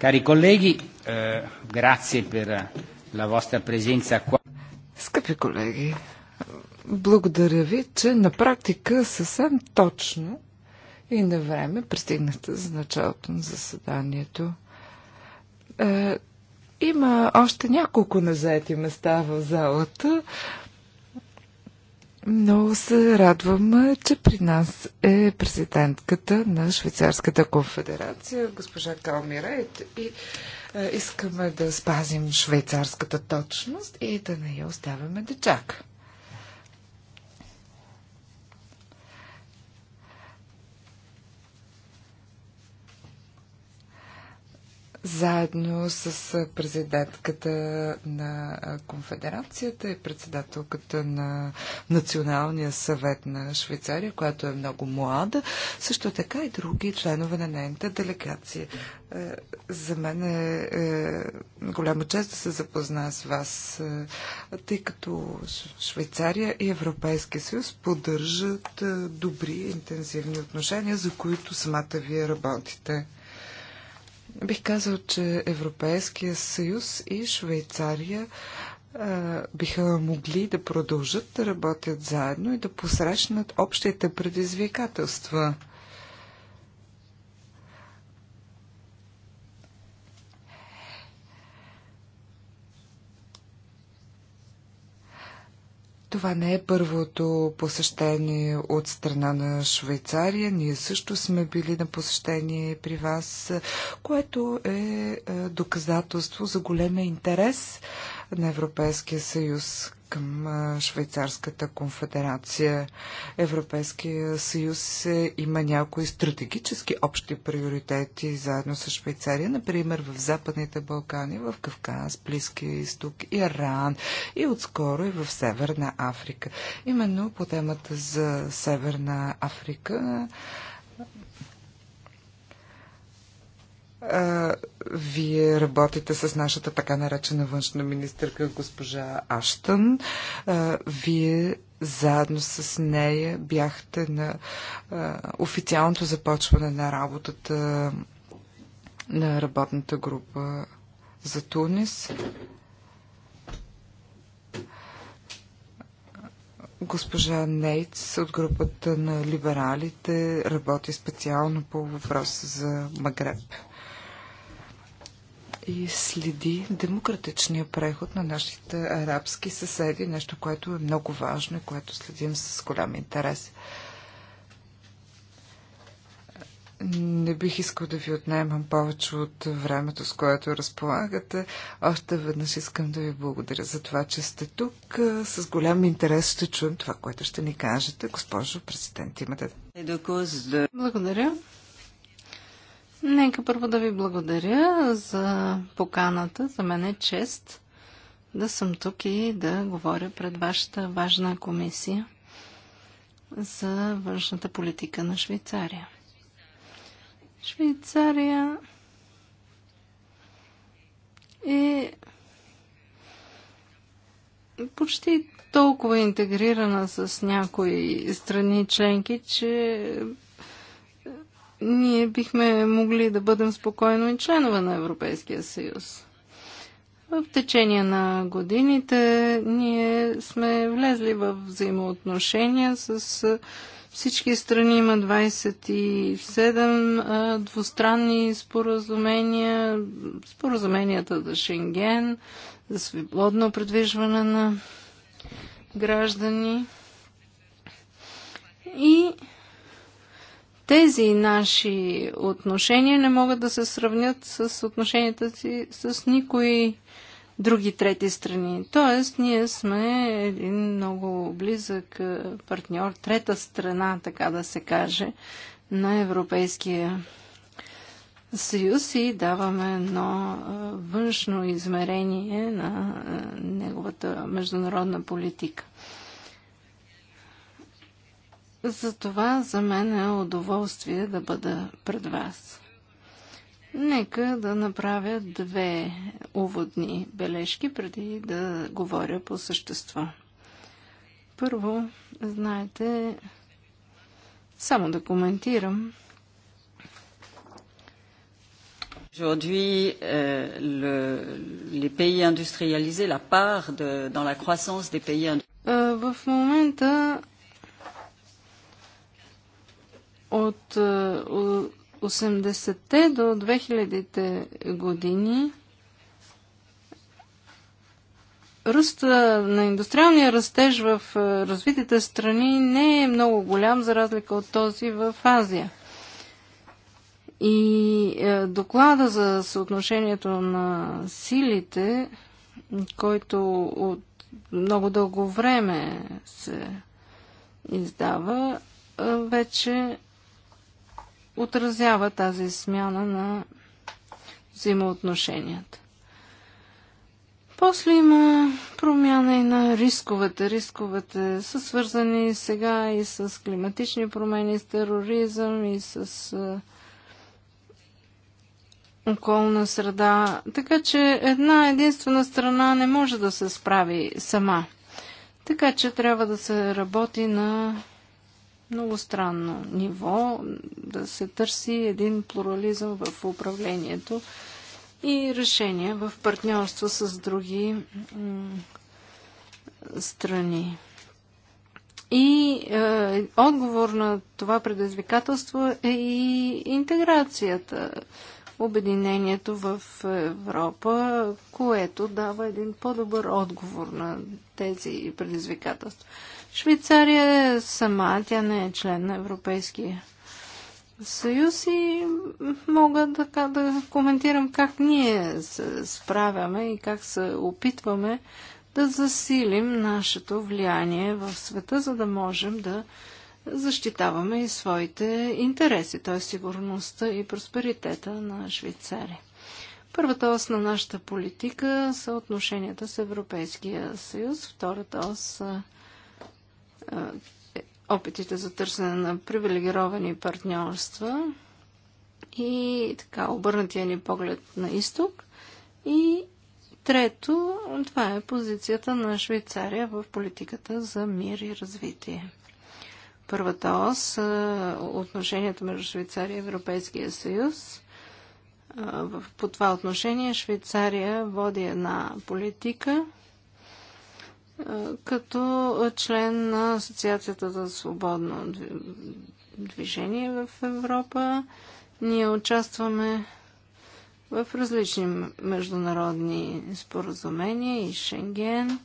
Cari colleghi, eh, grazie per la vostra presenza qua. Скъпи колеги, благодаря ви, че на практика съвсем точно и на време пристигнахте за началото на заседанието. Е, има още няколко незаети места в залата. Много се радвам, че при нас е президентката на Швейцарската конфедерация, госпожа Калмирайт. И е, искаме да спазим швейцарската точност и да не я оставяме да чака. заедно с президентката на конфедерацията и председателката на Националния съвет на Швейцария, която е много млада, също така и други членове на нейната делегация. Е, за мен е, е, голяма чест да се запозна с вас, е, тъй като Швейцария и Европейския съюз поддържат добри, интензивни отношения, за които самата вие работите. Бих казал, че Европейския съюз и Швейцария биха могли да продължат да работят заедно и да посрещнат общите предизвикателства. Това не е първото посещение от страна на Швейцария. Ние също сме били на посещение при вас, което е, е доказателство за големия интерес на Европейския съюз към Швейцарската конфедерация. Европейския съюз е, има някои стратегически общи приоритети заедно с Швейцария, например в Западните Балкани, в Кавказ, Близкия изток, Иран и отскоро и в Северна Африка. Именно по темата за Северна Африка а, вие работите с нашата така наречена външна министърка госпожа Аштън. А, вие заедно с нея бяхте на а, официалното започване на работата на работната група за Тунис. Госпожа Нейтс от групата на либералите работи специално по въпроса за Магреб и следи демократичния преход на нашите арабски съседи, нещо, което е много важно и което следим с голям интерес. Не бих искал да ви отнемам повече от времето, с което разполагате. Още веднъж искам да ви благодаря за това, че сте тук. С голям интерес ще чуем това, което ще ни кажете. Госпожо президент, имате. Благодаря. Нека първо да ви благодаря за поканата. За мен е чест да съм тук и да говоря пред вашата важна комисия за външната политика на Швейцария. Швейцария е почти толкова интегрирана с някои страни членки, че ние бихме могли да бъдем спокойно и членове на Европейския съюз. В течение на годините ние сме влезли в взаимоотношения с всички страни. Има 27 двустранни споразумения, споразуменията за Шенген, за свободно предвижване на граждани. И тези наши отношения не могат да се сравнят с отношенията си с никои други трети страни. Тоест, ние сме един много близък е, партньор, трета страна, така да се каже, на Европейския съюз и даваме едно е, външно измерение на е, неговата международна политика. Затова за мен е удоволствие да бъда пред вас. Нека да направя две уводни бележки преди да говоря по същество. Първо, знаете, само да коментирам. Aujourd'hui, euh, le, les pays industrialisés, la part de, dans la croissance des pays industrialisés. Е, в момента от 80-те е, до 2000-те години ръста на индустриалния растеж в е, развитите страни не е много голям, за разлика от този в Азия. И е, доклада за съотношението на силите, който от много дълго време се издава, вече отразява тази смяна на взаимоотношенията. После има промяна и на рисковете. Рисковете са свързани сега и с климатични промени, с тероризъм и с е, околна среда. Така че една единствена страна не може да се справи сама. Така че трябва да се работи на много странно ниво да се търси един плурализъм в управлението и решения в партньорство с други страни. И е, отговор на това предизвикателство е и интеграцията, обединението в Европа, което дава един по-добър отговор на тези предизвикателства. Швейцария сама, тя не е член на Европейския съюз и мога така да коментирам как ние се справяме и как се опитваме да засилим нашето влияние в света, за да можем да защитаваме и своите интереси, т.е. сигурността и просперитета на Швейцария. Първата ос на нашата политика са отношенията с Европейския съюз, втората ос са е, опитите за търсене на привилегировани партньорства и така обърнатия ни поглед на изток. И трето, това е позицията на Швейцария в политиката за мир и развитие. Първата ос отношението между Швейцария и Европейския съюз. По това отношение Швейцария води една политика, като член на Асоциацията за свободно движение в Европа. Ние участваме в различни международни споразумения и Шенген.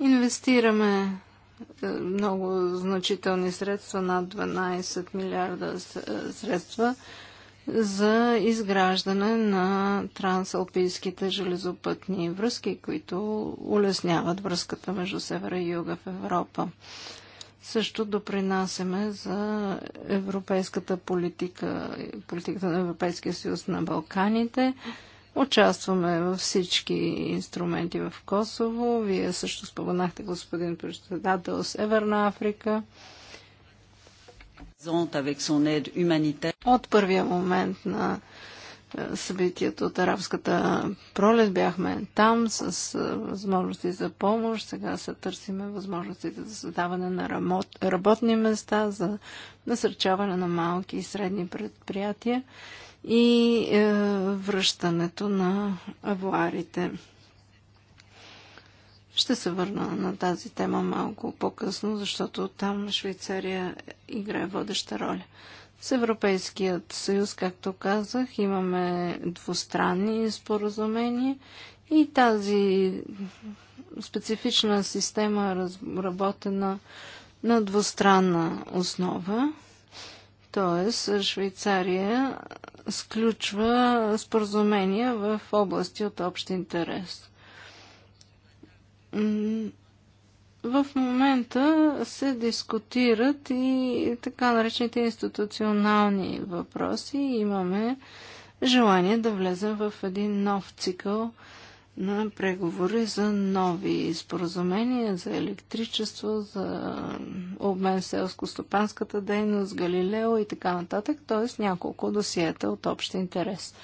Инвестираме е, много значителни средства, над 12 милиарда е, средства за изграждане на трансалпийските железопътни връзки, които улесняват връзката между севера и юга в Европа. Също допринасяме за европейската политика, политиката на Европейския съюз на Балканите. Участваме във всички инструменти в Косово. Вие също споменахте, господин председател, Северна Африка. От първия момент на е, събитието от арабската пролет бяхме там с е, възможности за помощ. Сега се търсиме възможностите за създаване на работни места, за насърчаване на малки и средни предприятия и е, връщането на авуарите. Ще се върна на тази тема малко по-късно, защото там Швейцария играе водеща роля. С Европейският съюз, както казах, имаме двустранни споразумения и тази специфична система е разработена на двустранна основа. Тоест, Швейцария сключва споразумения в области от общ интерес. В момента се дискутират и така наречените институционални въпроси. Имаме желание да влезем в един нов цикъл на преговори за нови споразумения за електричество, за обмен селско-стопанската дейност, Галилео и така нататък, т.е. няколко досиета от общ интерес.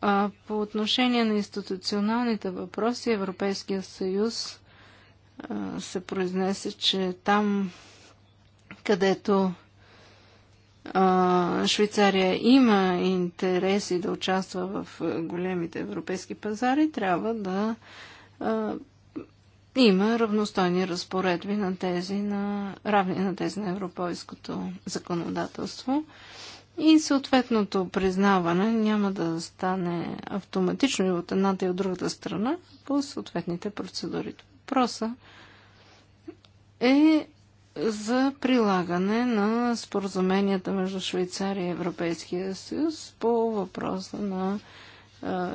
А, по отношение на институционалните въпроси, Европейския съюз се произнесе, че там, където Швейцария има интереси да участва в големите европейски пазари, трябва да има равностойни разпоредби на тези на, равни на тези на европейското законодателство и съответното признаване няма да стане автоматично и от едната и от другата страна по съответните процедури. Въпроса е за прилагане на споразуменията между Швейцария и Европейския съюз по въпроса на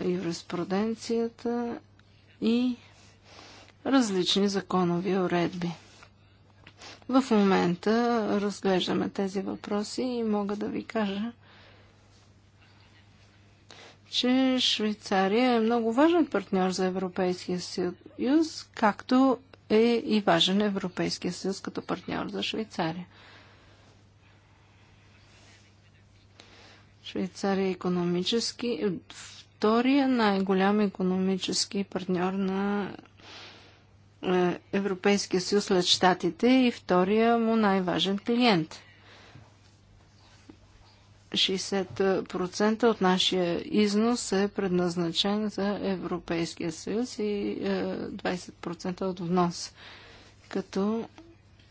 юриспруденцията и различни законови уредби. В момента разглеждаме тези въпроси и мога да ви кажа, че Швейцария е много важен партньор за Европейския съюз, както е и важен Европейския съюз като партньор за Швейцария. Швейцария е економически, втория най-голям економически партньор на е, Европейския съюз след щатите и втория му най-важен клиент. 60% от нашия износ е предназначен за Европейския съюз и 20% е, от внос. Като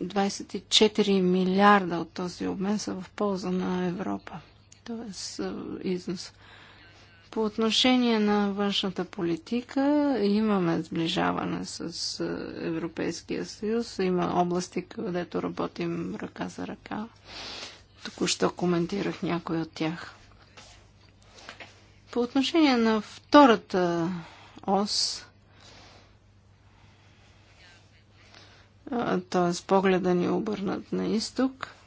24 милиарда от този обмен са в полза на Европа, Тоест е, износ. По отношение на външната политика имаме сближаване с е, Европейския съюз. Има области, където работим ръка за ръка. Току-що коментирах някой от тях. По отношение на втората ос, т.е. погледа ни обърнат на изток –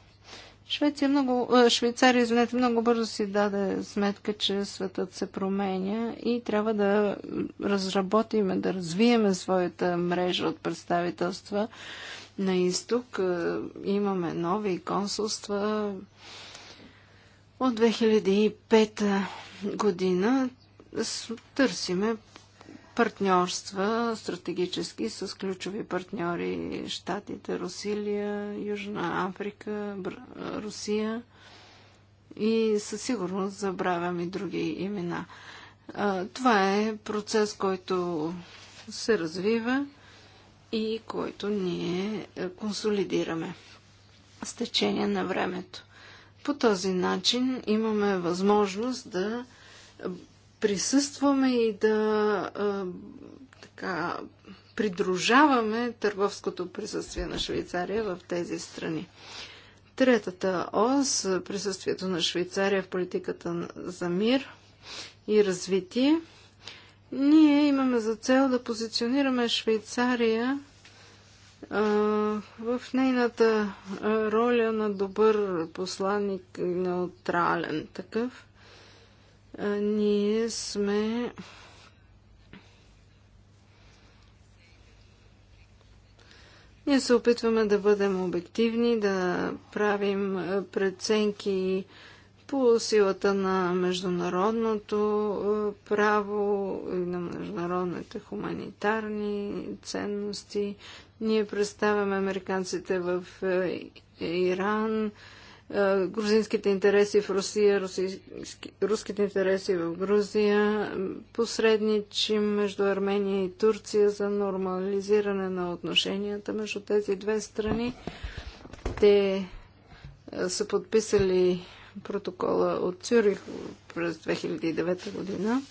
Швеция много, Швейцария, извинете, много бързо си даде сметка, че светът се променя и трябва да разработиме, да развиеме своята мрежа от представителства на изток. Имаме нови консулства от 2005 година. Търсиме партньорства стратегически с ключови партньори Штатите, Русилия, Южна Африка, Бр... Русия и със сигурност забравям и други имена. Това е процес, който се развива и който ние е, консолидираме с течение на времето. По този начин имаме възможност да присъстваме и да а, така, придружаваме търговското присъствие на Швейцария в тези страни. Третата ос – присъствието на Швейцария в политиката за мир и развитие. Ние имаме за цел да позиционираме Швейцария а, в нейната роля на добър посланник, неутрален такъв – ние сме Ние се опитваме да бъдем обективни, да правим преценки по силата на международното право и на международните хуманитарни ценности. Ние представяме американците в Иран, е, грузинските интереси в Русия, руските интереси в Грузия, посредничим между Армения и Турция за нормализиране на отношенията между тези две страни. Те е, са подписали протокола от Цюрих през 2009 година.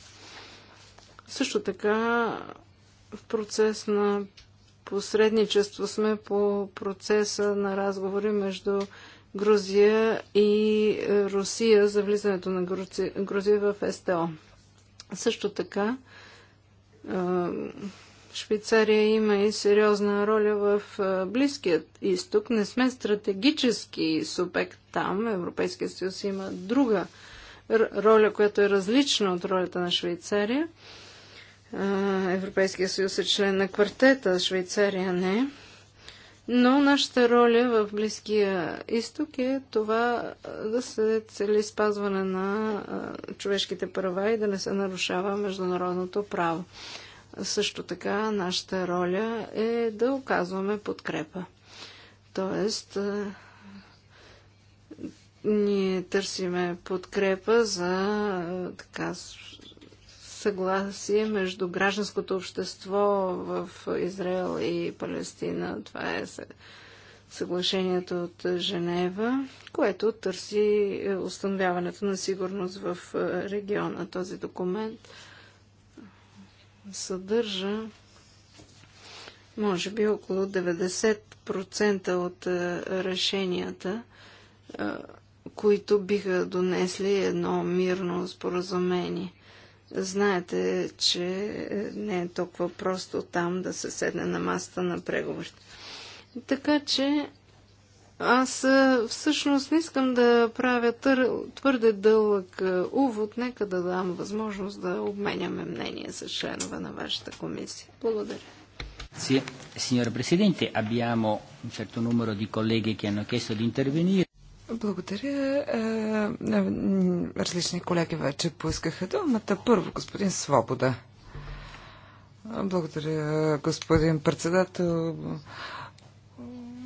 Също така в процес на посредничество сме по процеса на разговори между Грузия и е, Русия за влизането на Грузия в СТО. Също така, е, Швейцария има и сериозна роля в е, Близкият изток. Не сме стратегически субект там. Европейския съюз има друга роля, която е различна от ролята на Швейцария. Европейския съюз е член на квартета, Швейцария не. Но нашата роля в Близкия изток е това да се цели спазване на човешките права и да не се нарушава международното право. Също така нашата роля е да оказваме подкрепа. Тоест, ние търсиме подкрепа за така съгласие между гражданското общество в Израел и Палестина. Това е съглашението от Женева, което търси е, установяването на сигурност в е, региона. Този документ съдържа може би около 90% от е, решенията, които биха донесли едно мирно споразумение. Знаете, че не е толкова просто там да се седне на масата на преговорите. Така че аз всъщност не искам да правя тър... твърде дълъг увод. Нека да дам възможност да обменяме мнение за членове на вашата комисия. Благодаря. Сеньор Президенте, abbiamo certo numero di colleghi che hanno chiesto di intervenire. Благодаря. Е, е, различни колеги вече поискаха думата. Първо, господин Свобода. Благодаря, господин председател.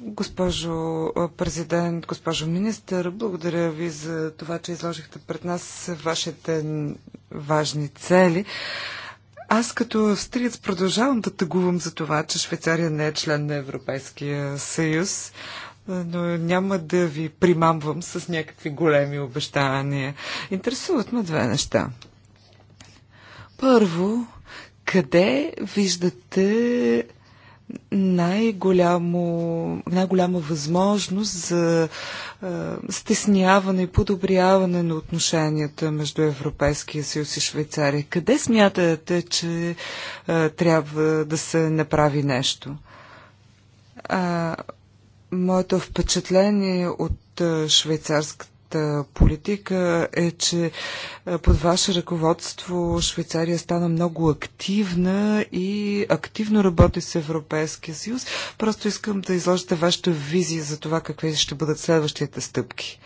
Госпожо президент, госпожо министър, благодаря ви за това, че изложихте пред нас вашите важни цели. Аз като австриец продължавам да тъгувам за това, че Швейцария не е член на Европейския съюз но няма да ви примамвам с някакви големи обещания. Интересуват ме две неща. Първо, къде виждате най най-голяма възможност за е, стесняване и подобряване на отношенията между Европейския съюз и Швейцария? Къде смятате, че е, трябва да се направи нещо? А, Моето впечатление от е, швейцарската политика е, че е, под ваше ръководство Швейцария стана много активна и активно работи с Европейския съюз. Просто искам да изложите вашата визия за това какви ще бъдат следващите стъпки.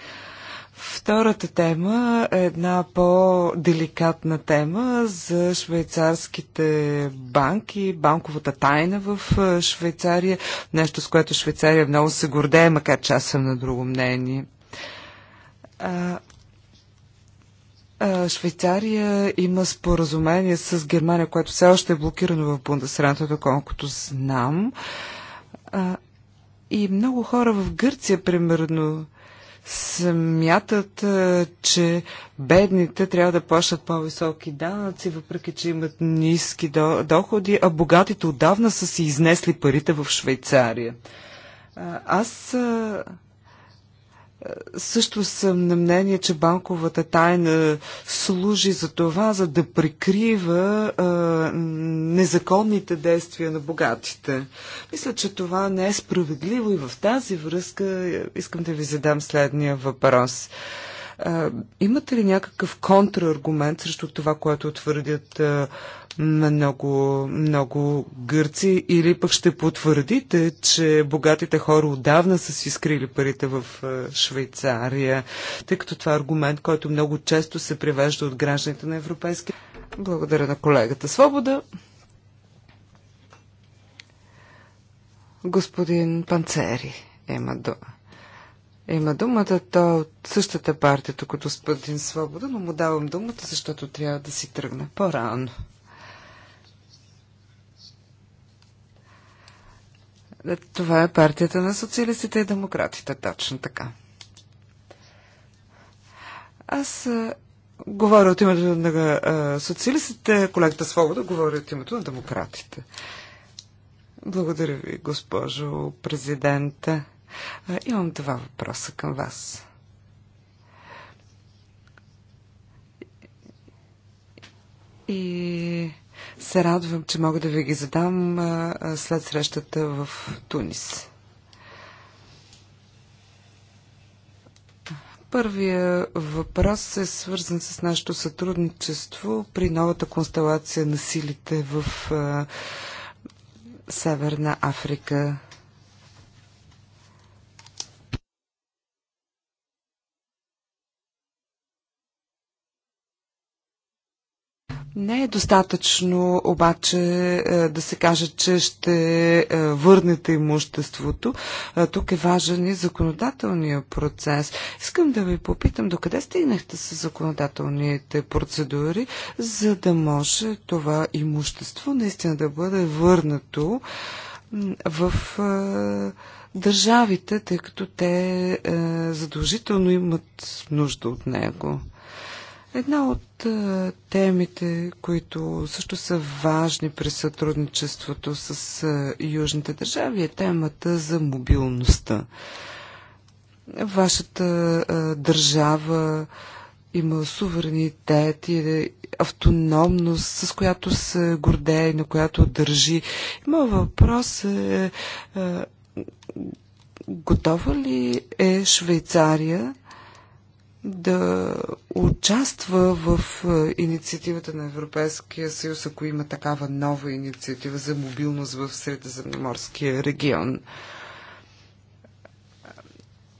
Втората тема е една по-деликатна тема за швейцарските банки, банковата тайна в е, Швейцария, нещо с което Швейцария много се гордее, макар че аз съм на друго мнение. Швейцария има споразумение с Германия, което все още е блокирано в Бундесраната, доколкото знам. И много хора в Гърция, примерно, смятат, че бедните трябва да плащат по-високи данъци, въпреки че имат ниски доходи, а богатите отдавна са си изнесли парите в Швейцария. Аз също съм на мнение, че банковата тайна служи за това, за да прикрива а, незаконните действия на богатите. Мисля, че това не е справедливо и в тази връзка е, искам да ви задам следния въпрос. А, имате ли някакъв контраргумент срещу това, което твърдят а, много, много гърци или пък ще потвърдите, че богатите хора отдавна са си скрили парите в е, Швейцария, тъй като това е аргумент, който много често се привежда от гражданите на Европейски. Благодаря на колегата Свобода. Господин Панцери има, има думата. Той е от същата партия, като е господин Свобода, но му давам думата, защото трябва да си тръгна по-рано. Това е партията на социалистите и демократите, точно така. Аз а, говоря от името на а, социалистите, колегата Свобода говори от името на демократите. Благодаря ви, госпожо президента. А, имам два въпроса към вас. И се радвам, че мога да ви ги задам след срещата в Тунис. Първия въпрос е свързан с нашето сътрудничество при новата констелация на силите в Северна Африка. Не е достатъчно обаче е, да се каже, че ще е, върнете имуществото. Е, тук е важен и законодателния процес. Искам да ви попитам докъде стигнахте с законодателните процедури, за да може това имущество наистина да бъде върнато в държавите, тъй като те задължително имат нужда от него. Една от е, темите, които също са важни при сътрудничеството с е, южните държави е темата за мобилността. Вашата е, държава има суверенитет и автономност, с която се гордее, на която държи. Има въпрос е, е готова ли е Швейцария да участва в е, инициативата на Европейския съюз, ако има такава нова инициатива за мобилност в Средиземноморския регион.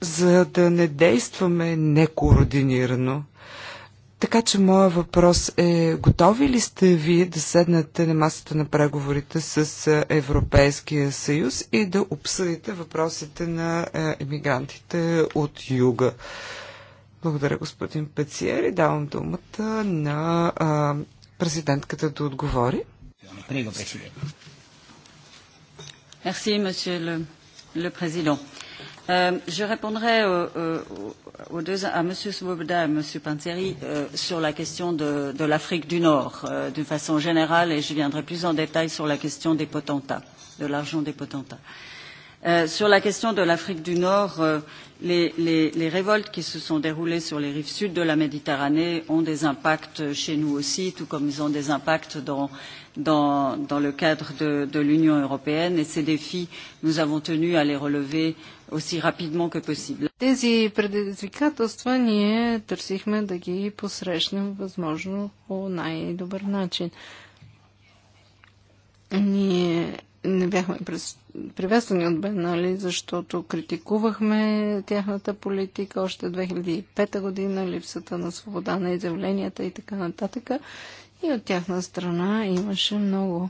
За да не действаме некоординирано, така че моят въпрос е, готови ли сте вие да седнете на масата на преговорите с е, Европейския съюз и да обсъдите въпросите на е, емигрантите от юга? Благодаря, господин Пециери. Давам думата на а, президентката да отговори. Merci, monsieur le, le président. Euh, je répondrai euh, aux deux, à Monsieur Swoboda et M. Panzeri euh, sur la question de, de l'Afrique du Nord euh, d'une façon générale et je viendrai plus en détail sur la question des potentats, de l'argent des potentats. Euh, sur la question de l'Afrique du Nord, euh, les, les, les révoltes qui se sont déroulées sur les rives sud de la Méditerranée ont des impacts chez nous aussi, tout comme ils ont des impacts dans, dans, dans le cadre de, de l'Union européenne. Et ces défis, nous avons tenu à les relever aussi rapidement que possible. Ние не бяхме приветствани от Бенали, защото критикувахме тяхната политика още 2005 година, липсата на свобода на изявленията и така нататък. И от тяхна страна имаше много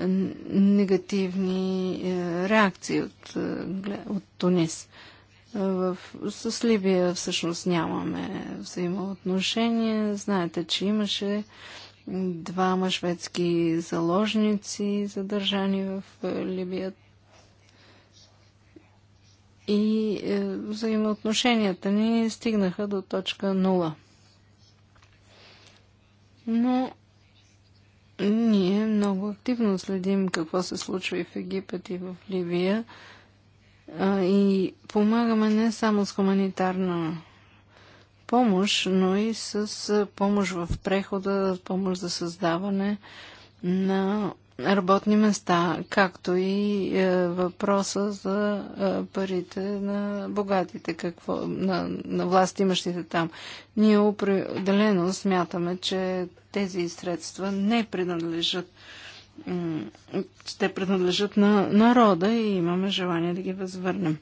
е, негативни е, реакции от, е, от Тунис. В, с Либия всъщност нямаме взаимоотношения. Знаете, че имаше двама шведски заложници, задържани в е, Либия. И е, взаимоотношенията ни стигнаха до точка нула. Но ние много активно следим какво се случва и в Египет и в Ливия и помагаме не само с хуманитарна помощ, но и с помощ в прехода, помощ за създаване на работни места, както и е, въпроса за е, парите на богатите, какво, на, на власт имащите там. Ние определено смятаме, че тези средства не принадлежат те принадлежат на народа и имаме желание да ги възвърнем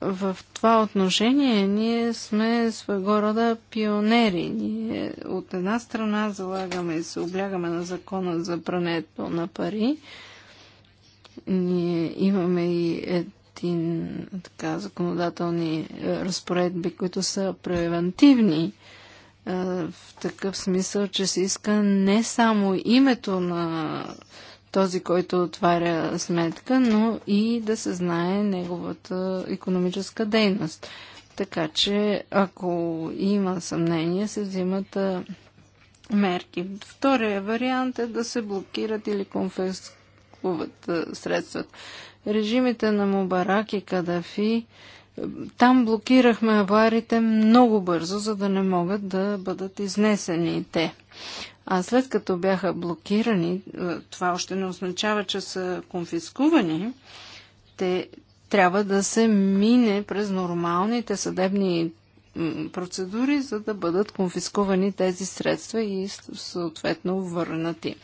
в това отношение ние сме своего рода пионери. Ние от една страна залагаме и се облягаме на закона за прането на пари. Ние имаме и един, така, законодателни е, разпоредби, които са превентивни е, в такъв смисъл, че се иска не само името на този, който отваря сметка, но и да се знае неговата економическа дейност. Така че, ако има съмнение, се взимат мерки. Втория вариант е да се блокират или конфискуват средствата. Режимите на Мубарак и Кадафи, там блокирахме аварите много бързо, за да не могат да бъдат изнесени те. А след като бяха блокирани, е, това още не означава, че са конфискувани, те трябва да се мине през нормалните съдебни процедури, за да бъдат конфискувани тези средства и съответно върнати.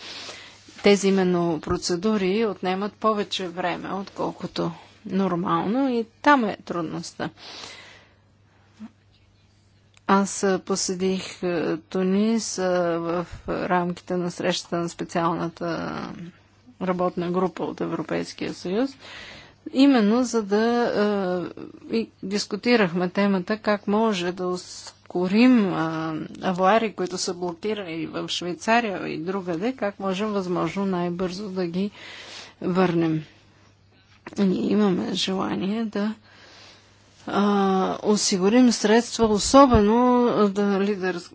Тези именно процедури отнемат повече време, отколкото нормално и там е трудността. Аз посетих Тунис в рамките на срещата на специалната работна група от Европейския съюз, именно за да и дискутирахме темата как може да ускорим е, авуари, които са блокирани в Швейцария и другаде, как можем възможно най-бързо да ги върнем. Ние имаме желание да а, осигурим средства, особено да, ли, да раз,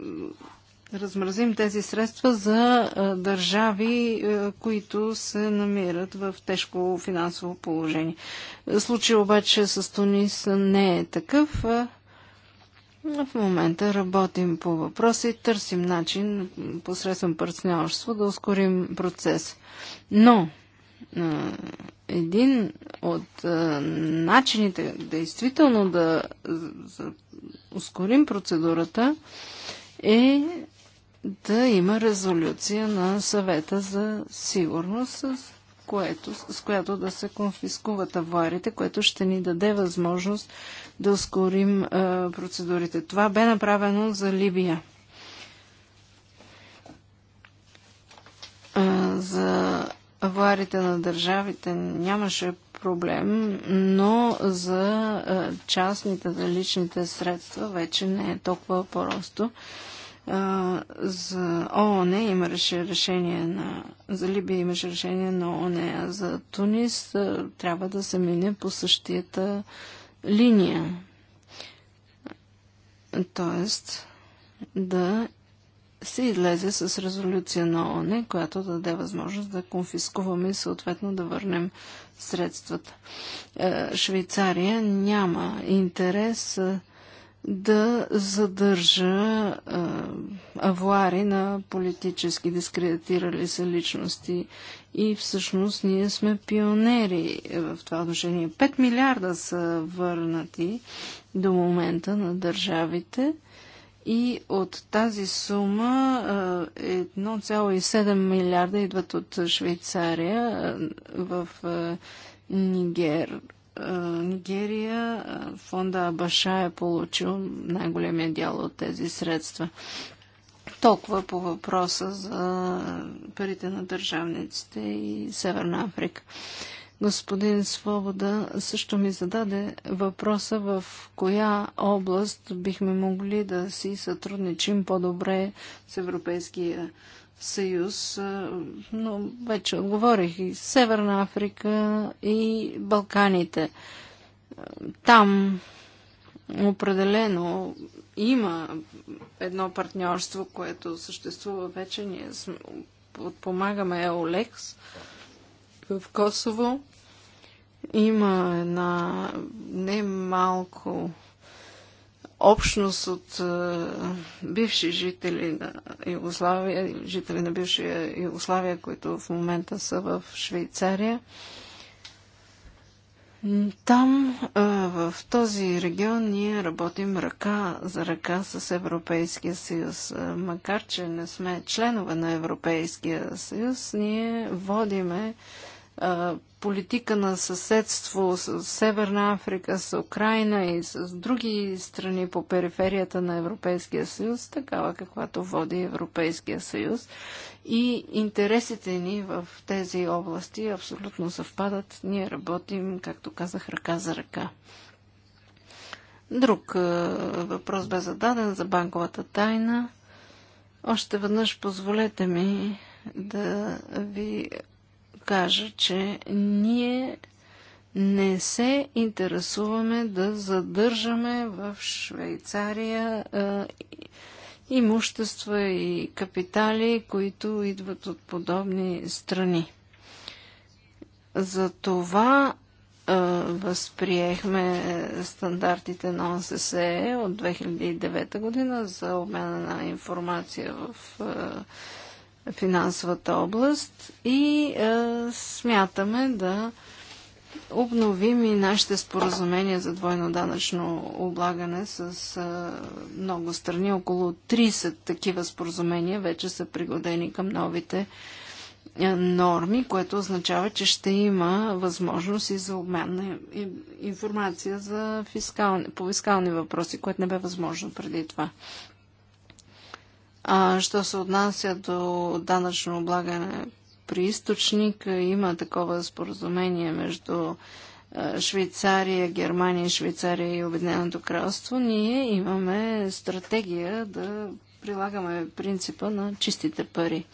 размразим тези средства за а, държави, а, които се намират в тежко финансово положение. Случай обаче с Тунис не е такъв. А, в момента работим по въпроса и търсим начин посредством партньорство да ускорим процес. Но един от начините действително да ускорим процедурата е да има резолюция на съвета за сигурност, с, което, с която да се конфискуват аварите, което ще ни даде възможност да ускорим а, процедурите. Това бе направено за Либия. А, за аварите на държавите нямаше проблем, но за частните, за личните средства вече не е толкова просто. За ООН имаше решение на... За Либия имаше решение на ООН, а за Тунис трябва да се мине по същията линия. Тоест да се излезе с резолюция на ОНЕ, която да даде възможност да конфискуваме и съответно да върнем средствата. Е, Швейцария няма интерес е, да задържа е, авуари на политически дискредитирали се личности. И всъщност ние сме пионери в това отношение. 5 милиарда са върнати до момента на държавите – и от тази сума 1,7 е, милиарда идват от Швейцария е, в е, Нигер. Нигерия, фонда Абаша е получил най-големия дял от тези средства. Толкова по въпроса за парите на държавниците и Северна Африка. Господин Свобода също ми зададе въпроса в коя област бихме могли да си сътрудничим по-добре с Европейския съюз, но вече отговорих и Северна Африка и Балканите. Там определено има едно партньорство, което съществува вече. Ние подпомагаме Еолекс в Косово. Има една немалко общност от е, бивши жители на Югославия, жители на бившия Югославия, които в момента са в Швейцария. Там, е, в този регион, ние работим ръка за ръка с Европейския съюз. Е, макар, че не сме членове на Европейския съюз, ние водиме е, политика на съседство с Северна Африка, с Украина и с други страни по периферията на Европейския съюз, такава каквато води Европейския съюз. И интересите ни в тези области абсолютно съвпадат. Ние работим, както казах, ръка за ръка. Друг въпрос бе зададен за банковата тайна. Още веднъж позволете ми да ви кажа, че ние не се интересуваме да задържаме в Швейцария а, имущества и капитали, които идват от подобни страни. Затова възприехме стандартите на ОССЕ от 2009 година за обмяна на информация в финансовата област и е, смятаме да обновим и нашите споразумения за двойно данъчно облагане с а, е, много страни. Около 30 такива споразумения вече са пригодени към новите е, норми, което означава, че ще има възможност и за обмен на информация за фискални, по фискални въпроси, което не бе възможно преди това. А, що се отнася до данъчно облагане при източник, има такова споразумение между Швейцария, Германия, Швейцария и Обединеното кралство, ние имаме стратегия да прилагаме принципа на чистите пари.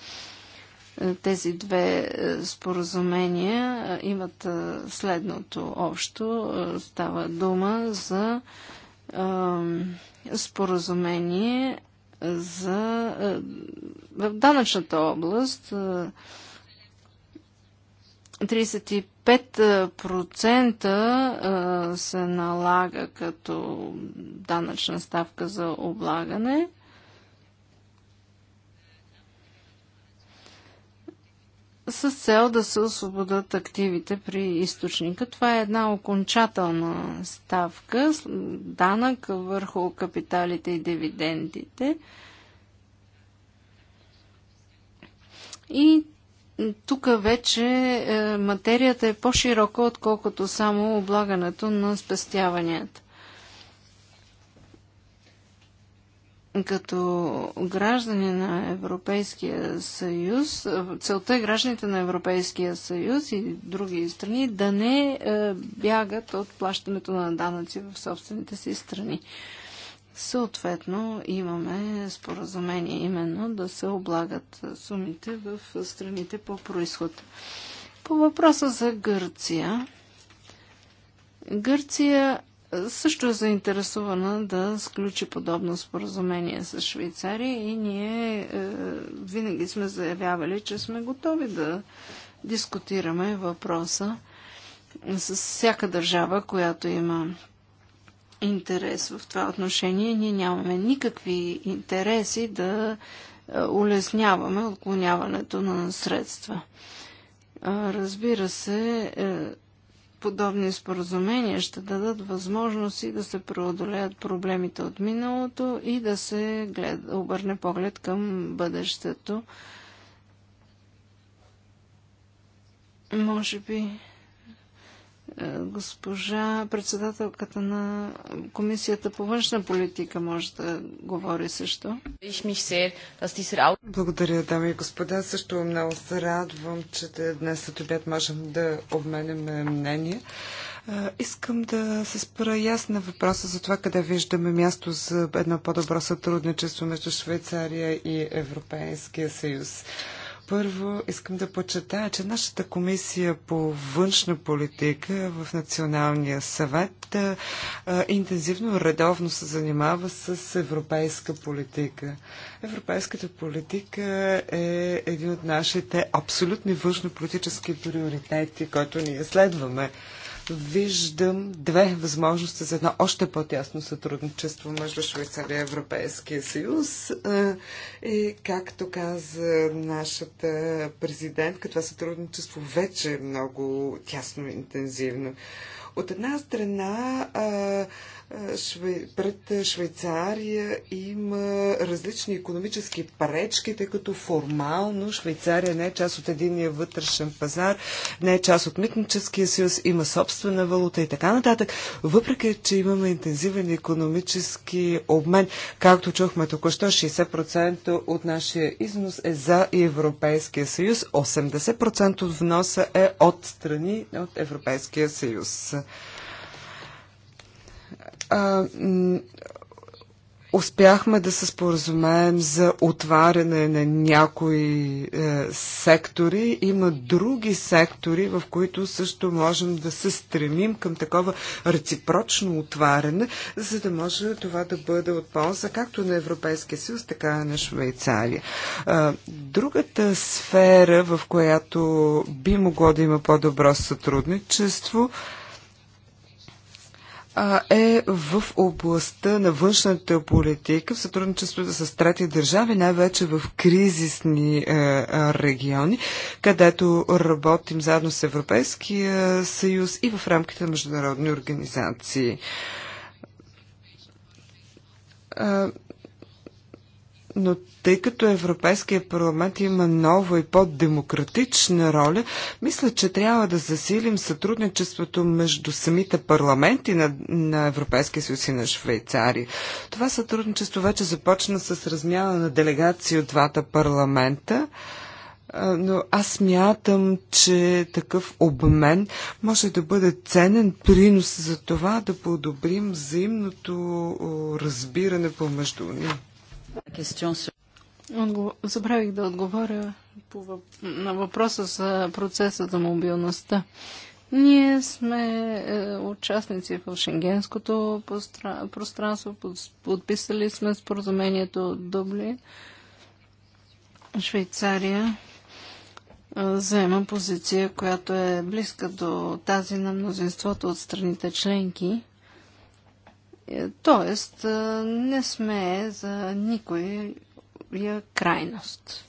Тези две споразумения имат следното общо. Става дума за споразумение за, в е, данъчната област 35% е, е, се налага като данъчна ставка за облагане – с цел да се освободят активите при източника. Това е една окончателна ставка, данък върху капиталите и дивидендите. И тук вече е, материята е по-широка, отколкото само облагането на спестяванията. като граждани на Европейския съюз, целта е гражданите на Европейския съюз и други страни да не е, бягат от плащането на данъци в собствените си страни. Съответно, имаме споразумение именно да се облагат сумите в страните по происход. По въпроса за Гърция. Гърция също е заинтересована да сключи подобно споразумение с Швейцария и ние е, винаги сме заявявали, че сме готови да дискутираме въпроса с всяка държава, която има интерес в това отношение. Ние нямаме никакви интереси да е, улесняваме отклоняването на средства. Разбира се, е, подобни споразумения ще дадат възможност и да се преодолеят проблемите от миналото и да се глед, обърне поглед към бъдещето. Може би е, госпожа председателката на Комисията по външна политика може да говори също. Благодаря, дами и господа. Също много се радвам, че днес след обяд можем да обменяме мнение. Е, искам да се спра ясна въпроса за това къде виждаме място за едно по-добро сътрудничество между Швейцария и Европейския съюз. Първо искам да почетая, че нашата комисия по външна политика в Националния съвет а, интензивно, редовно се занимава с европейска политика. Европейската политика е един от нашите абсолютни външно-политически приоритети, който ние следваме виждам две възможности за едно още по-тясно сътрудничество между Швейцария и Европейския съюз. Е, и както каза нашата президентка, това сътрудничество вече е много тясно и интензивно. От една страна, е, пред Швейцария има различни економически пречки, тъй като формално Швейцария не е част от единия вътрешен пазар, не е част от митническия съюз, има собствена валута и така нататък. Въпреки, че имаме интензивен економически обмен, както чухме току-що, 60% от нашия износ е за Европейския съюз, 80% от вноса е от страни от Европейския съюз а, успяхме да се споразумеем за отваряне на някои е, сектори. Има други сектори, в които също можем да се стремим към такова реципрочно отваряне, за да може това да бъде от полза както на Европейския съюз, така и на Швейцария. Е, другата сфера, в която би могло да има по-добро сътрудничество, е е в областта на външната политика в сътрудничеството с трети държави, най-вече в кризисни е, е, региони, където работим заедно с Европейския съюз и в рамките на международни организации е, но тъй като Европейския парламент има нова и по-демократична роля, мисля, че трябва да засилим сътрудничеството между самите парламенти на, на Европейския съюз и на Швейцария. Това сътрудничество вече започна с размяна на делегации от двата парламента но аз мятам, че такъв обмен може да бъде ценен принос за това да подобрим взаимното разбиране помежду ни. Забравих да отговоря на въпроса за процеса за мобилността. Ние сме е, участници в шенгенското пространство, подписали сме споразумението от Дубли. Швейцария е, заема позиция, която е близка до тази на мнозинството от страните членки. Тоест, не сме за никоя крайност.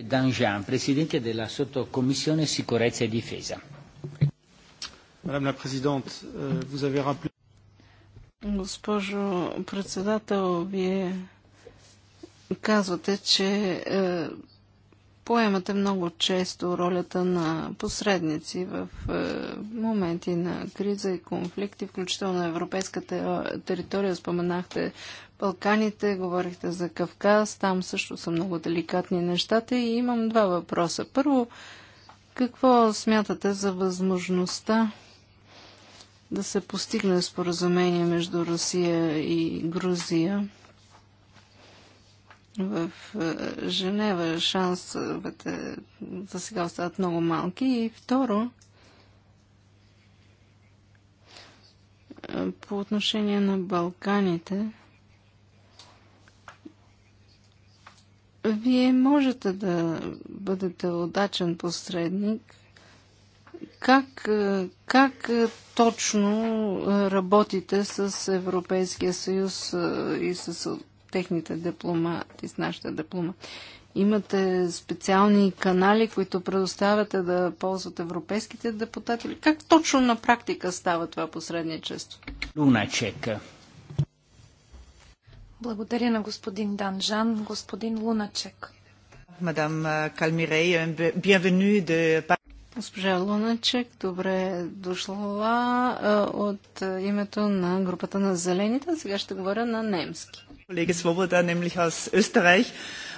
Данжан, президенте de la Sottocommissione Sicurezza e Difesa. Madame la Présidente, vous avez rappelé... Госпожо председател, вие казвате, че поемате много често ролята на посредници в е, моменти на криза и конфликти, включително на европейската е, територия. Споменахте Балканите, говорихте за Кавказ, там също са много деликатни нещата и имам два въпроса. Първо, какво смятате за възможността да се постигне споразумение между Русия и Грузия? в е, Женева шансовете за сега остават много малки. И второ, е, по отношение на Балканите, вие можете да бъдете удачен посредник. Как, е, как точно работите с Европейския съюз и с техните дипломати, с нашата диплома. Имате специални канали, които предоставяте да ползват европейските депутати? Как точно на практика става това посредничество? Чека. Благодаря на господин Данжан, господин Луначек. Мадам Калмирей, е, bienvenue de Госпожа Луначек, добре дошла от името на групата на Зелените. Сега ще говоря на немски. Kollege Svoboda, nämlich aus Österreich.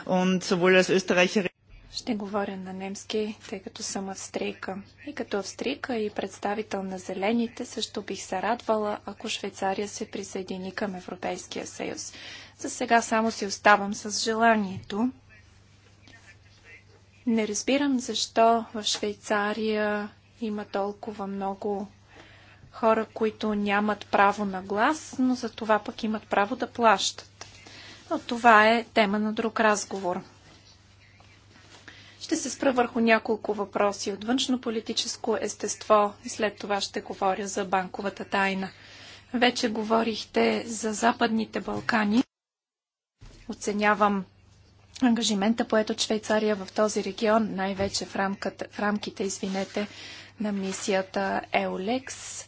Und sowohl als Österreicherin ще говоря на немски, тъй като съм австрийка. И като австрийка и представител на зелените също бих се радвала, ако Швейцария се присъедини към Европейския съюз. За сега само си оставам с желанието. Не разбирам защо в Швейцария има толкова много хора, които нямат право на глас, но за това пък имат право да плащат но това е тема на друг разговор. Ще се спра върху няколко въпроси от външно-политическо естество и след това ще говоря за банковата тайна. Вече говорихте за Западните Балкани. Оценявам ангажимента, поет от Швейцария в този регион, най-вече в, рамката, в рамките, извинете, на мисията Еолекс.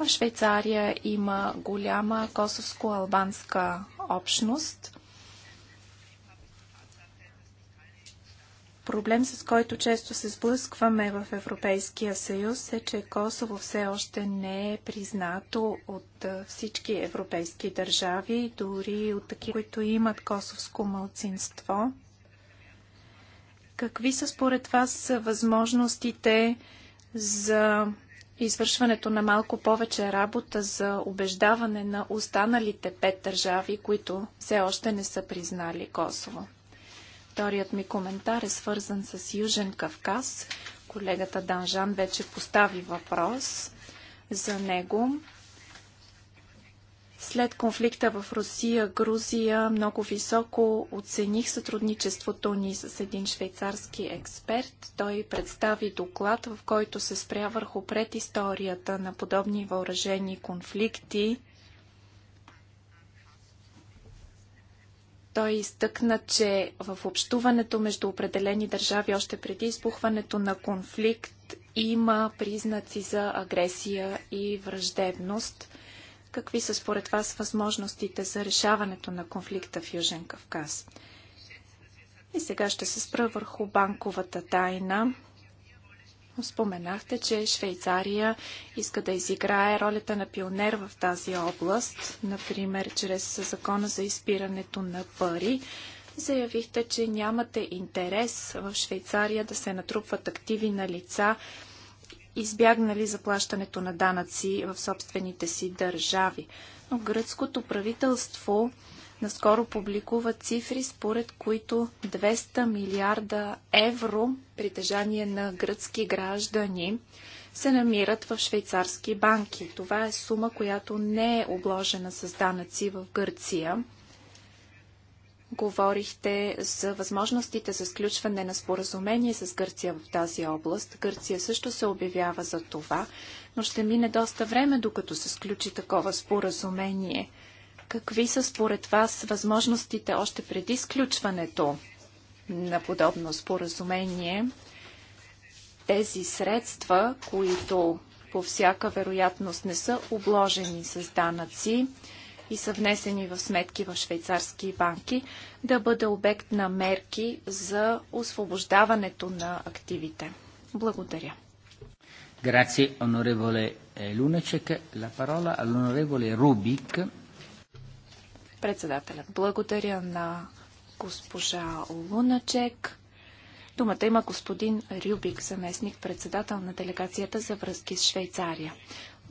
В Швейцария има голяма косовско-албанска общност. Проблем, с който често се сблъскваме в Европейския съюз е, че Косово все още не е признато от всички европейски държави, дори от такива, които имат косовско мълцинство. Какви са според вас възможностите за извършването на малко повече работа за убеждаване на останалите пет държави, които все още не са признали Косово. Вторият ми коментар е свързан с Южен Кавказ. Колегата Данжан вече постави въпрос за него. След конфликта в Русия, Грузия, много високо оцених сътрудничеството ни с един швейцарски експерт. Той представи доклад, в който се спря върху предисторията на подобни въоръжени конфликти. Той изтъкна, че в общуването между определени държави още преди избухването на конфликт има признаци за агресия и враждебност. Какви са според вас възможностите за решаването на конфликта в Южен Кавказ? И сега ще се спра върху банковата тайна. Споменахте, че Швейцария иска да изиграе ролята на пионер в тази област, например чрез закона за изпирането на пари. Заявихте, че нямате интерес в Швейцария да се натрупват активи на лица, избягнали заплащането на данъци в собствените си държави. Но гръцкото правителство наскоро публикува цифри, според които 200 милиарда евро притежание на гръцки граждани се намират в швейцарски банки. Това е сума, която не е обложена с данъци в Гърция говорихте за възможностите за сключване на споразумение с Гърция в тази област. Гърция също се обявява за това, но ще мине доста време, докато се сключи такова споразумение. Какви са според вас възможностите още преди сключването на подобно споразумение? Тези средства, които по всяка вероятност не са обложени с данъци, и са внесени в сметки в швейцарски банки, да бъде обект на мерки за освобождаването на активите. Благодаря. Grazie onorevole Lunacek. La parola all'onorevole Rubik. Председателят, благодаря на госпожа Луначек. Думата има господин Рюбик, заместник председател на делегацията за връзки с Швейцария.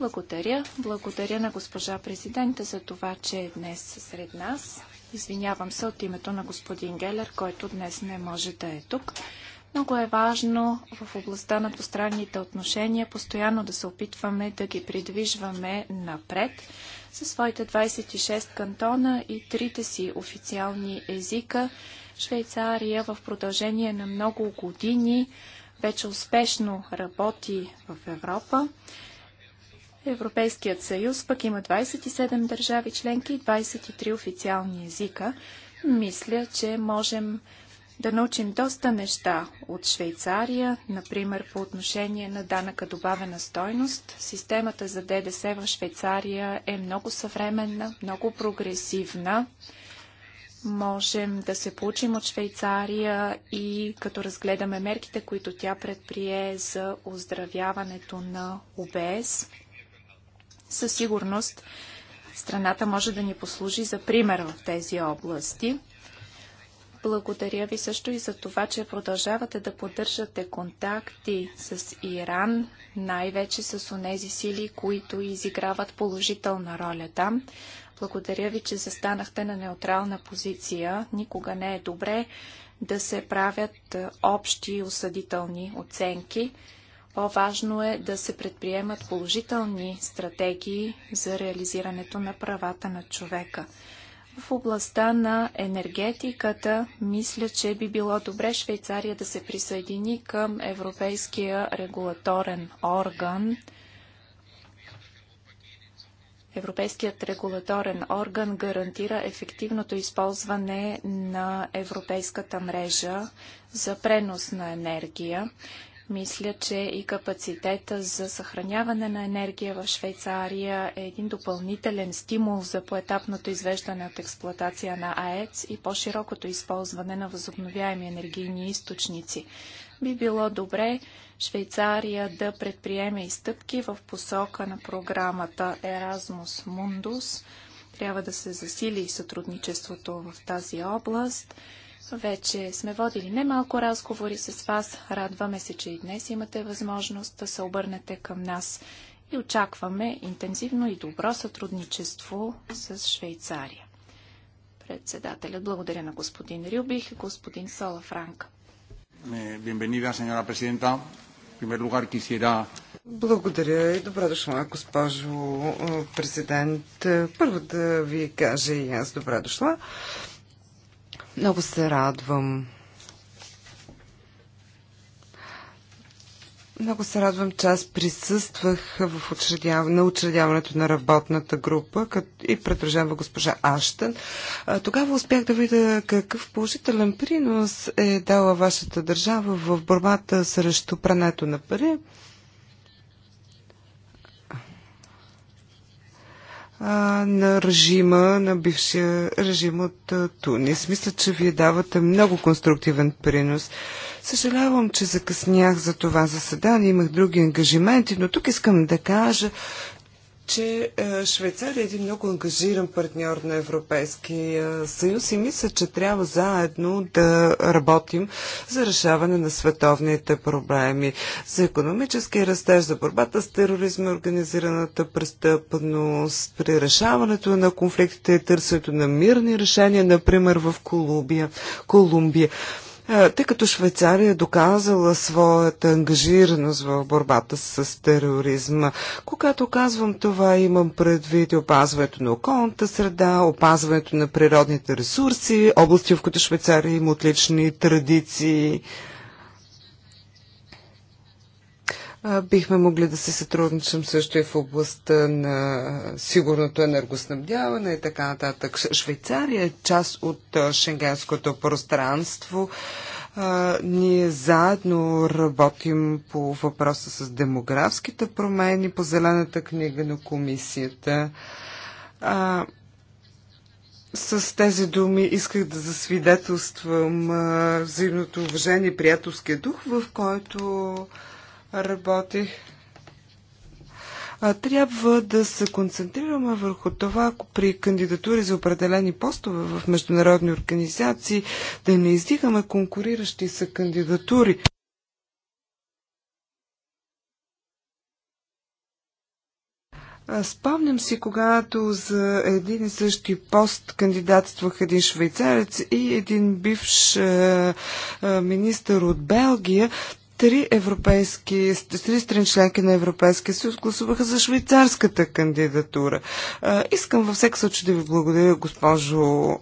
Благодаря. Благодаря на госпожа президента за това, че е днес сред нас. Извинявам се от името на господин Гелер, който днес не може да е тук. Много е важно в областта на двустранните отношения постоянно да се опитваме да ги придвижваме напред. Със своите 26 кантона и трите си официални езика, Швейцария в продължение на много години вече успешно работи в Европа. Европейският съюз пък има 27 държави членки и 23 официални езика. Мисля, че можем да научим доста неща от Швейцария, например по отношение на данъка добавена стойност. Системата за ДДС в Швейцария е много съвременна, много прогресивна. Можем да се получим от Швейцария и като разгледаме мерките, които тя предприе за оздравяването на ОБС. Със сигурност страната може да ни послужи за пример в тези области. Благодаря ви също и за това, че продължавате да поддържате контакти с Иран, най-вече с онези сили, които изиграват положителна роля там. Благодаря ви, че застанахте на неутрална позиция. Никога не е добре да се правят общи осъдителни оценки. По-важно е да се предприемат положителни стратегии за реализирането на правата на човека. В областта на енергетиката мисля, че би било добре Швейцария да се присъедини към Европейския регулаторен орган. Европейският регулаторен орган гарантира ефективното използване на европейската мрежа за пренос на енергия. Мисля, че и капацитета за съхраняване на енергия в Швейцария е един допълнителен стимул за поетапното извеждане от експлоатация на АЕЦ и по-широкото използване на възобновяеми енергийни източници. Би било добре Швейцария да предприеме изтъпки в посока на програмата Erasmus Mundus. Трябва да се засили сътрудничеството в тази област – вече сме водили немалко разговори с вас. Радваме се, че и днес имате възможност да се обърнете към нас и очакваме интензивно и добро сътрудничество с Швейцария. Председателят благодаря на господин Рюбих и господин Сола Франк. Е, благодаря и добре дошла, госпожо е, президент. Първо да ви кажа и аз добре дошла. Много се радвам. Много се радвам, че аз присъствах в учредяв... на учредяването на работната група кът... и предружава госпожа Аштън. Тогава успях да видя какъв положителен принос е дала вашата държава в борбата срещу прането на пари на режима, на бившия режим от Тунис. Мисля, че вие давате много конструктивен принос. Съжалявам, че закъснях за това заседание, имах други ангажименти, но тук искам да кажа, че е, Швейцария е един много ангажиран партньор на Европейския е, съюз и мисля, че трябва заедно да работим за решаване на световните проблеми, за економически растеж, за борбата с тероризма, организираната престъпност, при решаването на конфликтите и търсенето на мирни решения, например в Колумбия. Колумбия. Е, тъй като Швейцария е доказала своята ангажираност в борбата с тероризма. Когато казвам това, имам предвид опазването на околната среда, опазването на природните ресурси, области, в които Швейцария има отлични традиции. Бихме могли да се сътрудничам също и в областта на сигурното енергоснабдяване и така нататък. Швейцария е част от шенгенското пространство. Ние заедно работим по въпроса с демографските промени, по зелената книга на комисията. С тези думи исках да засвидетелствам взаимното уважение и приятелския дух, в който работи. Трябва да се концентрираме върху това ако при кандидатури за определени постове в международни организации, да не издигаме конкуриращи се кандидатури. Спомням си, когато за един и същи пост кандидатствах един швейцарец и един бивш е, е, министър от Белгия, три европейски, три страни членки на Европейския съюз гласуваха за швейцарската кандидатура. Искам във всеки случай да ви благодаря, госпожо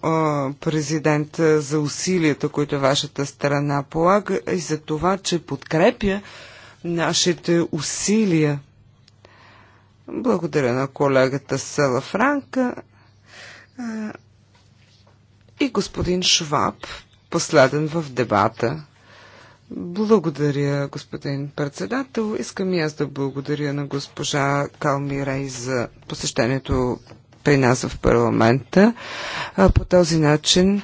президент, за усилията, които вашата страна полага и за това, че подкрепя нашите усилия. Благодаря на колегата Села Франка и господин Шваб, последен в дебата. Благодаря, господин председател. Искам и аз да благодаря на госпожа Калмирей за посещението при нас в парламента. По този начин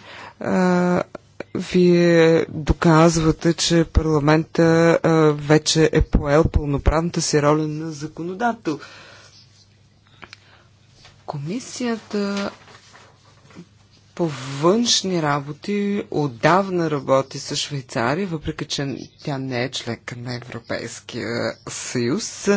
вие доказвате, че парламента вече е поел пълноправната си роля на законодател. Комисията по външни работи отдавна работи с Швейцария, въпреки че тя не е членка на Европейския съюз.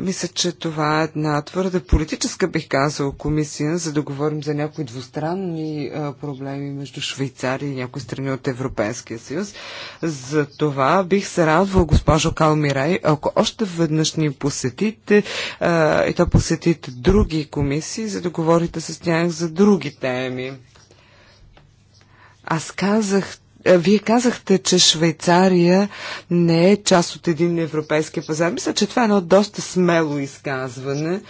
Мисля, че това е една твърде политическа, бих казал, комисия, за да говорим за някои двустранни проблеми между Швейцария и някои страни от Европейския съюз. За това бих се радвал, госпожо Калмирай, ако още веднъж ни посетите и то посетите други комисии, за да говорите с тях за други теми. Аз казах, е, вие казахте, че Швейцария не е част от един европейски пазар. Мисля, че това е едно доста смело изказване, е,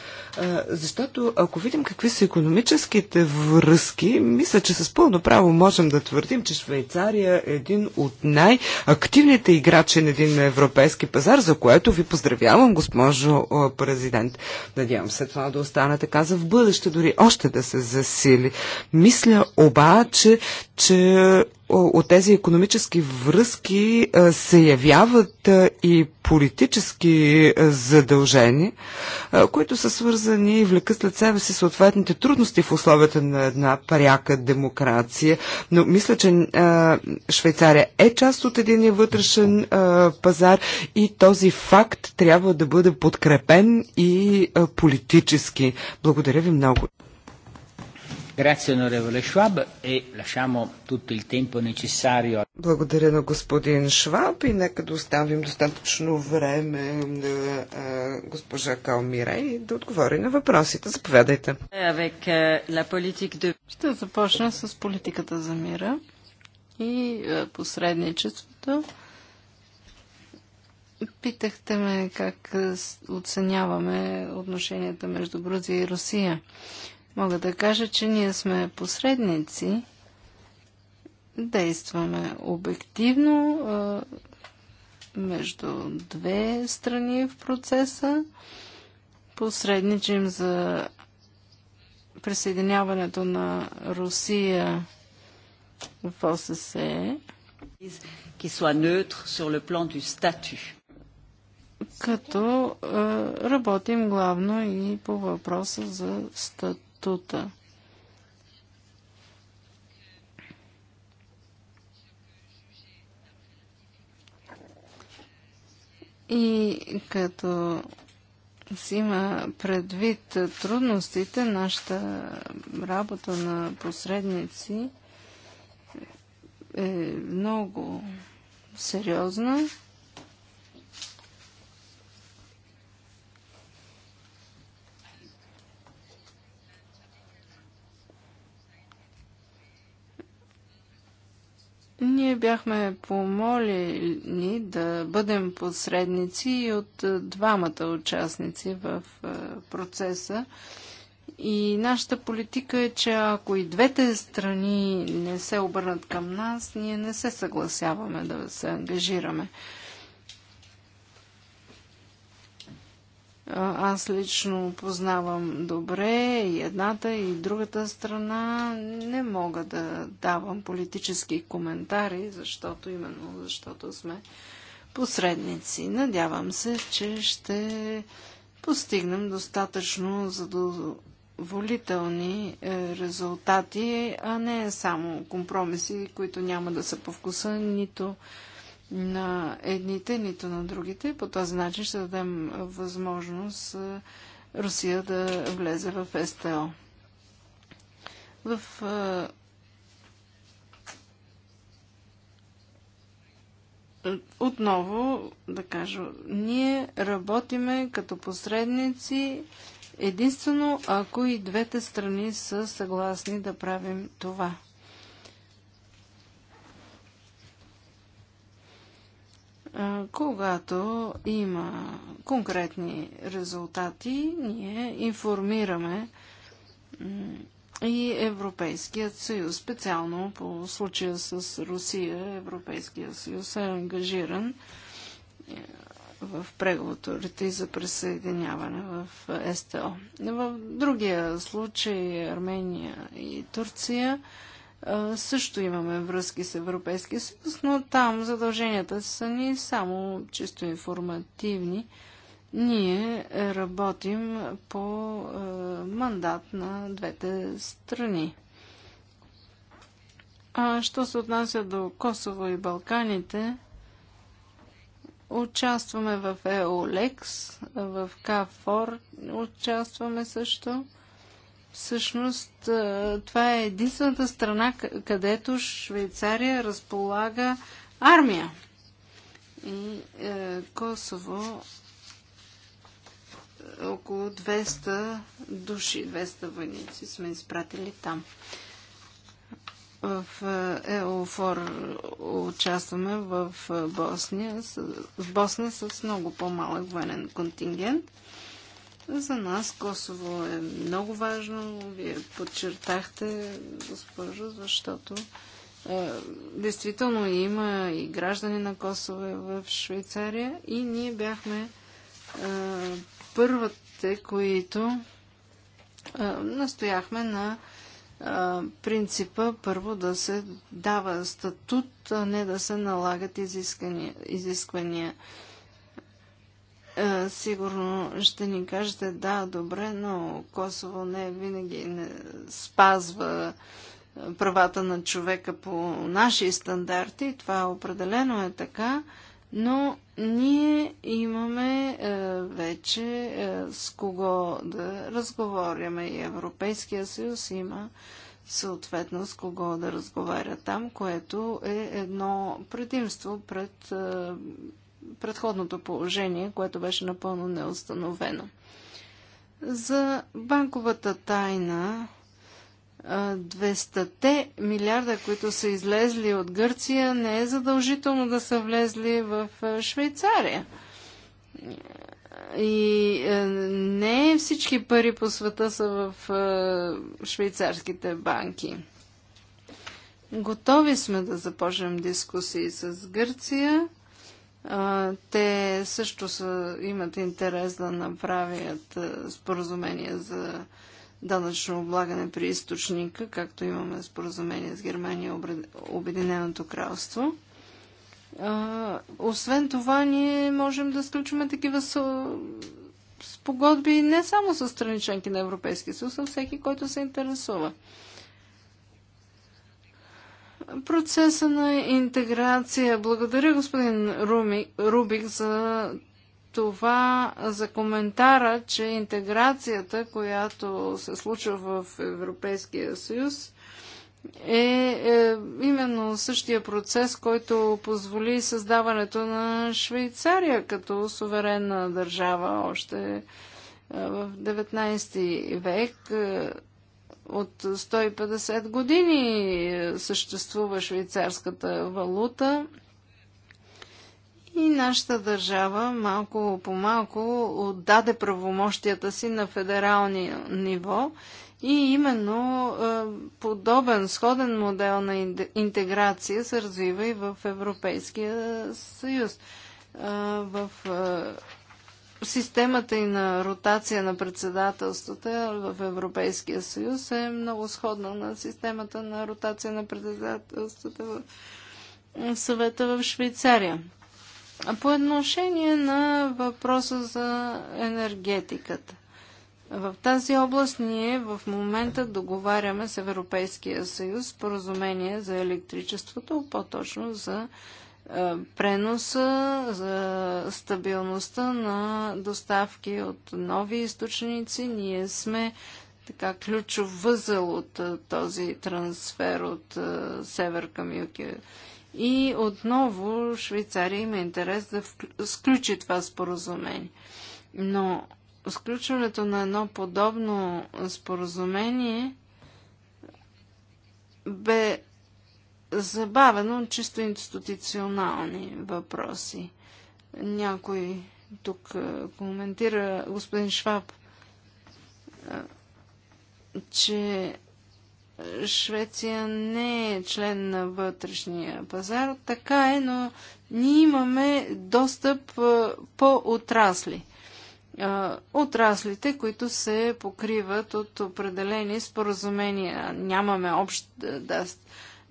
защото ако видим какви са економическите връзки, мисля, че с пълно право можем да твърдим, че Швейцария е един от най-активните играчи на един европейски пазар, за което ви поздравявам, госпожо е, президент. Надявам се това да остане така за в бъдеще, дори още да се засили. Мисля обаче, че от тези економически връзки се явяват и политически задължения, които са свързани и влекат след себе си съответните трудности в условията на една паряка демокрация. Но мисля, че Швейцария е част от един вътрешен пазар и този факт трябва да бъде подкрепен и политически. Благодаря ви много. Благодаря на господин Шваб и нека да оставим достатъчно време на е, е, госпожа Калмирей да отговори на въпросите. Заповядайте. Е, Ще започна с политиката за мира и посредничеството. Питахте ме как оценяваме отношенията между Грузия и Русия. Мога да кажа, че ние сме посредници, действаме обективно между две страни в процеса, посредничим за присъединяването на Русия в ОССЕ. Qui soit neutre sur le plan du statut като е, работим главно и по въпроса за статут статута. И като си има предвид трудностите, нашата работа на посредници е много сериозна. Ние бяхме помолени да бъдем посредници от е, двамата участници в е, процеса. И нашата политика е, че ако и двете страни не се обърнат към нас, ние не се съгласяваме да се ангажираме. Аз лично познавам добре и едната, и другата страна. Не мога да давам политически коментари, защото именно защото сме посредници. Надявам се, че ще постигнем достатъчно задоволителни е, резултати, а не само компромиси, които няма да са по вкуса нито на едните, нито на другите. По този начин ще дадем възможност Русия да влезе в СТО. В отново да кажа, ние работиме като посредници единствено ако и двете страни са съгласни да правим това. Когато има конкретни резултати, ние информираме и Европейският съюз. Специално по случая с Русия, Европейския съюз е ангажиран е, в преговорите за присъединяване в СТО. В другия случай Армения и Турция също имаме връзки с Европейския съюз, но там задълженията са ни само чисто информативни. Ние работим по мандат на двете страни. А що се отнася до Косово и Балканите, участваме в EOLEX, в КАФОР участваме също. Всъщност това е единствената страна, където Швейцария разполага армия. И е, Косово е, около 200 души, 200 войници сме изпратили там. В е, ЕОФОР участваме в е, Босния, в Босния с много по-малък военен контингент. За нас Косово е много важно. Вие подчертахте, госпожо, защото е, действително има и граждани на Косово в Швейцария и ние бяхме е, първите, които е, настояхме на е, принципа първо да се дава статут, а не да се налагат изисквания. изисквания. Е, сигурно ще ни кажете, да, добре, но Косово не винаги не спазва е, правата на човека по наши стандарти. Това определено е така, но ние имаме е, вече е, с кого да разговаряме и Европейския съюз има съответно с кого да разговаря там, което е едно предимство пред е, предходното положение, което беше напълно неустановено. За банковата тайна 200-те милиарда, които са излезли от Гърция, не е задължително да са влезли в Швейцария. И не всички пари по света са в швейцарските банки. Готови сме да започнем дискусии с Гърция те също са, имат интерес да направят споразумение за данъчно облагане при източника, както имаме споразумение с Германия и Обединеното кралство. А, освен това, ние можем да сключваме такива спогодби не само с страниченки на Европейския съюз, а всеки, който се интересува процеса на интеграция. Благодаря, господин Руми, Рубик, за това, за коментара, че интеграцията, която се случва в Европейския съюз, е, е именно същия процес, който позволи създаването на Швейцария като суверенна държава още е, в 19 век. От 150 години съществува швейцарската валута и нашата държава малко по малко отдаде правомощията си на федерални ниво и именно е, подобен, сходен модел на интеграция се развива и в Европейския съюз. Е, в е, системата и на ротация на председателствата в Европейския съюз е много сходна на системата на ротация на председателствата в съвета в Швейцария. А по отношение на въпроса за енергетиката. В тази област ние в момента договаряме с Европейския съюз споразумение за електричеството, по-точно за е, преноса, за стабилността на доставки от нови източници. Ние сме така ключов възел от е, този трансфер от е, север към юг. И отново Швейцария има интерес да сключи това споразумение. Но сключването на едно подобно споразумение бе забавено чисто институционални въпроси. Някой тук е, коментира, господин Шваб, е, че Швеция не е член на вътрешния пазар. Така е, но ние имаме достъп е, по отрасли. Отраслите, които се покриват от определени споразумения. Нямаме общ Да,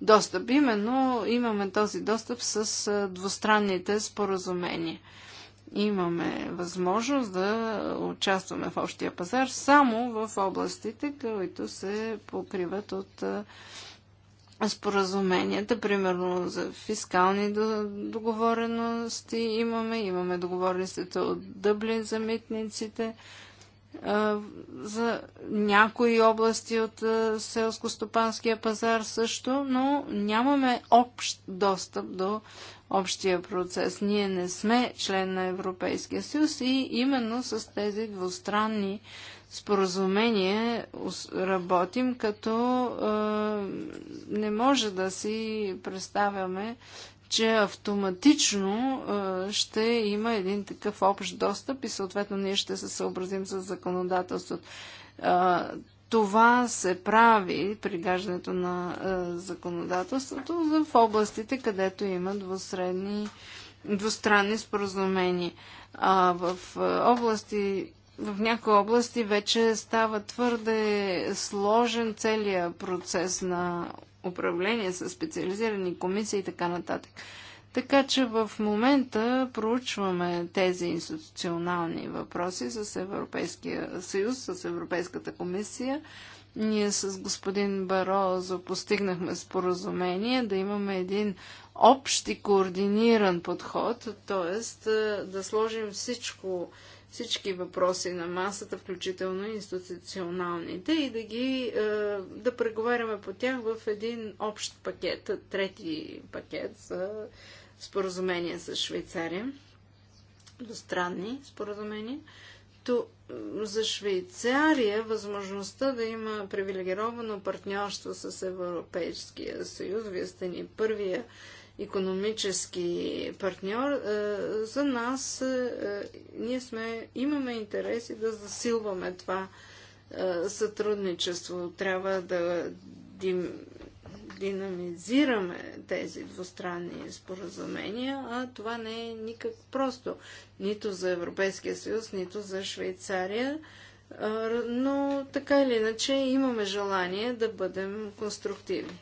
достъп. Именно имаме този достъп с двустранните споразумения. Имаме възможност да участваме в общия пазар само в областите, които се покриват от споразуменията, примерно за фискални договорености имаме, имаме договорените от Дъблин за митниците, за някои области от селско-стопанския пазар също, но нямаме общ достъп до общия процес. Ние не сме член на Европейския съюз и именно с тези двустранни споразумения работим, като не може да си представяме че автоматично ще има един такъв общ достъп и съответно ние ще се съобразим с законодателството. Това се прави при гаждането на законодателството в областите, където има двусредни, двустранни споразумения. А в области в някои области вече става твърде сложен целият процес на управление, с специализирани комисии и така нататък. Така че в момента проучваме тези институционални въпроси с Европейския съюз, с Европейската комисия. Ние с господин Барозо постигнахме споразумение да имаме един общ и координиран подход, т.е. да сложим всичко всички въпроси на масата, включително институционалните, и да ги е, да преговаряме по тях в един общ пакет, трети пакет за споразумение с Швейцария, двустранни споразумения. То, е, за Швейцария възможността да има привилегировано партньорство с Европейския съюз, вие сте ни първия економически партньор, е, за нас е, ние сме, имаме интереси да засилваме това е, сътрудничество. Трябва да динамизираме тези двустранни споразумения, а това не е никак просто. Нито за Европейския съюз, нито за Швейцария. Но така или иначе имаме желание да бъдем конструктивни.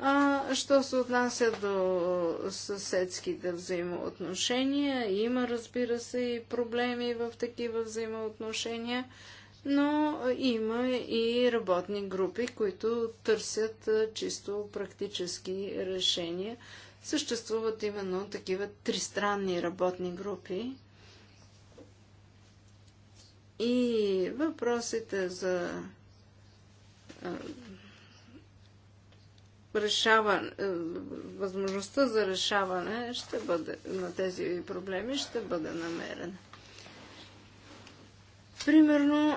А, що се отнася до съседските взаимоотношения, има, разбира се, и проблеми в такива взаимоотношения, но има и работни групи, които търсят чисто практически решения. Съществуват именно такива тристранни работни групи. И въпросите за решаване, възможността за решаване ще бъде, на тези проблеми ще бъде намерена. Примерно,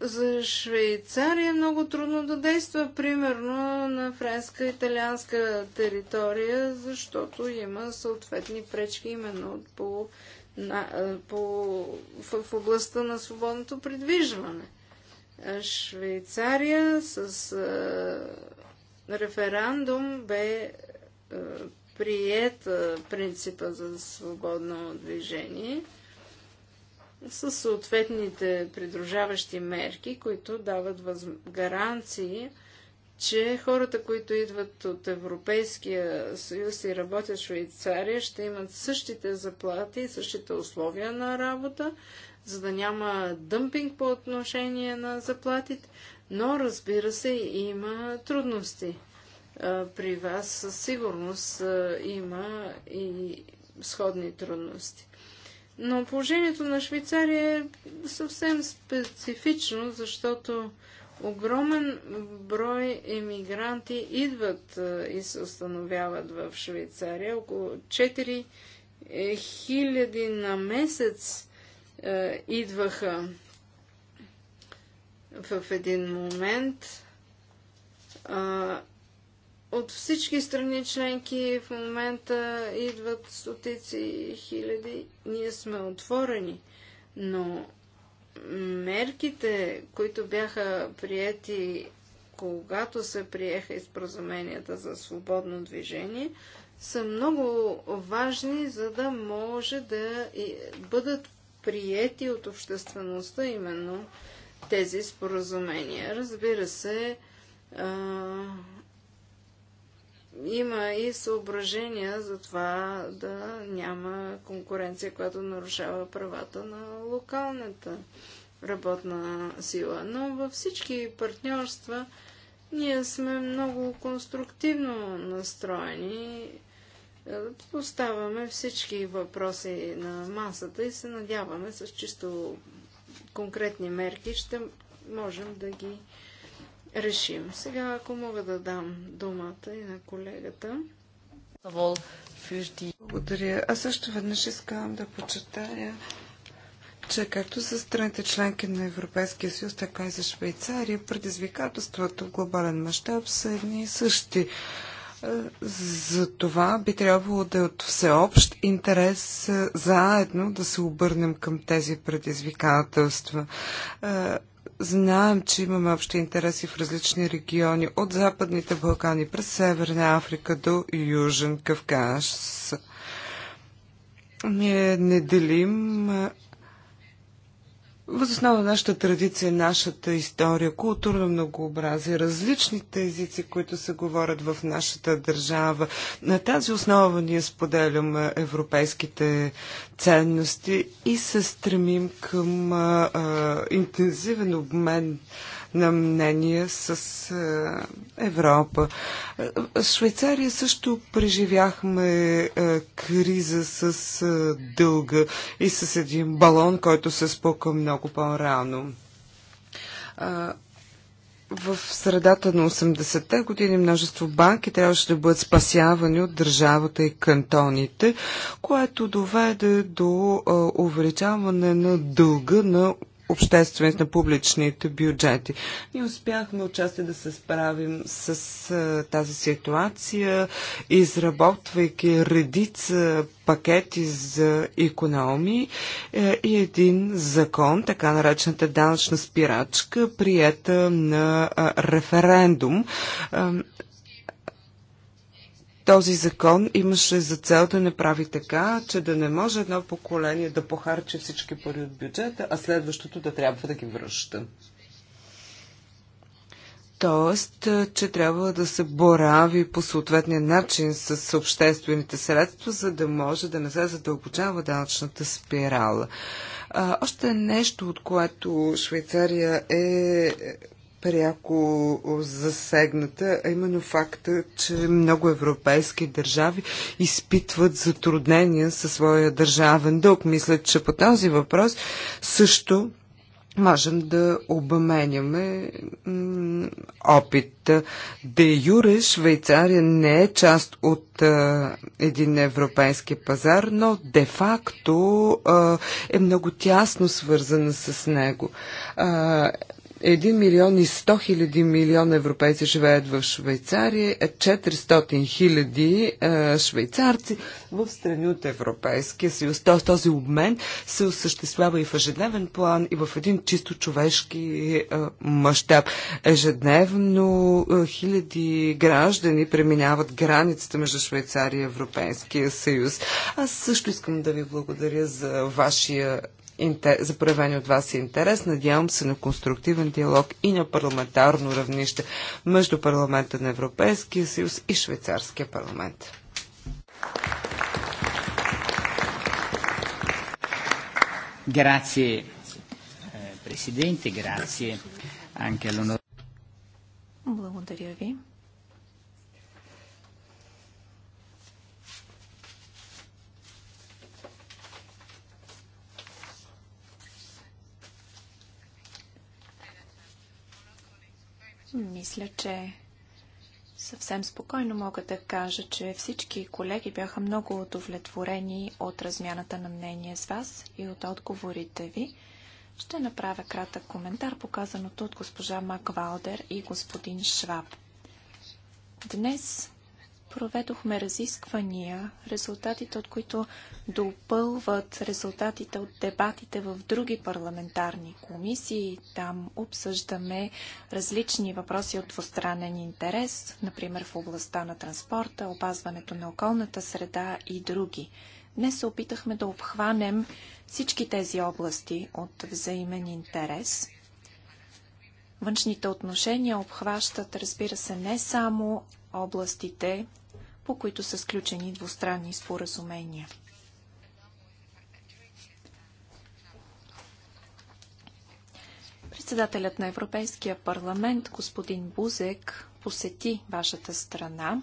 за Швейцария е много трудно да действа, примерно, на френска италианска територия, защото има съответни пречки именно по, на, е, по, в, в областта на свободното придвижване. Швейцария с референдум бе прият принципа за свободно движение с съответните придружаващи мерки, които дават въз... гаранции, че хората, които идват от Европейския съюз и работят в Швейцария, ще имат същите заплати и същите условия на работа, за да няма дъмпинг по отношение на заплатите, но разбира се, има трудности. При вас със сигурност има и сходни трудности. Но положението на Швейцария е съвсем специфично, защото огромен брой емигранти идват и се установяват в Швейцария. Около 4 е, хиляди на месец е, идваха в един момент. Е, от всички страни членки в момента идват стотици хиляди. Ние сме отворени, но мерките, които бяха приети, когато се приеха изпразуменията за свободно движение, са много важни, за да може да бъдат приети от обществеността именно тези споразумения. Разбира се, а, има и съображения за това да няма конкуренция, която нарушава правата на локалната работна сила. Но във всички партньорства ние сме много конструктивно настроени Поставяме всички въпроси на масата и се надяваме с чисто конкретни мерки ще можем да ги решим. Сега, ако мога да дам думата и на колегата. Благодаря. Аз също веднъж искам да почетая, че както за страните членки на Европейския съюз, така и за Швейцария, предизвикателствата в глобален мащаб са едни и същи. За това би трябвало да е от всеобщ интерес е, заедно да се обърнем към тези предизвикателства. Е, знаем, че имаме общи интереси в различни региони, от Западните Балкани през Северна Африка до Южен Кавказ. Ние не делим е, Възоснова на нашата традиция, нашата история, културно многообразие, различните езици, които се говорят в нашата държава, на тази основа ние споделяме европейските ценности и се стремим към а, интензивен обмен на мнение с е, Европа. В е, Швейцария също преживяхме е, криза с дълга и с един балон, който се спука много по-рано в средата на 80-те години множество банки трябваше да бъдат спасявани от държавата и кантоните, което доведе до увеличаване на дълга на обществените, на публичните бюджети. Ние успяхме отчасти да се справим с а, тази ситуация, изработвайки редица пакети за економии е, и един закон, така наречената данъчна спирачка, приета на а, референдум. А, този закон имаше за цел да не прави така, че да не може едно поколение да похарчи всички пари от бюджета, а следващото да трябва да ги връща. Тоест, е, че трябва да се борави по съответния начин с обществените средства, за да може да не се задълбочава данъчната спирала. А, още нещо, от което Швейцария е, е пряко засегната, а именно факта, че много европейски държави изпитват затруднения със своя държавен дълг. Мисля, че по този въпрос също можем да обаменяме опит. Де Юре Швейцария не е част от а, един европейски пазар, но де-факто е много тясно свързана с него. А, 1 милион и 100 хиляди милион европейци живеят в Швейцария, 400 е хиляди е, швейцарци в страни от Европейския съюз. Тоест този обмен се осъществява и в ежедневен план, и в един чисто човешки е, мащаб. Ежедневно хиляди граждани преминават границата между Швейцария и Европейския съюз. Аз също искам да ви благодаря за вашия за проявени от вас интерес. Надявам се на конструктивен диалог и на парламентарно равнище между парламента на Европейския съюз и швейцарския парламент. Благодаря ви. Мисля, че съвсем спокойно мога да кажа, че всички колеги бяха много удовлетворени от размяната на мнение с вас и от отговорите ви. Ще направя кратък коментар, показаното от госпожа Маквалдер и господин Шваб. Днес проведохме разисквания, резултатите от които допълват резултатите от дебатите в други парламентарни комисии. Там обсъждаме различни въпроси от двустранен интерес, например в областта на транспорта, опазването на околната среда и други. Днес се опитахме да обхванем всички тези области от взаимен интерес. Външните отношения обхващат, разбира се, не само областите, по които са сключени двустранни споразумения. Председателят на Европейския парламент, господин Бузек, посети вашата страна.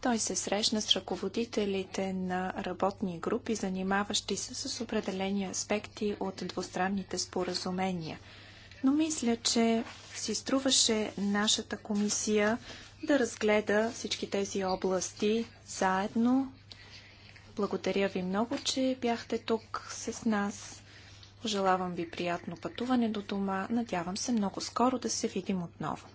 Той се срещна с ръководителите на работни групи, занимаващи се с определени аспекти от двустранните споразумения. Но мисля, че си струваше нашата комисия да разгледа всички тези области заедно. Благодаря ви много, че бяхте тук с нас. Пожелавам ви приятно пътуване до дома. Надявам се много скоро да се видим отново.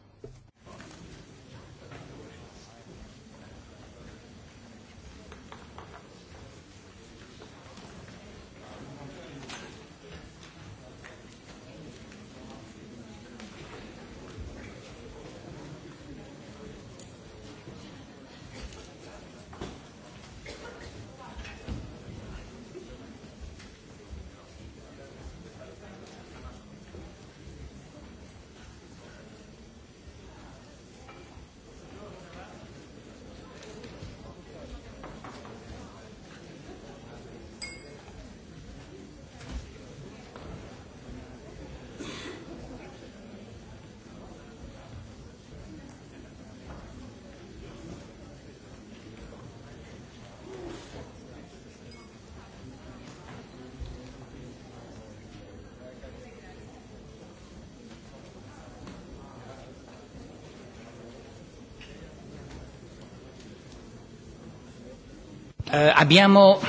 Eh, abbiamo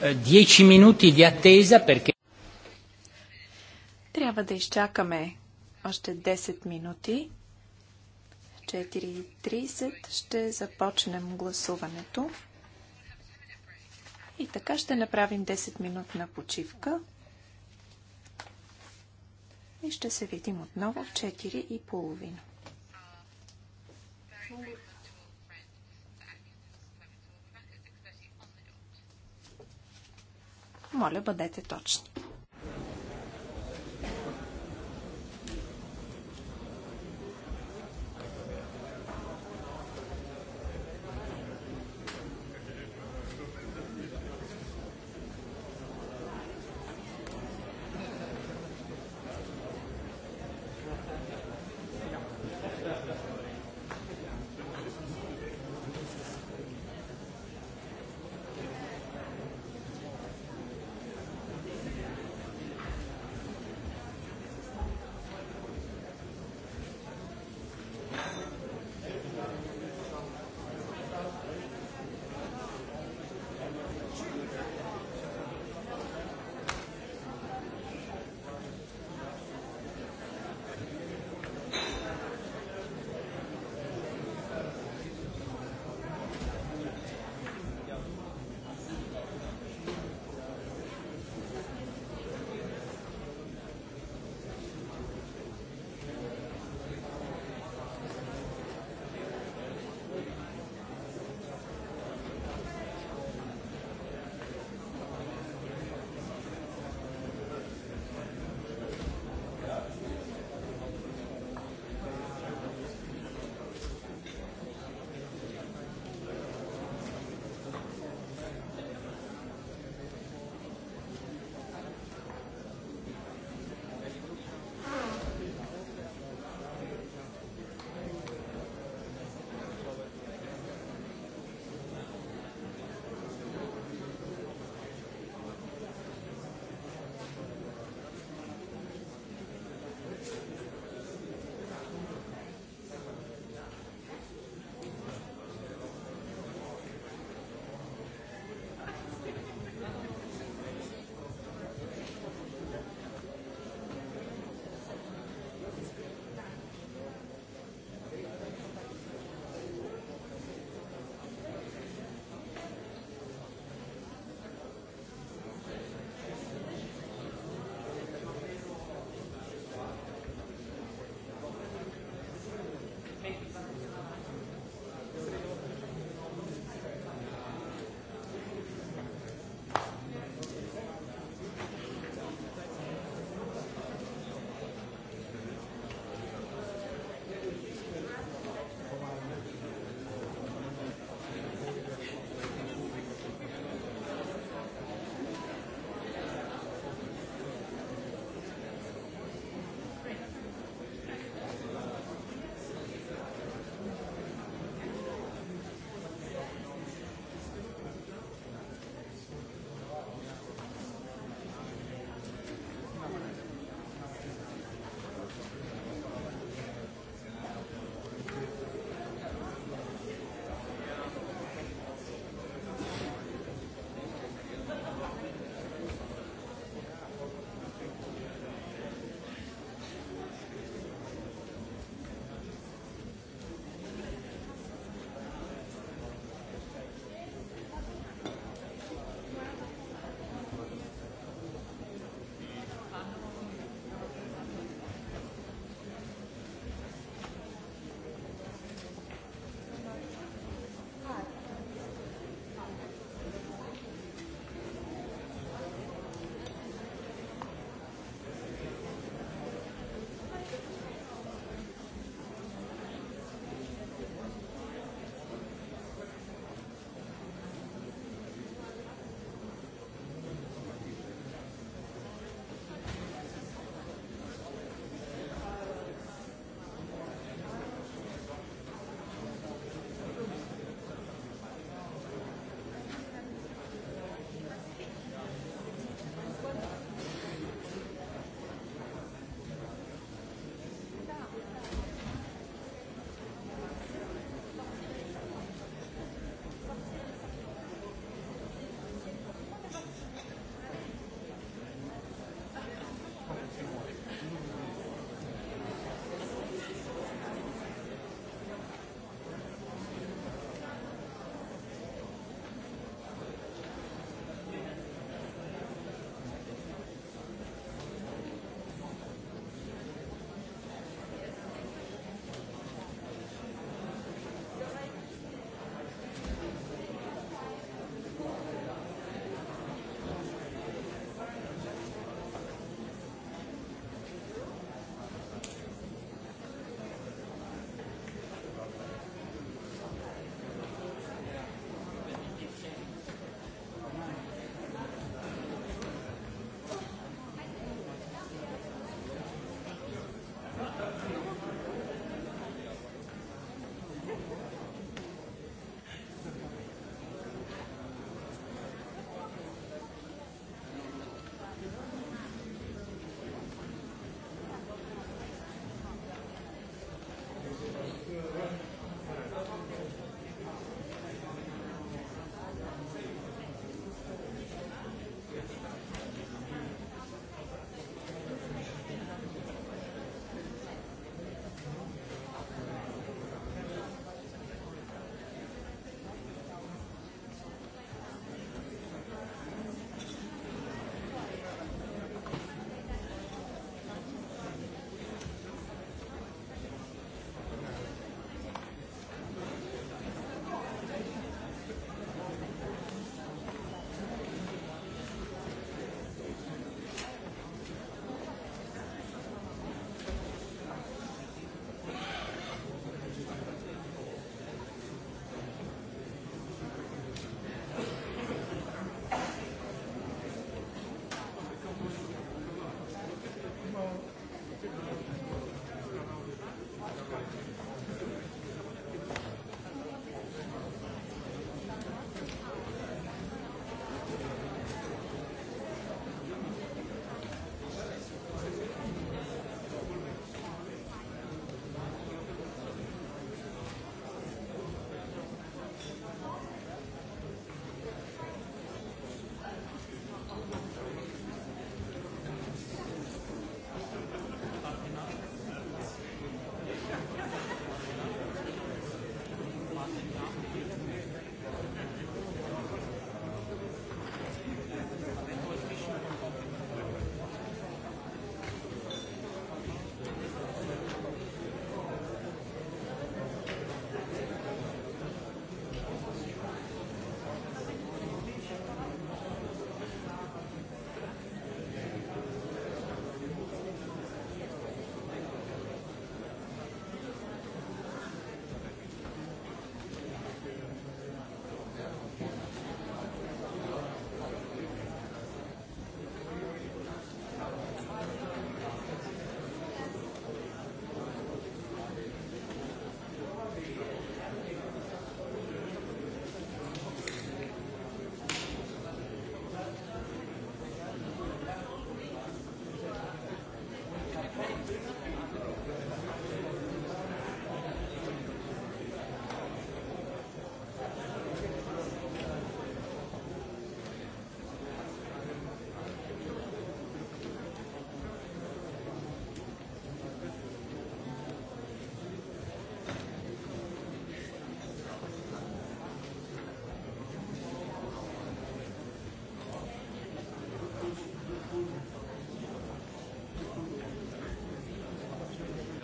eh, dieci minuti di attesa perché... Трябва да изчакаме още 10 минути. 4.30 ще започнем гласуването. И така ще направим 10 минутна почивка. И ще се видим отново в 4.30. Моля, бъдете точни.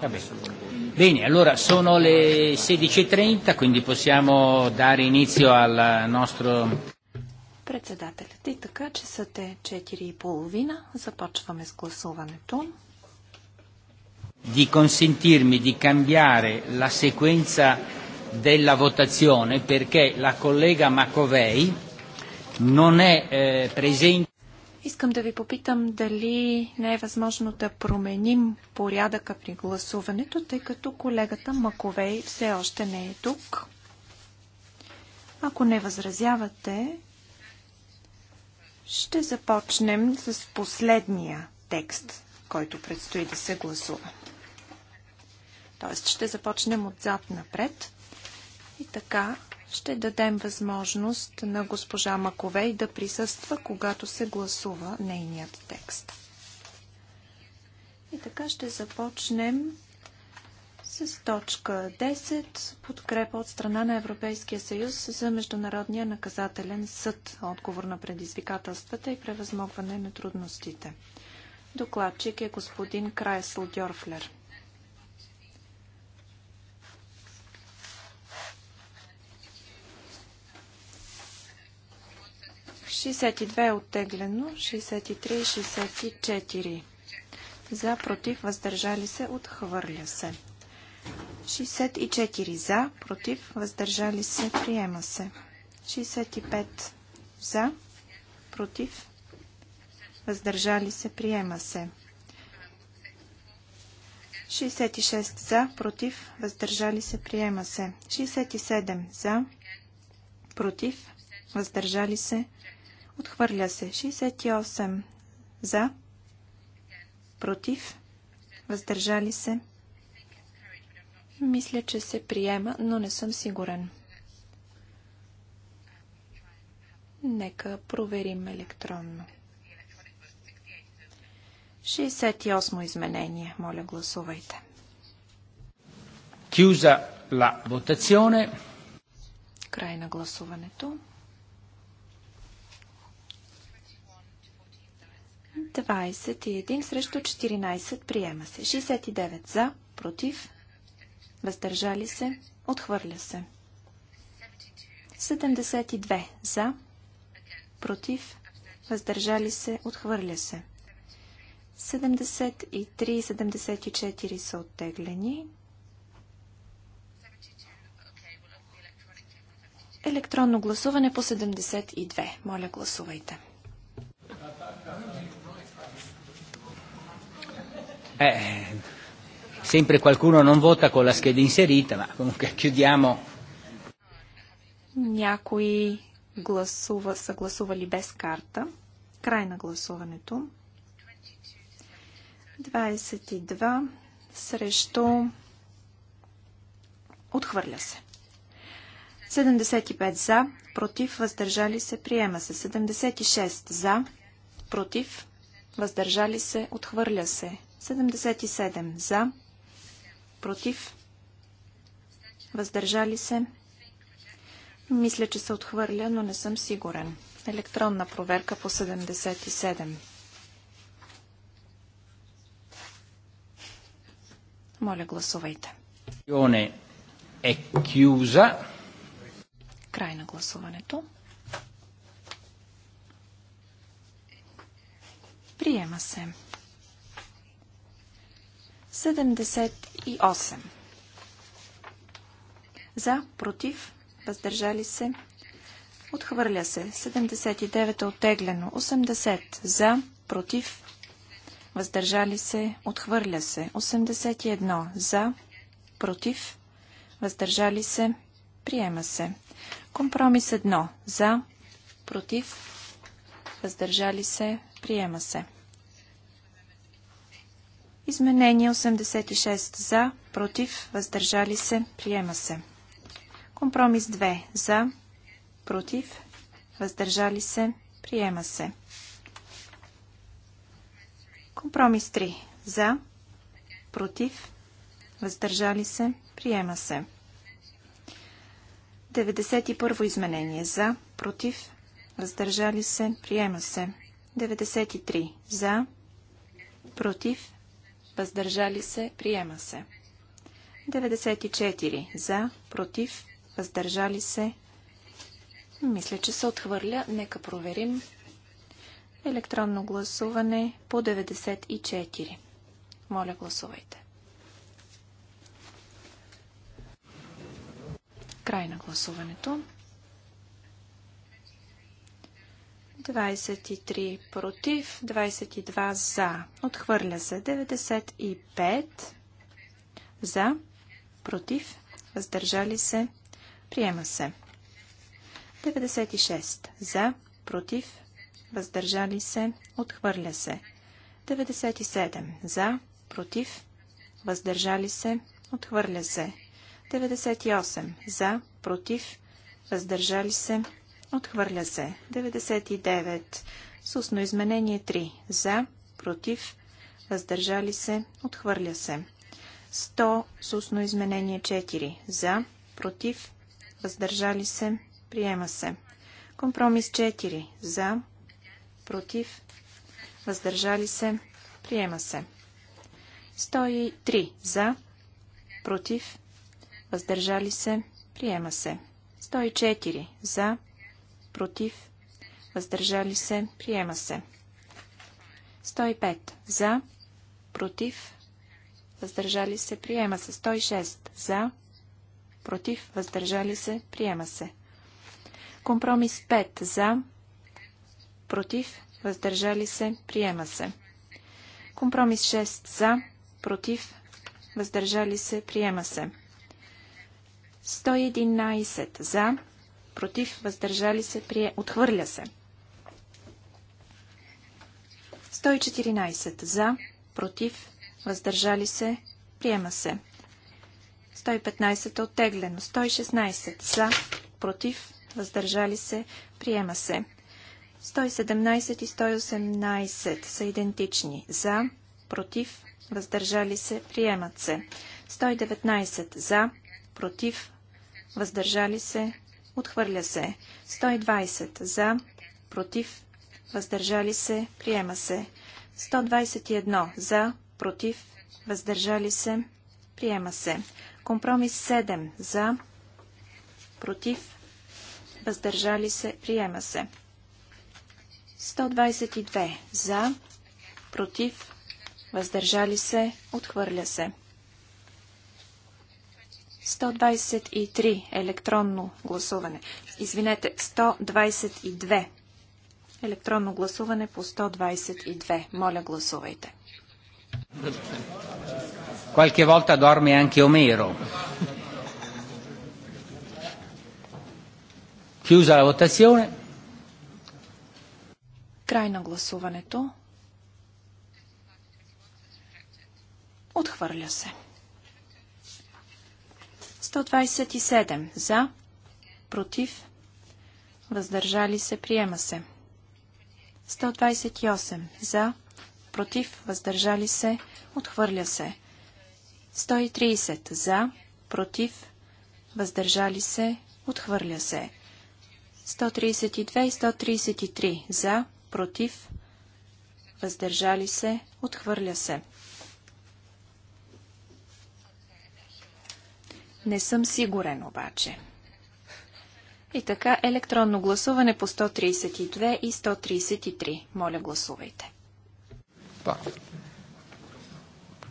Vabbè. Bene, allora sono le 16.30, quindi possiamo dare inizio al nostro... Председателят и така, часът е 4.30. Започваме с гласуването. Di consentirmi di cambiare la sequenza della votazione perché la collega Macovei non è eh, presente. Искам да ви попитам дали не е възможно да променим порядъка при гласуването, тъй като колегата Маковей все още не е тук. Ако не възразявате, ще започнем с последния текст, който предстои да се гласува. Тоест ще започнем отзад напред и така ще дадем възможност на госпожа Маковей да присъства, когато се гласува нейният текст. И така ще започнем с точка 10. Подкрепа от страна на Европейския съюз за Международния наказателен съд. Отговор на предизвикателствата и превъзмогване на трудностите. Докладчик е господин Крайсл Дьорфлер. 62 е оттеглено, 63 и 64 за, против, въздържали се, отхвърля се. 64 за, против, въздържали се, приема се. 65 за, против, въздържали се, приема се. 66 за, против, въздържали се, приема се. 67 за, против, въздържали се, отхвърля се. 68 за, против, Против? Въздържали се? Мисля, че се приема, но не съм сигурен. Нека проверим електронно. 68 изменение. Моля, гласувайте. Chiusa la votazione. Край на гласуването. 21 срещу 14 приема се. 69 за, против, въздържали се, отхвърля се. 72 за, против, въздържали се, отхвърля се. 73 и 74 са оттеглени. Електронно гласуване по 72. Моля, гласувайте. Eh, sempre qualcuno non vota con la scheda inserita, ma comunque chiudiamo. Някои гласува, са гласували без карта. Край на гласуването. 22 срещу Отхвърля се. 75 за, против, въздържали се, приема се. 76 за, против, въздържали се, отхвърля се. 77 за, против, въздържали се. Мисля, че се отхвърля, но не съм сигурен. Електронна проверка по 77. Моля, гласувайте. Е кюза. Край на гласуването. Приема се. 78. За, против, въздържали се. Отхвърля се. 79 е оттеглено. 80. За, против, въздържали се. Отхвърля се. 81. За, против, въздържали се. Приема се. Компромис 1. За, против, въздържали се. Приема се. Изменение 86 за, против, въздържали се, приема се. Компромис 2 за, против, въздържали се, приема се. Компромис 3 за, против, въздържали се, приема се. 91 изменение за, против, въздържали се, приема се. 93 за, против, въздържали се, приема се. 94 за, против, въздържали се. Мисля, че се отхвърля. Нека проверим. Електронно гласуване по 94. Моля, гласувайте. Край на гласуването. 23 против, 22 за. Отхвърля се 95 за, против, въздържали се, приема се. 96 за, против, въздържали се, отхвърля се. 97 за, против, въздържали се, отхвърля се. 98 за, против, въздържали се, Отхвърля се. 99. Сусно изменение 3. За. Против. Въздържали се. Отхвърля се. 100. Сусно изменение 4. За. Против. Въздържали се. Приема се. Компромис 4. За. Против. Въздържали се. Приема се. 103. За. Против. Въздържали се. Приема се. 104. За против, въздържали се, приема се. 105 за, против, въздържали се, приема се. 106 за, против, въздържали се, приема се. Компромис 5 за, против, въздържали се, приема се. Компромис 6 за, против, въздържали се, приема се. 111 за, против, въздържали се, прие, отхвърля се. 114 за, против, въздържали се, приема се. 115 е оттеглено, 116 за, против, въздържали се, приема се. 117 и 118 са идентични. За, против, въздържали се, приемат се. 119 за, против, въздържали се, Отхвърля се. 120 за, против, въздържали се, приема се. 121 за, против, въздържали се, приема се. Компромис 7 за, против, въздържали се, приема се. 122 за, против, въздържали се, отхвърля се. 123 електронно гласуване. Извинете, 122. Електронно гласуване по 122. Моля, гласувайте. Qualche volta dorme anche Omero. Chiusa la votazione. Край на гласуването. Отхвърля се. 127. За. Против. Въздържали се. Приема се. 128. За. Против. Въздържали се. Отхвърля се. 130. За. Против. Въздържали се. Отхвърля се. 132 и 133. За. Против. Въздържали се. Отхвърля се. Не съм сигурен обаче. И така, електронно гласуване по 132 и 133. Моля, гласувайте.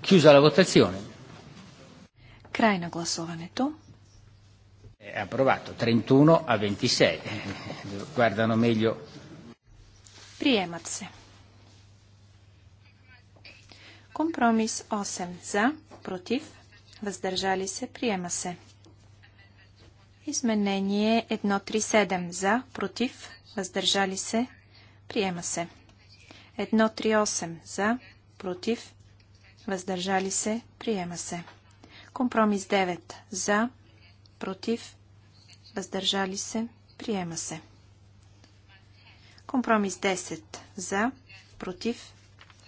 Chiusa la Край на гласуването. Е, е апровато. 31 а 26. Guardano meglio. Приемат се. Компромис 8 за, против, въздържали се, приема се. Изменение 137 за, против, въздържали се, приема се. 138 за, против, въздържали се, приема се. Компромис 9 за, против, въздържали се, приема се. Компромис 10 за, против,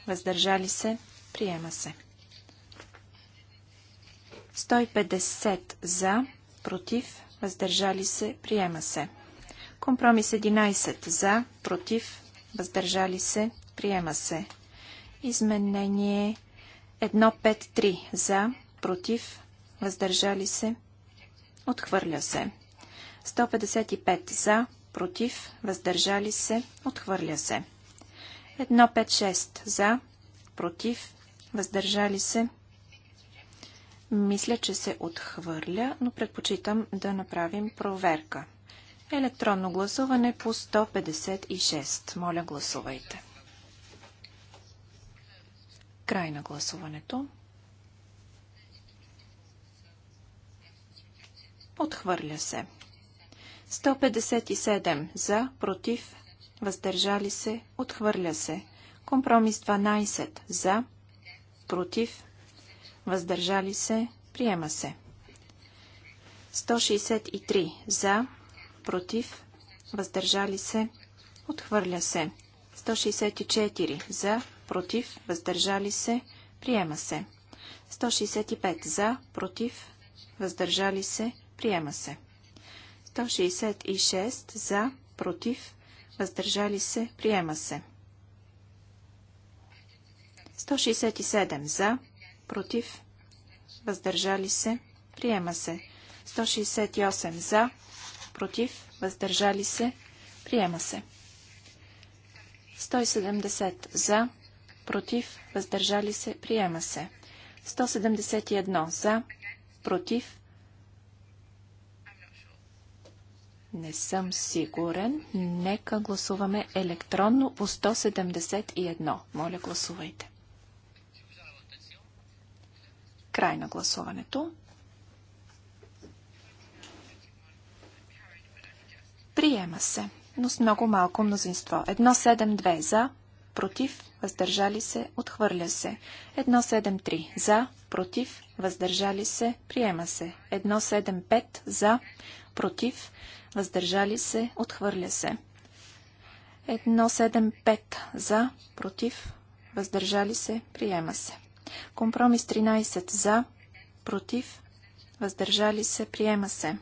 въздържали се, приема се. 150 за, против, въздържали се, приема се. Компромис 11 за, против, въздържали се, приема се. Изменение 153 за, против, въздържали се, отхвърля се. 155 за, против, въздържали се, отхвърля се. 156 за, против, въздържали се, мисля, че се отхвърля, но предпочитам да направим проверка. Електронно гласуване по 156. Моля, гласувайте. Край на гласуването. Отхвърля се. 157 за, против, въздържали се, отхвърля се. Компромис 12 за, против, въздържали се, приема се. 163 за, против, въздържали се, отхвърля се. 164 за, против, въздържали се, приема се. 165 за, против, въздържали се, приема се. 166 за, против, въздържали се, приема се. 167 за, против, въздържали се, приема се. 168 за, против, въздържали се, приема се. 170 за, против, въздържали се, приема се. 171 за, против. Не съм сигурен. Нека гласуваме електронно по 171. Моля, гласувайте. Край на гласуването. Приема се, но с много малко мнозинство. 172 за, против, въздържали се, отхвърля се. 173 за, против, въздържали се, приема се. 175 за, против, въздържали се, отхвърля се. 175 за, против, въздържали се, приема се. Компромис 13 за, против, въздържали се, приема се.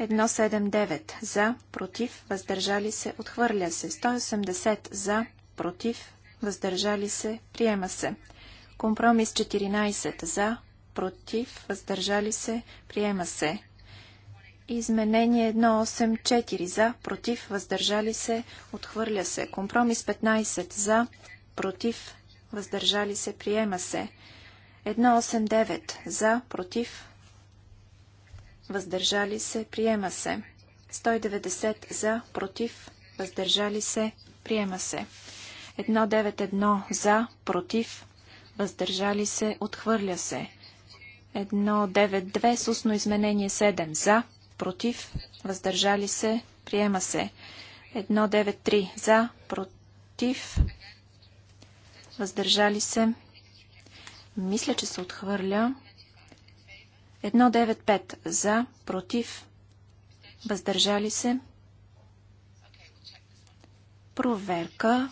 179 за, против, въздържали се, отхвърля се. 180 за, против, въздържали се, приема се. Компромис 14 за, против, въздържали се, приема се. Изменение 184 за, против, въздържали се, отхвърля се. Компромис 15 за, против, въздържали се, приема се. 189 за, против, въздържали се, приема се. 190 за, против, въздържали се, приема се. 191 за, против, въздържали се, отхвърля се. 192 с устно изменение 7 за, против, въздържали се, приема се. 193 за, против, въздържали се. Мисля, че се отхвърля. 195 за, против, въздържали се. Проверка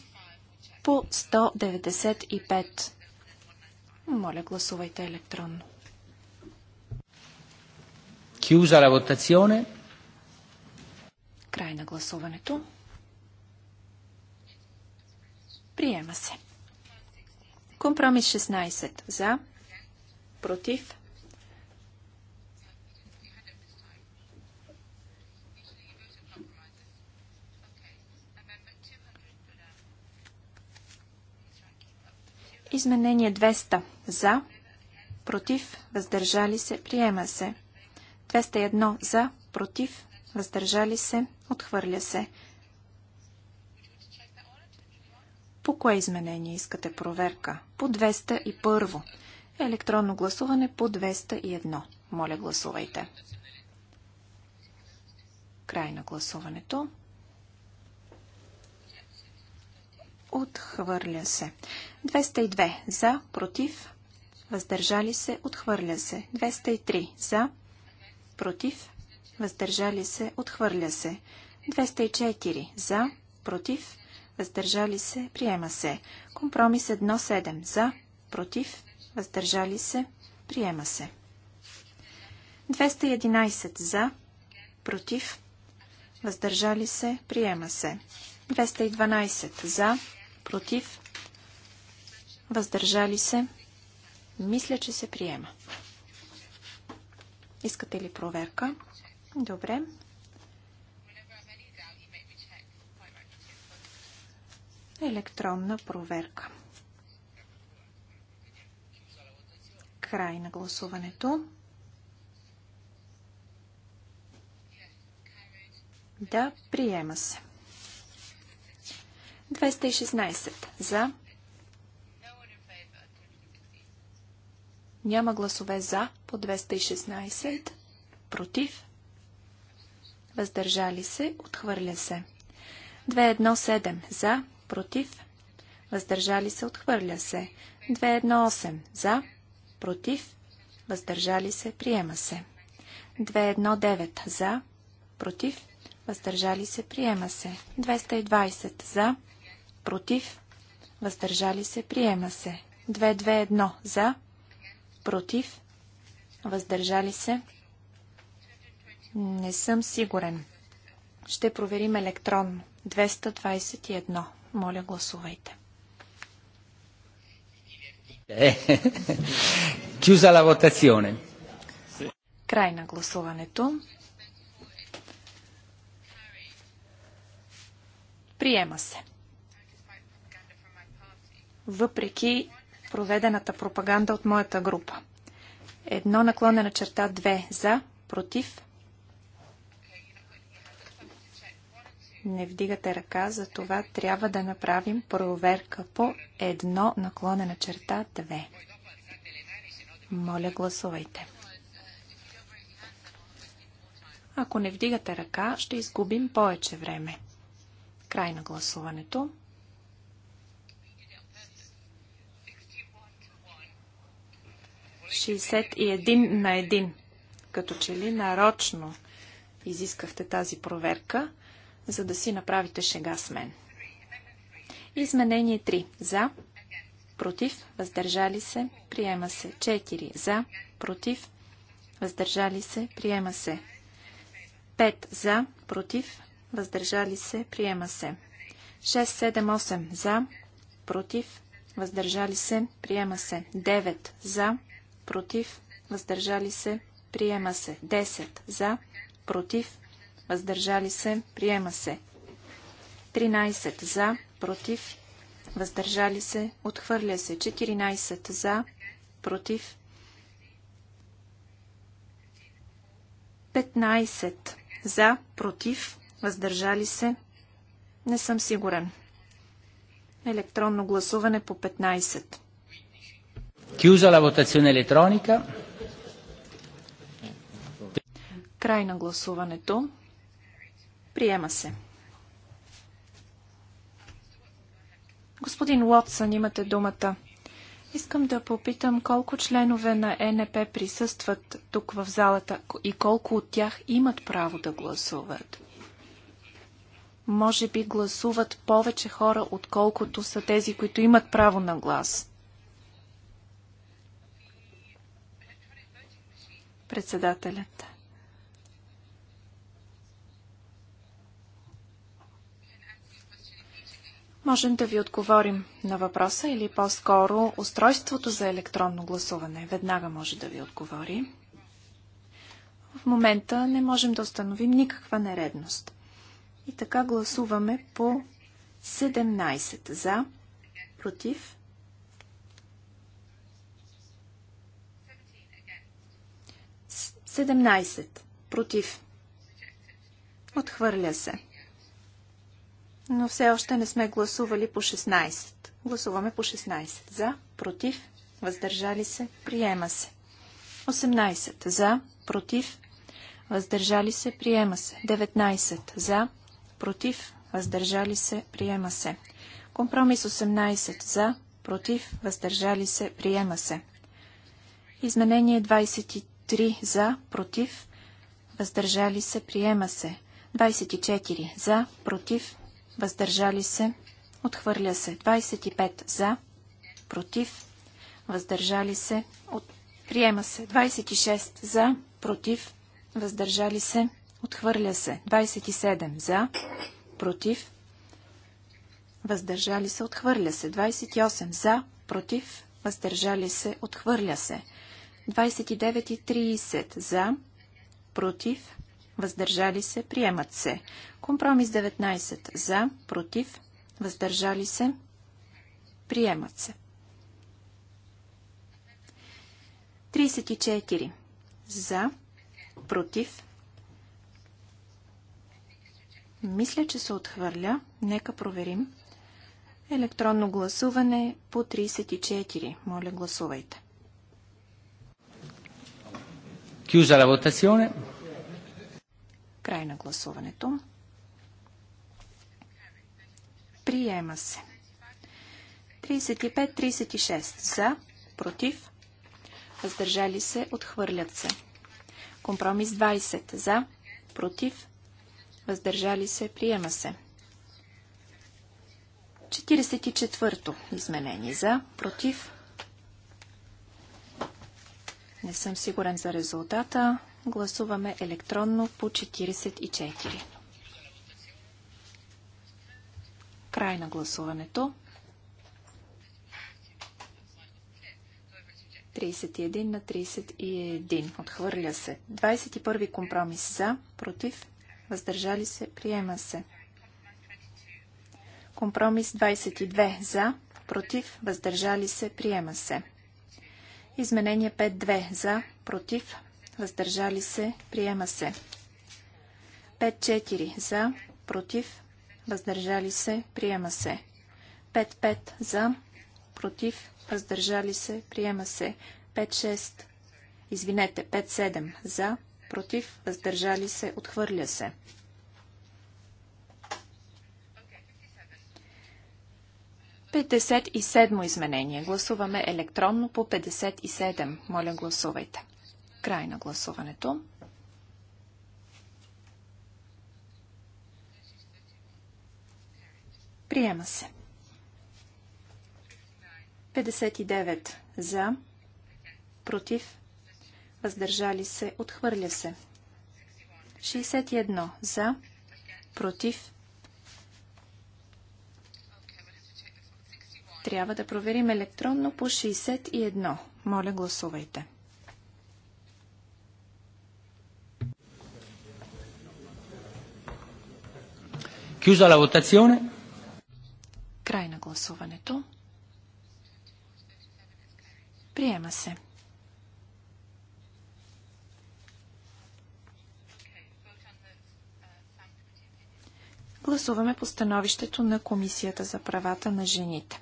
по 195. Моля, гласувайте електронно. Кюза ла votazione. Край на гласуването. Приема се. Компромис 16. За. Против. Изменение 200. За. Против. Въздържали се. Приема се. 201. За. Против. Въздържали се. Отхвърля се. По кое изменение искате проверка? По 201. Електронно гласуване по 201. Моля, гласувайте. Край на гласуването. Отхвърля се. 202. За. Против. Въздържали се. Отхвърля се. 203. За. Против. Въздържали се. Отхвърля се. 204. За. Против въздържали се, приема се. Компромис 1.7 за, против, въздържали се, приема се. 211 за, против, въздържали се, приема се. 212 за, против, въздържали се, мисля, че се приема. Искате ли проверка? Добре, Електронна проверка. Край на гласуването. Да, приема се. 216 за. Няма гласове за по 216. Против. Въздържали се. Отхвърля се. 217 за против, въздържали се, отхвърля се. 218 за, против, въздържали се, приема се. 219 за, против, въздържали се, приема се. 220 за, против, въздържали се, приема се. 221 за, против, въздържали се. Не съм сигурен. Ще проверим електронно. 221. Моля, гласувайте. Е, Chiusa la votazione. Край на гласуването. Приема се. Въпреки проведената пропаганда от моята група. Едно наклонена черта две за, против, не вдигате ръка, за това трябва да направим проверка по едно наклонена черта 2. Моля, гласувайте. Ако не вдигате ръка, ще изгубим повече време. Край на гласуването. 61 на 1. Като че ли нарочно изискахте тази проверка за да си направите шега с мен. Изменение 3. За. Против. Въздържали се. Приема се. 4. За. Против. Въздържали се. Приема се. 5. За. Против. Въздържали се. Приема се. 6, 7, 8. За. Против. Въздържали се. Приема се. 9. За. Против. Въздържали се. Приема се. 10. За. Против въздържали се, приема се. 13 за, против, въздържали се, отхвърля се. 14 за, против, 15 за, против, въздържали се, не съм сигурен. Електронно гласуване по 15. Chiusa la votazione elettronica. Край на гласуването. Приема се. Господин Уотсън, имате думата. Искам да попитам колко членове на НП присъстват тук в залата и колко от тях имат право да гласуват. Може би гласуват повече хора, отколкото са тези, които имат право на глас. Председателят. можем да ви отговорим на въпроса или по-скоро устройството за електронно гласуване веднага може да ви отговори. В момента не можем да установим никаква нередност. И така гласуваме по 17 за, против 17 против. Отхвърля се но все още не сме гласували по 16. Гласуваме по 16. За, против, въздържали се, приема се. 18. За, против, въздържали се, приема се. 19. За, против, въздържали се, приема се. Компромис 18. За, против, въздържали се, приема се. Изменение 23. За, против, въздържали се, приема се. 24. За, против, въздържали се, отхвърля се. 25 за, против, въздържали се, от... приема се. 26 за, против, въздържали се, отхвърля се. 27 за, против, въздържали се, отхвърля се. 28 за, против, въздържали се, отхвърля се. 29 и 30 за, против, въздържали се, приемат се. Компромис 19 за, против, въздържали се, приемат се. 34 за, против. Мисля, че се отхвърля. Нека проверим. Електронно гласуване по 34. Моля, гласувайте. Chiusa la votazione. Край на гласуването. Приема се. 35-36 за, против, въздържали се, отхвърлят се. Компромис 20 за, против, въздържали се, приема се. 44-то изменение за, против. Не съм сигурен за резултата. Гласуваме електронно по 44. Край на гласуването. 31 на 31. Отхвърля се. 21 компромис за, против, въздържали се, приема се. Компромис 22 за, против, въздържали се, приема се. Изменение 5-2 за, против, въздържали се, приема се. 5-4 за, против, въздържали се, приема се. 5-5 за, против, въздържали се, приема се. 5-6, извинете, 5-7 за, против, въздържали се, отхвърля се. 57 изменение. Гласуваме електронно по 57. Моля, гласувайте. Край на гласуването. Приема се. 59 за, против, въздържали се, отхвърля се. 61 за, против. Трябва да проверим електронно по 61. Моля, гласувайте. Chiusa la votazione. Край на гласуването. Приема се. Гласуваме по становището на Комисията за правата на жените.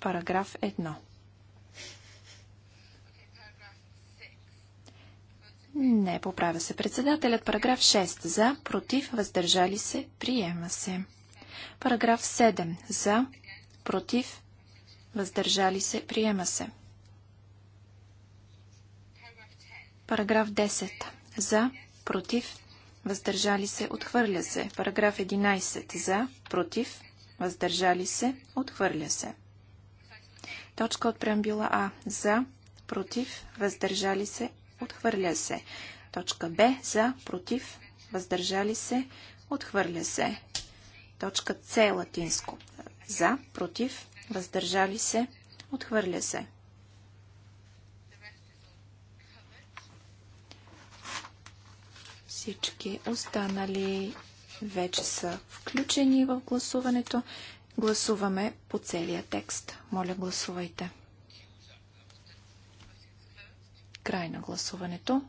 Параграф 1. Не, поправя се председателят. Параграф 6. За, против, въздържали се, приема се. Параграф 7. За, против, въздържали се, приема се. Параграф 10. За, против, въздържали се, отхвърля се. Параграф 11. За, против, въздържали се, отхвърля се. Точка от преамбила А. За, против, въздържали се, Отхвърля се. Точка Б за, против, въздържали се, отхвърля се. Точка С латинско. За, против, въздържали се, отхвърля се. Всички останали вече са включени в гласуването. Гласуваме по целия текст. Моля, гласувайте. Край на гласуването.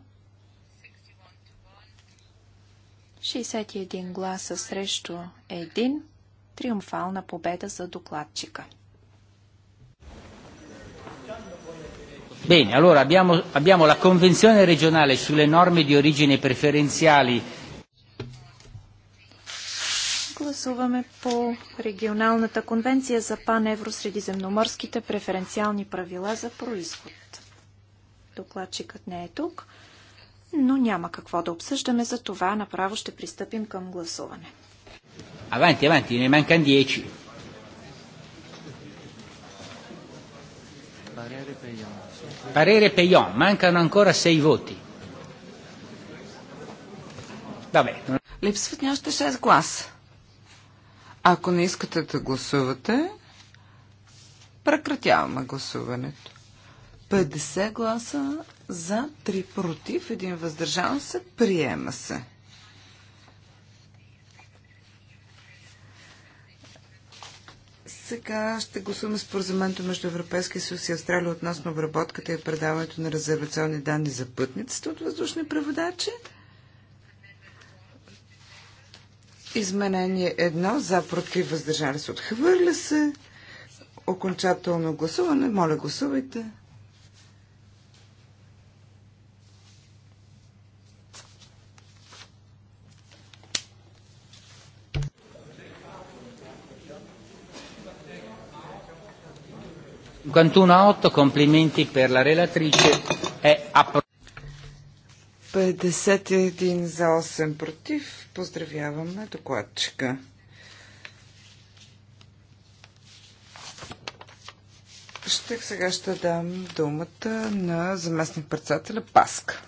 61 гласа срещу 1. Триумфална победа за докладчика. Bene, allora abbiamo, abbiamo la Convenzione regionale sulle norme di origine preferenziali. Гласуваме по регионалната конвенция за паневросредиземноморските преференциални правила за происход. Докладчикът не е тук, но няма какво да обсъждаме, за това направо ще пристъпим към гласуване. Аванти, аванти, не манкан 10. Parere Peyon, mancano ancora 6 voti. Vabbè. Липсват ни още 6 гласа. Ако не искате да гласувате, прекратяваме гласуването. 50 гласа за, 3 против, 1 въздържан се, приема се. Сега ще гласуваме споразумението между Европейския съюз и Австралия относно обработката и предаването на резервационни данни за пътниците от въздушни преводачи. Изменение едно за против въздържали се отхвърля се. Окончателно гласуване. Моля гласувайте. 51 8, е апро... 51 за 8 против. Поздравяваме докладчика. Ще, сега ще дам думата на заместник председателя Паска.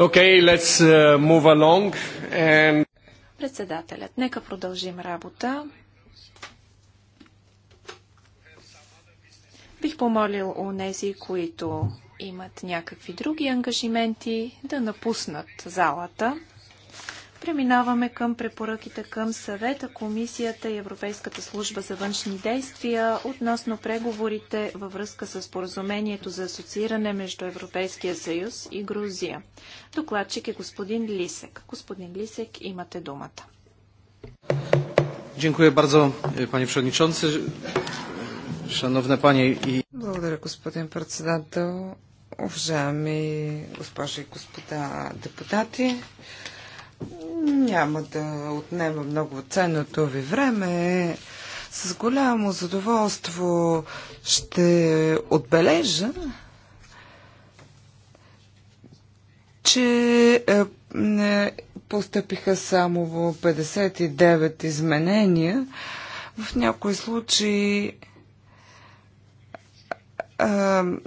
Okay, let's uh, move along and... Председателят, нека продължим работа. Бих помолил у нези, които имат някакви други ангажименти, да напуснат залата. Преминаваме към препоръките към съвета, комисията и Европейската служба за външни действия относно преговорите във връзка с поразумението за асоцииране между Европейския съюз и Грузия. Докладчик е господин Лисек. Господин Лисек, имате думата. Благодаря, господин председател. Уважаеми госпожи и господа депутати, няма да отнема много ценното ви време. С голямо задоволство ще отбележа, че е, не постъпиха само 59 изменения. В някои случаи е,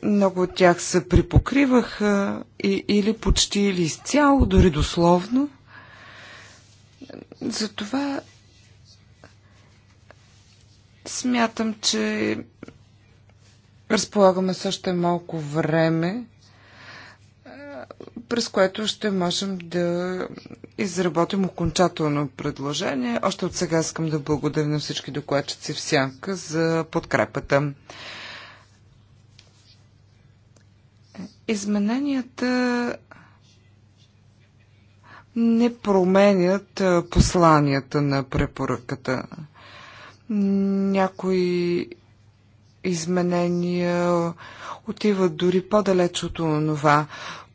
много от тях се припокриваха и, или почти или изцяло, дори дословно. Затова смятам, че разполагаме също малко време, през което ще можем да изработим окончателно предложение. Още от сега искам да благодаря на всички докладчици в Сянка за подкрепата. Измененията не променят посланията на препоръката. Някои изменения отиват дори по-далеч от това,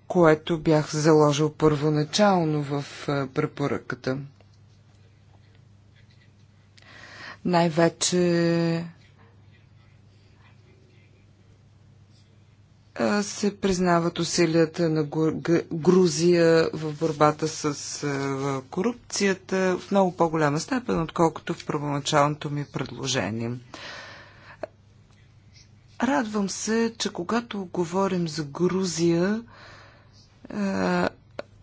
което бях заложил първоначално в препоръката. Най-вече се признават усилията на Грузия в борбата с корупцията в много по-голяма степен, отколкото в първоначалното ми предложение. Радвам се, че когато говорим за Грузия,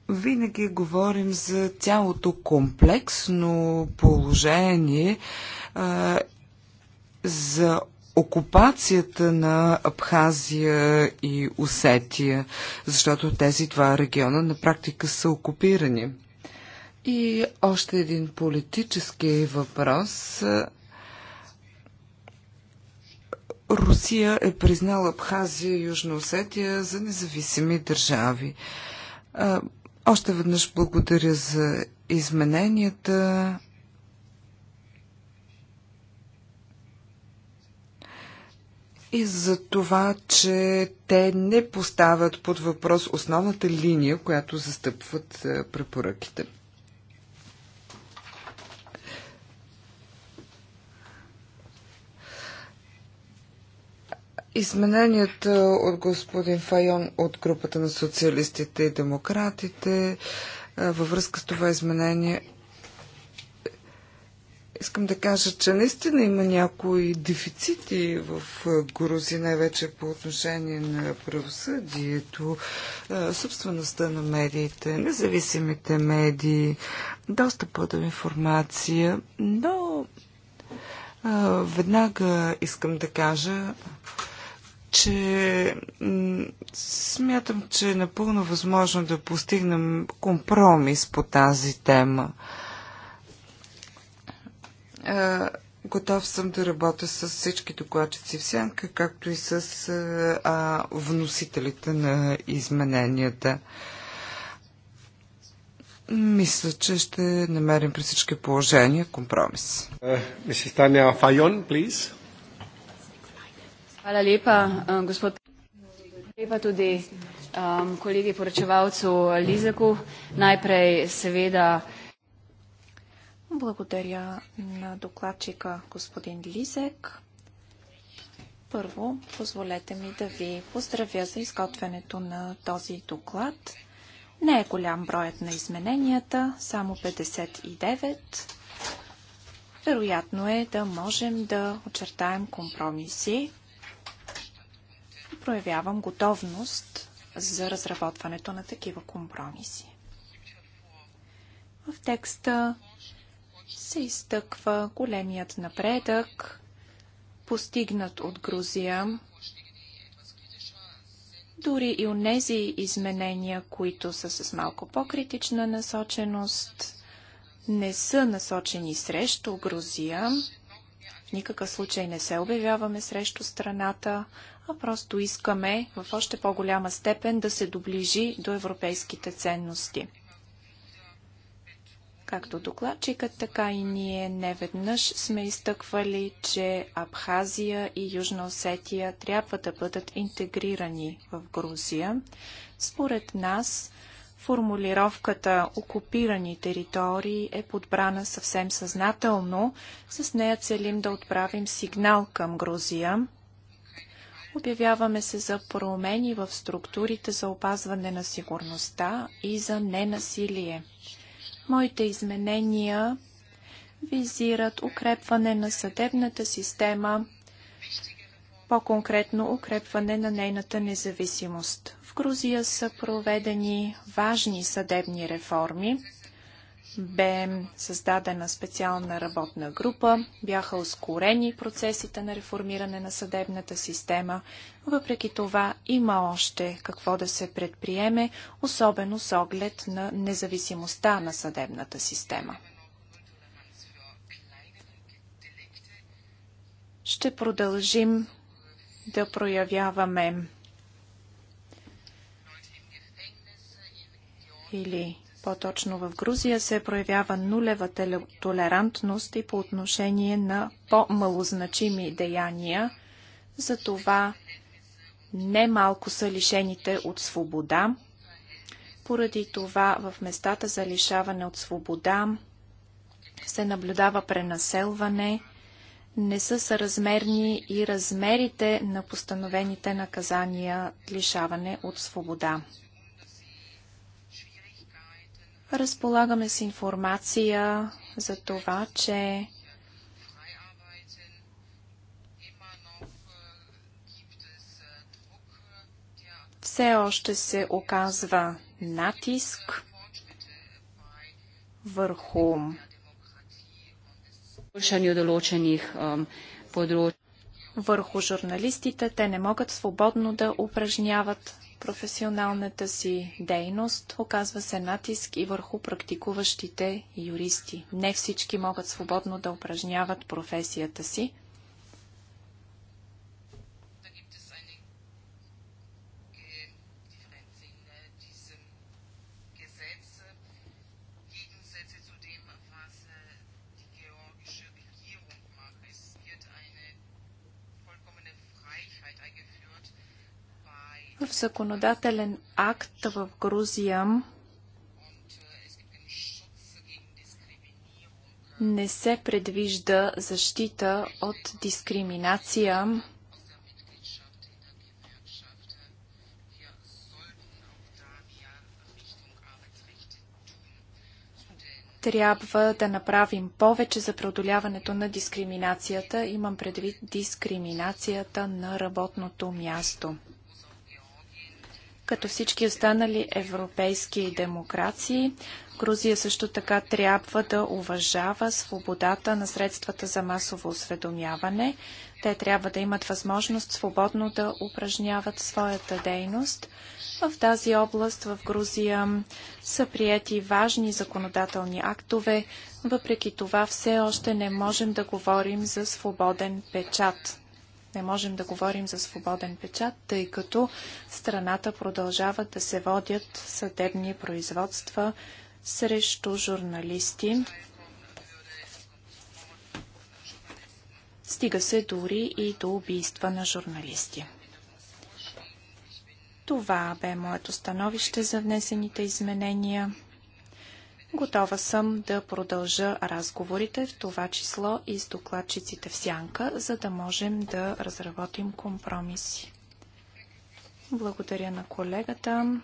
винаги говорим за цялото комплексно положение за окупацията на Абхазия и Осетия, защото тези два региона на практика са окупирани. И още един политически въпрос. Русия е признала Абхазия и Южна Осетия за независими държави. Още веднъж благодаря за измененията. и за това, че те не поставят под въпрос основната линия, която застъпват е, препоръките. Измененията от господин Файон от групата на социалистите и демократите е, във връзка с това изменение Искам да кажа, че наистина има някои дефицити в Грузия, най-вече по отношение на правосъдието, собствеността на медиите, независимите медии, достъпа до информация, но веднага искам да кажа, че смятам, че е напълно възможно да постигнем компромис по тази тема. Е, готов съм да работя с всички докладчици в сянка, както и с е, а, вносителите на измененията. Мисля, че ще намерим при всички положения компромис. Е, Мисис Файон, плиз. Hvala lepa, gospod lepa tudi um, kolegi poročevalcu Lizaku. Najprej seveda благодаря на докладчика господин Лизек. Първо, позволете ми да ви поздравя за изготвянето на този доклад. Не е голям броят на измененията, само 59. Вероятно е да можем да очертаем компромиси. Проявявам готовност за разработването на такива компромиси. В текста се изтъква големият напредък, постигнат от Грузия. Дори и онези изменения, които са с малко по-критична насоченост, не са насочени срещу Грузия. В никакъв случай не се обявяваме срещу страната, а просто искаме в още по-голяма степен да се доближи до европейските ценности. Както докладчикът, така и ние неведнъж сме изтъквали, че Абхазия и Южна Осетия трябва да бъдат интегрирани в Грузия. Според нас, формулировката «окупирани територии» е подбрана съвсем съзнателно. С нея целим да отправим сигнал към Грузия. Обявяваме се за промени в структурите за опазване на сигурността и за ненасилие. Моите изменения визират укрепване на съдебната система, по-конкретно укрепване на нейната независимост. В Грузия са проведени важни съдебни реформи бе създадена специална работна група, бяха ускорени процесите на реформиране на съдебната система. Въпреки това има още какво да се предприеме, особено с оглед на независимостта на съдебната система. Ще продължим да проявяваме или по-точно в Грузия се проявява нулева толерантност и по отношение на по-малозначими деяния. Затова немалко са лишените от свобода. Поради това в местата за лишаване от свобода се наблюдава пренаселване, не са съразмерни и размерите на постановените наказания лишаване от свобода. Разполагаме с информация за това, че все още се оказва натиск върху върху журналистите. Те не могат свободно да упражняват професионалната си дейност, оказва се натиск и върху практикуващите юристи. Не всички могат свободно да упражняват професията си. някакъв законодателен акт в Грузия не се предвижда защита от дискриминация трябва да направим повече за преодоляването на дискриминацията. Имам предвид дискриминацията на работното място. Като всички останали европейски демокрации, Грузия също така трябва да уважава свободата на средствата за масово осведомяване. Те трябва да имат възможност свободно да упражняват своята дейност. В тази област в Грузия са прияти важни законодателни актове, въпреки това все още не можем да говорим за свободен печат. Не можем да говорим за свободен печат, тъй като страната продължават да се водят съдебни производства срещу журналисти. Стига се дори и до убийства на журналисти. Това бе моето становище за внесените изменения. Готова съм да продължа разговорите, в това число и с докладчиците в сянка, за да можем да разработим компромиси. Благодаря на колегата.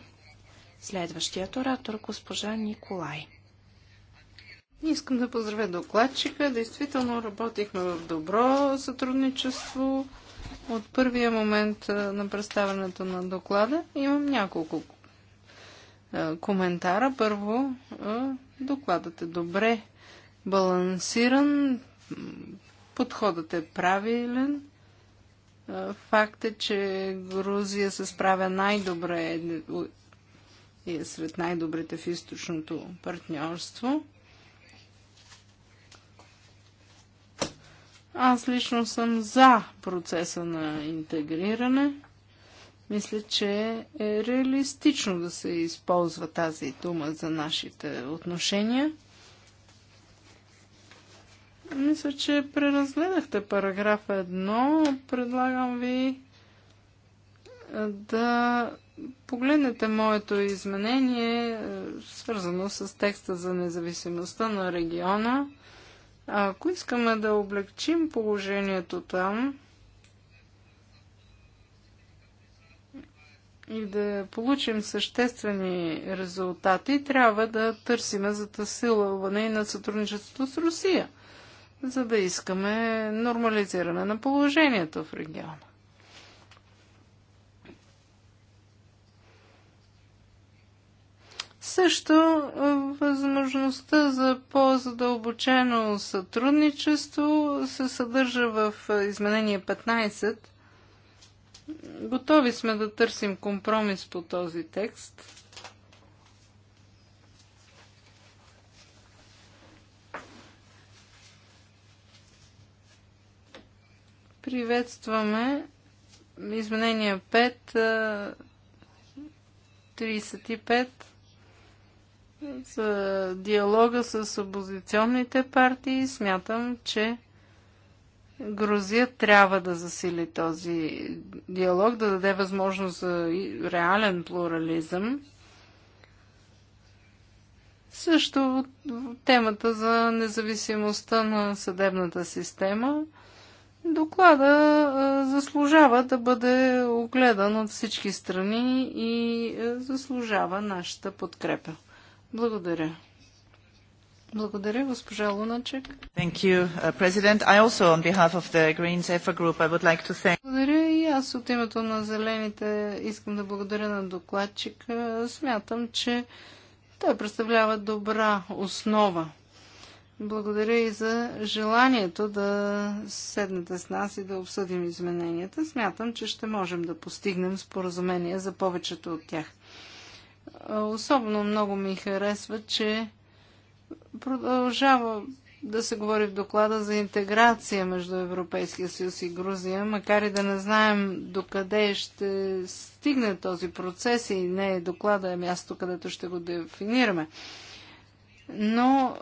Следващият оратор, госпожа Николай. Искам да поздравя докладчика. Действително работихме в добро сътрудничество от първия момент на представянето на доклада. Имам няколко е, коментара. Първо, е, докладът е добре балансиран, подходът е правилен. Е, факт е, че Грузия се справя най-добре и е сред най-добрите в източното партньорство. Аз лично съм за процеса на интегриране. Мисля, че е реалистично да се използва тази дума за нашите отношения. Мисля, че преразгледахте параграф 1. Предлагам ви да погледнете моето изменение, свързано с текста за независимостта на региона. Ако искаме да облегчим положението там, и да получим съществени резултати, трябва да търсим за засилване на сътрудничеството с Русия, за да искаме нормализиране на положението в региона. Също е, възможността за по-задълбочено сътрудничество се съдържа в е, изменение 15 – Готови сме да търсим компромис по този текст. Приветстваме изменения 5, 35 за диалога с опозиционните партии. Смятам, че Грузия трябва да засили този диалог, да даде възможност за реален плурализъм. Също темата за независимостта на съдебната система. Доклада заслужава да бъде огледан от всички страни и заслужава нашата подкрепа. Благодаря. Благодаря, госпожа Луначек. Thank you, uh, President. I also, on behalf of the Greens EFA Group, I would like to thank... Благодаря и аз от името на Зелените искам да благодаря на докладчика. Смятам, че той представлява добра основа. Благодаря и за желанието да седнете с нас и да обсъдим измененията. Смятам, че ще можем да постигнем споразумение за повечето от тях. Особено много ми харесва, че Продължава да се говори в доклада за интеграция между Европейския съюз и Грузия, макар и да не знаем докъде ще стигне този процес и не е доклада е място, където ще го дефинираме. Но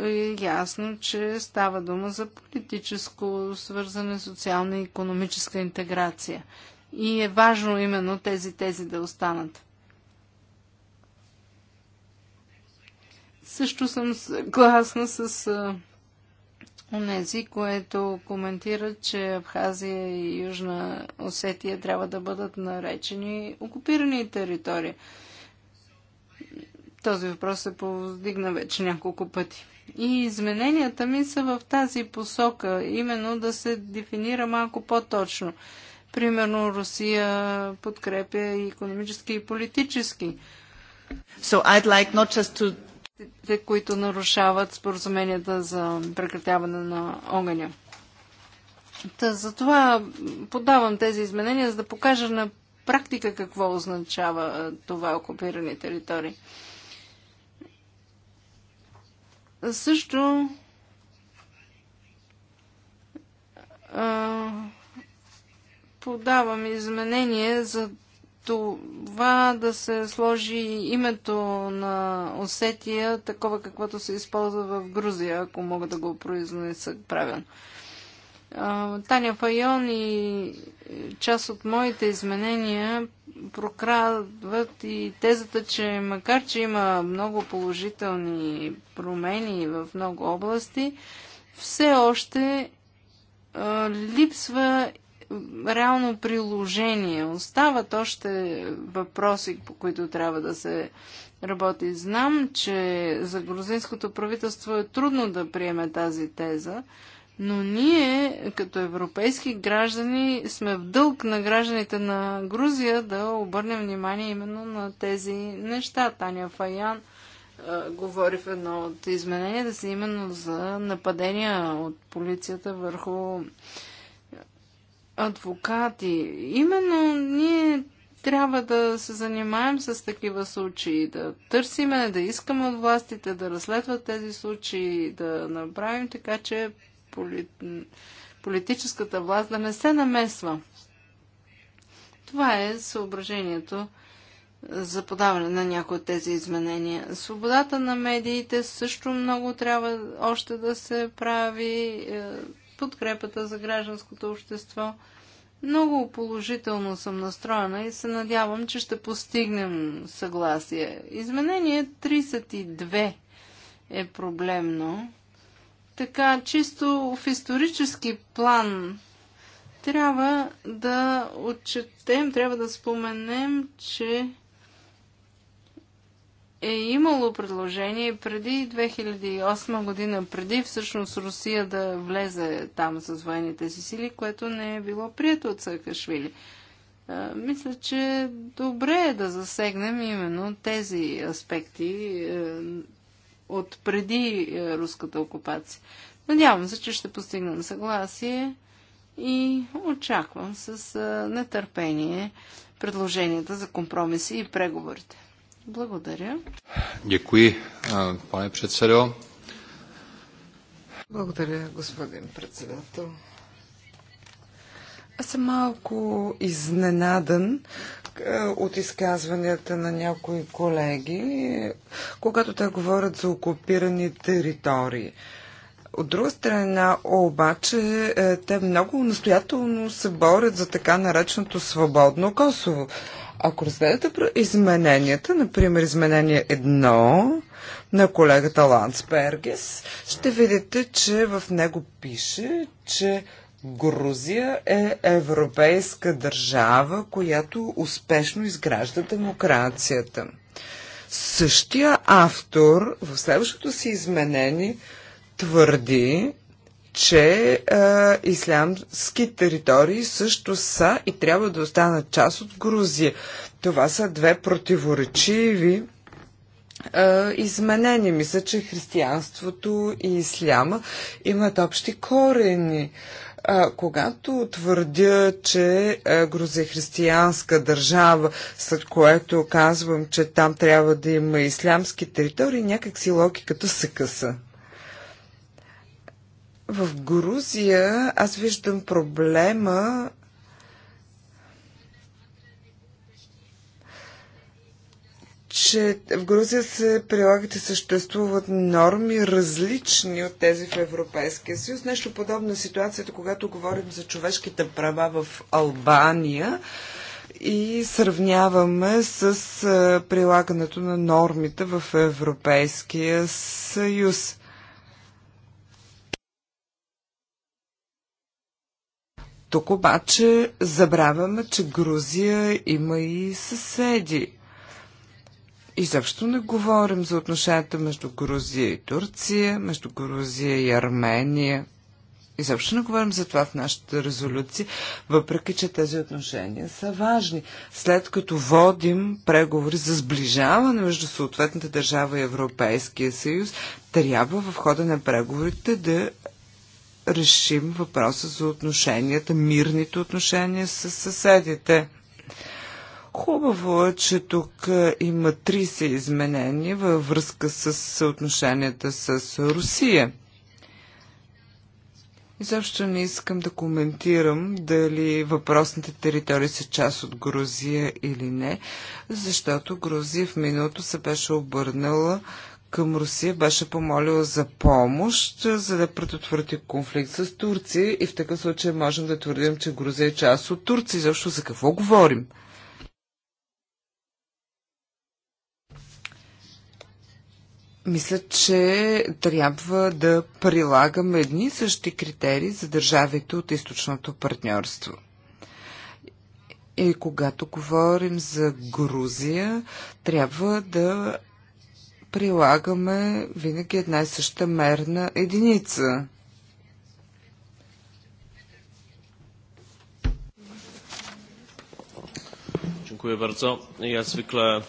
е ясно, че става дума за политическо свързане, социална и економическа интеграция. И е важно именно тези тези да останат. Също съм съгласна с онези, което коментира, че Абхазия и Южна Осетия трябва да бъдат наречени окупирани територии. Този въпрос се повдигна вече няколко пъти. И измененията ми са в тази посока, именно да се дефинира малко по-точно. Примерно Русия подкрепя и економически и политически. So I'd like not just to конфликтите, които нарушават споразуменията за прекратяване на огъня. Та, затова подавам тези изменения, за да покажа на практика какво означава това окупирани територии. Също подавам изменение за това да се сложи името на Осетия, такова каквото се използва в Грузия, ако мога да го произнеса правилно. Таня Файон и част от моите изменения прокрадват и тезата, че макар, че има много положителни промени в много области, все още липсва реално приложение. Остават още въпроси, по които трябва да се работи. Знам, че за грузинското правителство е трудно да приеме тази теза, но ние, като европейски граждани, сме в дълг на гражданите на Грузия да обърнем внимание именно на тези неща. Таня Фаян говори в едно от измененията си именно за нападения от полицията върху адвокати. Именно ние трябва да се занимаем с такива случаи, да търсиме, да искаме от властите да разследват тези случаи, да направим така, че полит... политическата власт да не се намесва. Това е съображението за подаване на някои от тези изменения. Свободата на медиите също много трябва още да се прави. Е, подкрепата за гражданското общество. Много положително съм настроена и се надявам, че ще постигнем съгласие. Изменение 32 е проблемно. Така, чисто в исторически план трябва да отчетем, трябва да споменем, че е имало предложение преди 2008 година, преди всъщност Русия да влезе там с военните си сили, което не е било прието от Саакашвили. Мисля, че добре е да засегнем именно тези аспекти е, от преди е, руската окупация. Надявам се, че ще постигнем съгласие и очаквам с е, нетърпение предложенията за компромиси и преговорите. Благодаря. Děkuji, pane předsedo. Благодаря, господин председател. Аз съм малко изненадан от изказванията на някои колеги, когато те говорят за окупирани територии. От друга страна, обаче, е, те много настоятелно се борят за така нареченото свободно Косово. Ако разгледате измененията, например изменение 1 на колегата Ландсбергес, ще видите, че в него пише, че Грузия е европейска държава, която успешно изгражда демокрацията. Същия автор в следващото си изменение твърди, че а, ислямски територии също са и трябва да останат част от Грузия. Това са две противоречиви а, изменения. Мисля, че християнството и исляма имат общи корени. А, когато твърдя, че а, Грузия е християнска държава, след което казвам, че там трябва да има ислямски територии, някакси логиката се къса. В Грузия аз виждам проблема че в Грузия се прилагат и съществуват норми различни от тези в Европейския съюз. Нещо подобно е ситуацията, когато говорим за човешките права в Албания и сравняваме с прилагането на нормите в Европейския съюз. Тук обаче забравяме, че Грузия има и съседи. И защо не говорим за отношенията между Грузия и Турция, между Грузия и Армения. И защо не говорим за това в нашата резолюция, въпреки че тези отношения са важни. След като водим преговори за сближаване между съответната държава и Европейския съюз, трябва в хода на преговорите да решим въпроса за отношенията, мирните отношения с съседите. Хубаво е, че тук е, има 30 изменения във връзка с съотношенията с Русия. Изобщо не искам да коментирам дали въпросните територии са част от Грузия или не, защото Грузия в миналото се беше обърнала към Русия беше помолила за помощ, за да предотврати конфликт с Турция и в такъв случай можем да твърдим, че Грузия е част от Турция. Защо за какво говорим? Мисля, че трябва да прилагаме едни и същи критерии за държавите от източното партньорство. И когато говорим за Грузия, трябва да прилагаме винаги една и съща мерна единица. Dziękuję bardzo. Ja zwykle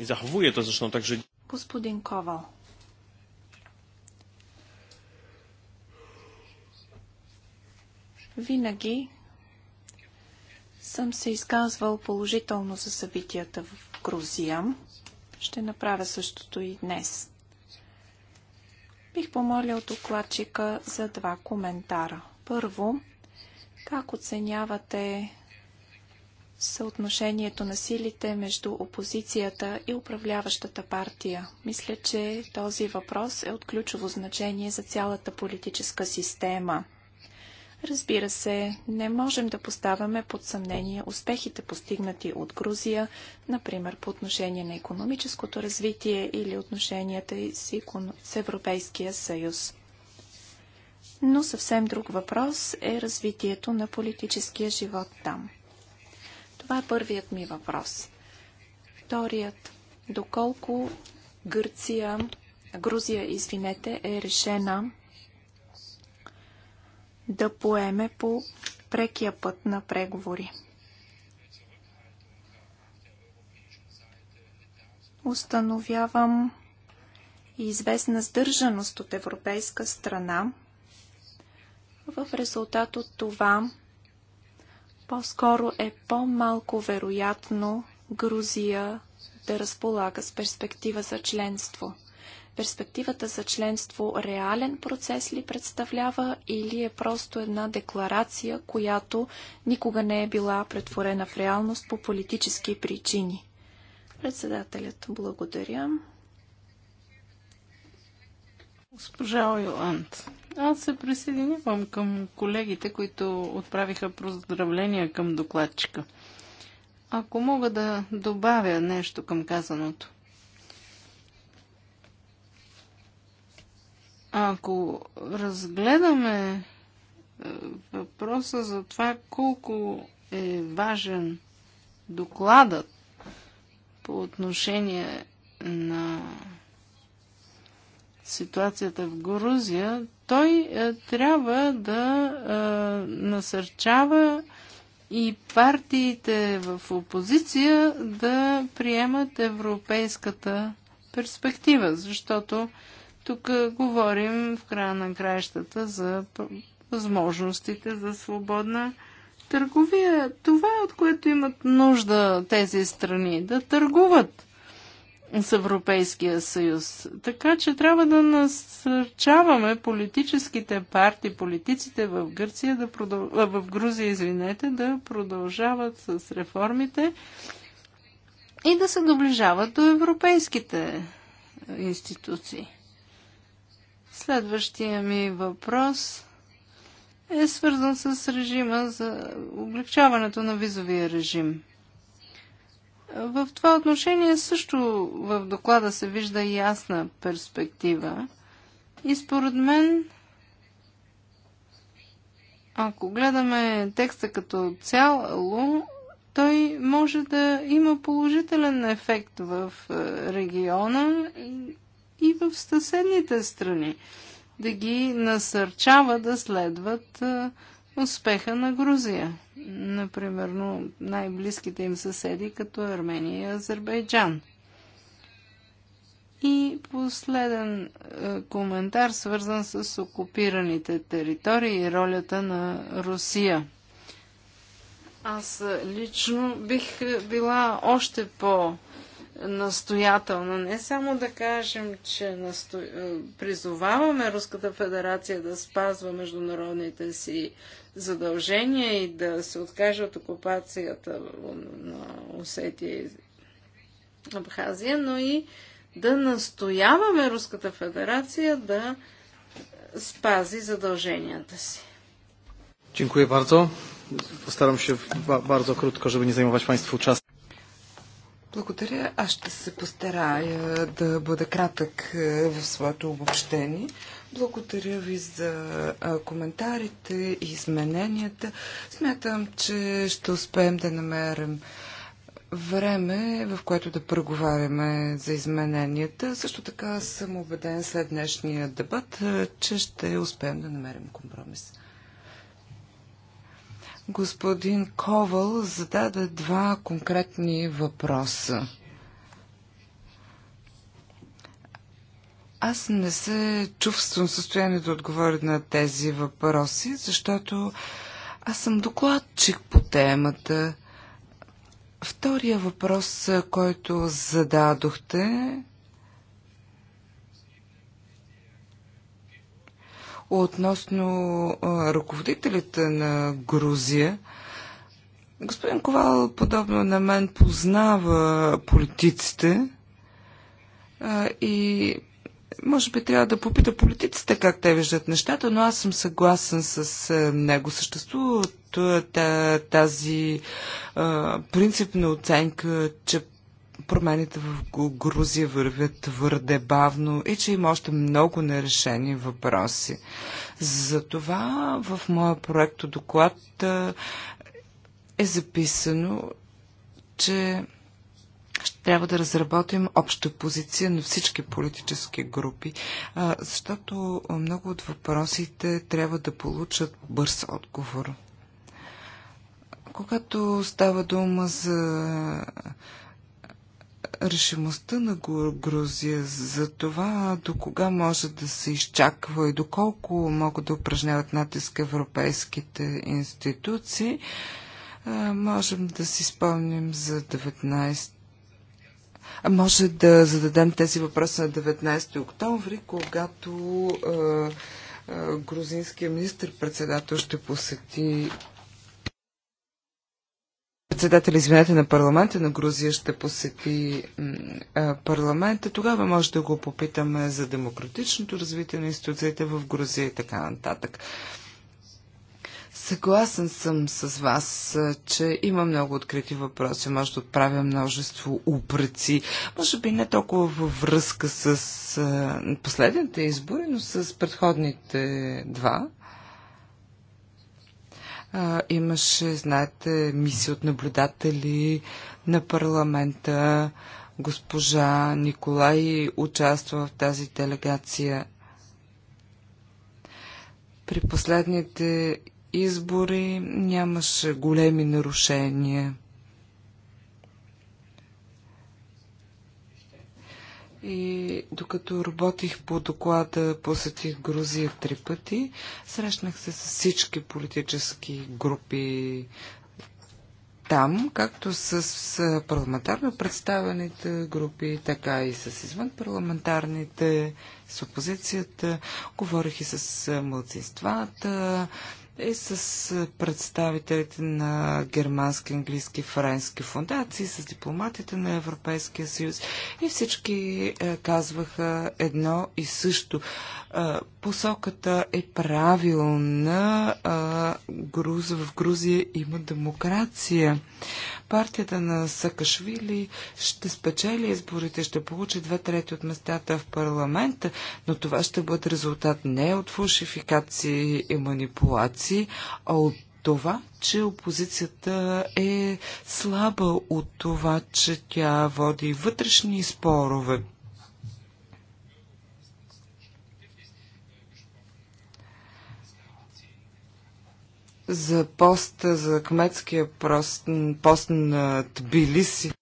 e, zachowuję to zresztą także. Господин Ковал. Винаги съм се изказвал положително за събитията в Грузия. Ще направя същото и днес. Бих помолил докладчика за два коментара. Първо, как оценявате съотношението на силите между опозицията и управляващата партия. Мисля, че този въпрос е от ключово значение за цялата политическа система. Разбира се, не можем да поставяме под съмнение успехите постигнати от Грузия, например по отношение на економическото развитие или отношенията с Европейския съюз. Но съвсем друг въпрос е развитието на политическия живот там. Това е първият ми въпрос. Вторият. Доколко Гърция, Грузия, извинете, е решена да поеме по прекия път на преговори. Установявам и известна сдържаност от европейска страна. В резултат от това по-скоро е по-малко вероятно Грузия да разполага с перспектива за членство перспективата за членство реален процес ли представлява или е просто една декларация, която никога не е била претворена в реалност по политически причини? Председателят, благодаря. Госпожа Ойланд, аз се присъединявам към колегите, които отправиха поздравления към докладчика. Ако мога да добавя нещо към казаното. Ако разгледаме е, въпроса за това колко е важен докладът по отношение на ситуацията в Грузия, той е, трябва да е, насърчава и партиите в опозиция да приемат европейската перспектива, защото тук говорим в края на краищата за възможностите за свободна търговия. Това е от което имат нужда тези страни да търгуват с Европейския съюз. Така че трябва да насърчаваме политическите партии, политиците в Гърция да продъл... в Грузия, извинете, да продължават с реформите и да се доближават до европейските институции. Следващия ми въпрос е свързан с режима за облегчаването на визовия режим. В това отношение също в доклада се вижда ясна перспектива и според мен, ако гледаме текста като цяло, той може да има положителен ефект в е, региона и в съседните страни, да ги насърчава да следват успеха на Грузия. Например, най-близките им съседи, като Армения и Азербайджан. И последен коментар, свързан с окупираните територии и ролята на Русия. Аз лично бих била още по- настоятелно. Не само да кажем, че насто... Е, призоваваме Руската федерация да спазва международните си задължения и да се откаже от окупацията на Осетия и Абхазия, но и да настояваме Руската федерация да спази задълженията си. Dziękuję bardzo. Postaram się bardzo krótko, żeby nie zajmować Państwu czasu. Благодаря. Аз ще се постарая да бъда кратък е, в своето обобщение. Благодаря ви за е, коментарите и измененията. Смятам, че ще успеем да намерим време, в което да преговаряме за измененията. Също така съм убеден след днешния дебат, е, че ще успеем да намерим компромис. Господин Ковал зададе два конкретни въпроса. Аз не се чувствам в състояние да отговоря на тези въпроси, защото аз съм докладчик по темата. Втория въпрос, който зададохте, относно ръководителите на Грузия. Господин Ковал, подобно на мен, познава политиците и може би трябва да попита политиците как те виждат нещата, но аз съм съгласен с него. Съществува тази принципна оценка, че промените в Грузия вървят твърде бавно и че има още много нерешени въпроси. Затова в моя проект доклад е записано, че ще трябва да разработим обща позиция на всички политически групи, защото много от въпросите трябва да получат бърз отговор. Когато става дума за решимостта на Грузия за това до кога може да се изчаква и доколко могат да упражняват натиск европейските институции, е, можем да си спомним за 19 може да зададем тези въпроси на 19 октомври, когато е, е, грузинския министр-председател ще посети председател, извинете, на парламента на Грузия ще посети парламента. Тогава може да го попитаме за демократичното развитие на институциите в Грузия и така нататък. Съгласен съм с вас, че има много открити въпроси. Може да отправя множество упреци. Може би не толкова във връзка с последните избори, но с предходните два. А, имаше, знаете, мисии от наблюдатели на парламента. Госпожа Николай участва в тази делегация. При последните избори нямаше големи нарушения. И докато работих по доклада, посетих Грузия три пъти. Срещнах се с всички политически групи там, както с парламентарно представените групи, така и с извън парламентарните, с опозицията. Говорих и с младсинствата, и с е, представителите на германски, английски, френски фундации, с дипломатите на Европейския съюз и всички е, казваха едно и също. Е, посоката е правилна. в Грузия има демокрация партията на Сакашвили ще спечели изборите, ще получи две трети от местата в парламента, но това ще бъде резултат не от фалшификации и манипулации, а от това, че опозицията е слаба от това, че тя води вътрешни спорове. за поста, за кметския прост пост на Тбилиси.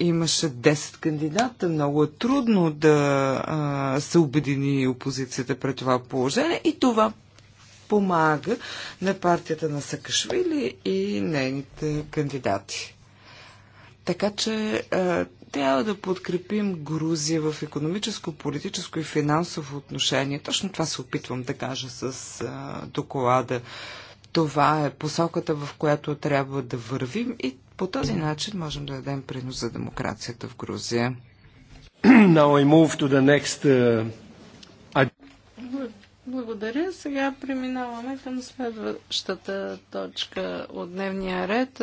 Имаше 10 кандидата. Много е трудно да а, се обедини опозицията пред това положение и това помага на партията на Сакашвили и нейните кандидати. Така че а, трябва да подкрепим Грузия в економическо, политическо и финансово отношение. Точно това се опитвам да кажа с а, доклада. Това е посоката, в която трябва да вървим и по този начин можем да дадем принос за демокрацията в Грузия. Now I move to the next, uh... Благодаря. Сега преминаваме към следващата точка от дневния ред.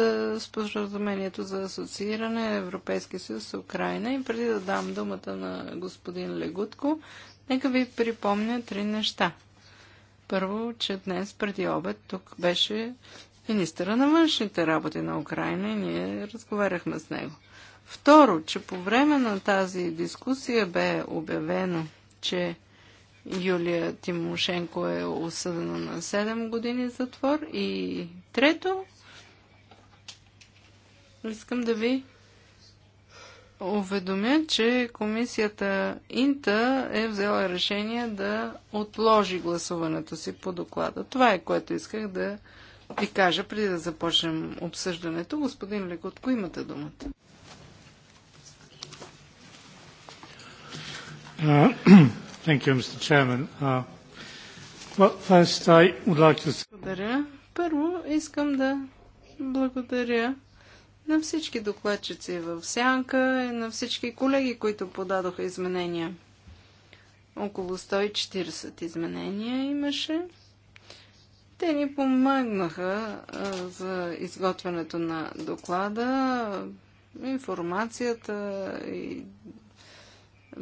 Споразумението за асоцииране Европейски съюз с Украина. И преди да дам думата на господин Легутко, нека ви припомня три неща. Първо, че днес преди обед тук беше министъра на външните работи на Украина и ние разговаряхме с него. Второ, че по време на тази дискусия бе обявено, че Юлия Тимошенко е осъдена на 7 години затвор. И трето, искам да ви уведомя, че комисията Инта е взела решение да отложи гласуването си по доклада. Това е което исках да ви кажа преди да започнем обсъждането. Господин Лекотко, имате думата. Благодаря. Първо искам да благодаря на всички докладчици в Сянка и на всички колеги, които подадоха изменения. Около 140 изменения имаше. Те ни помогнаха за изготвянето на доклада, информацията и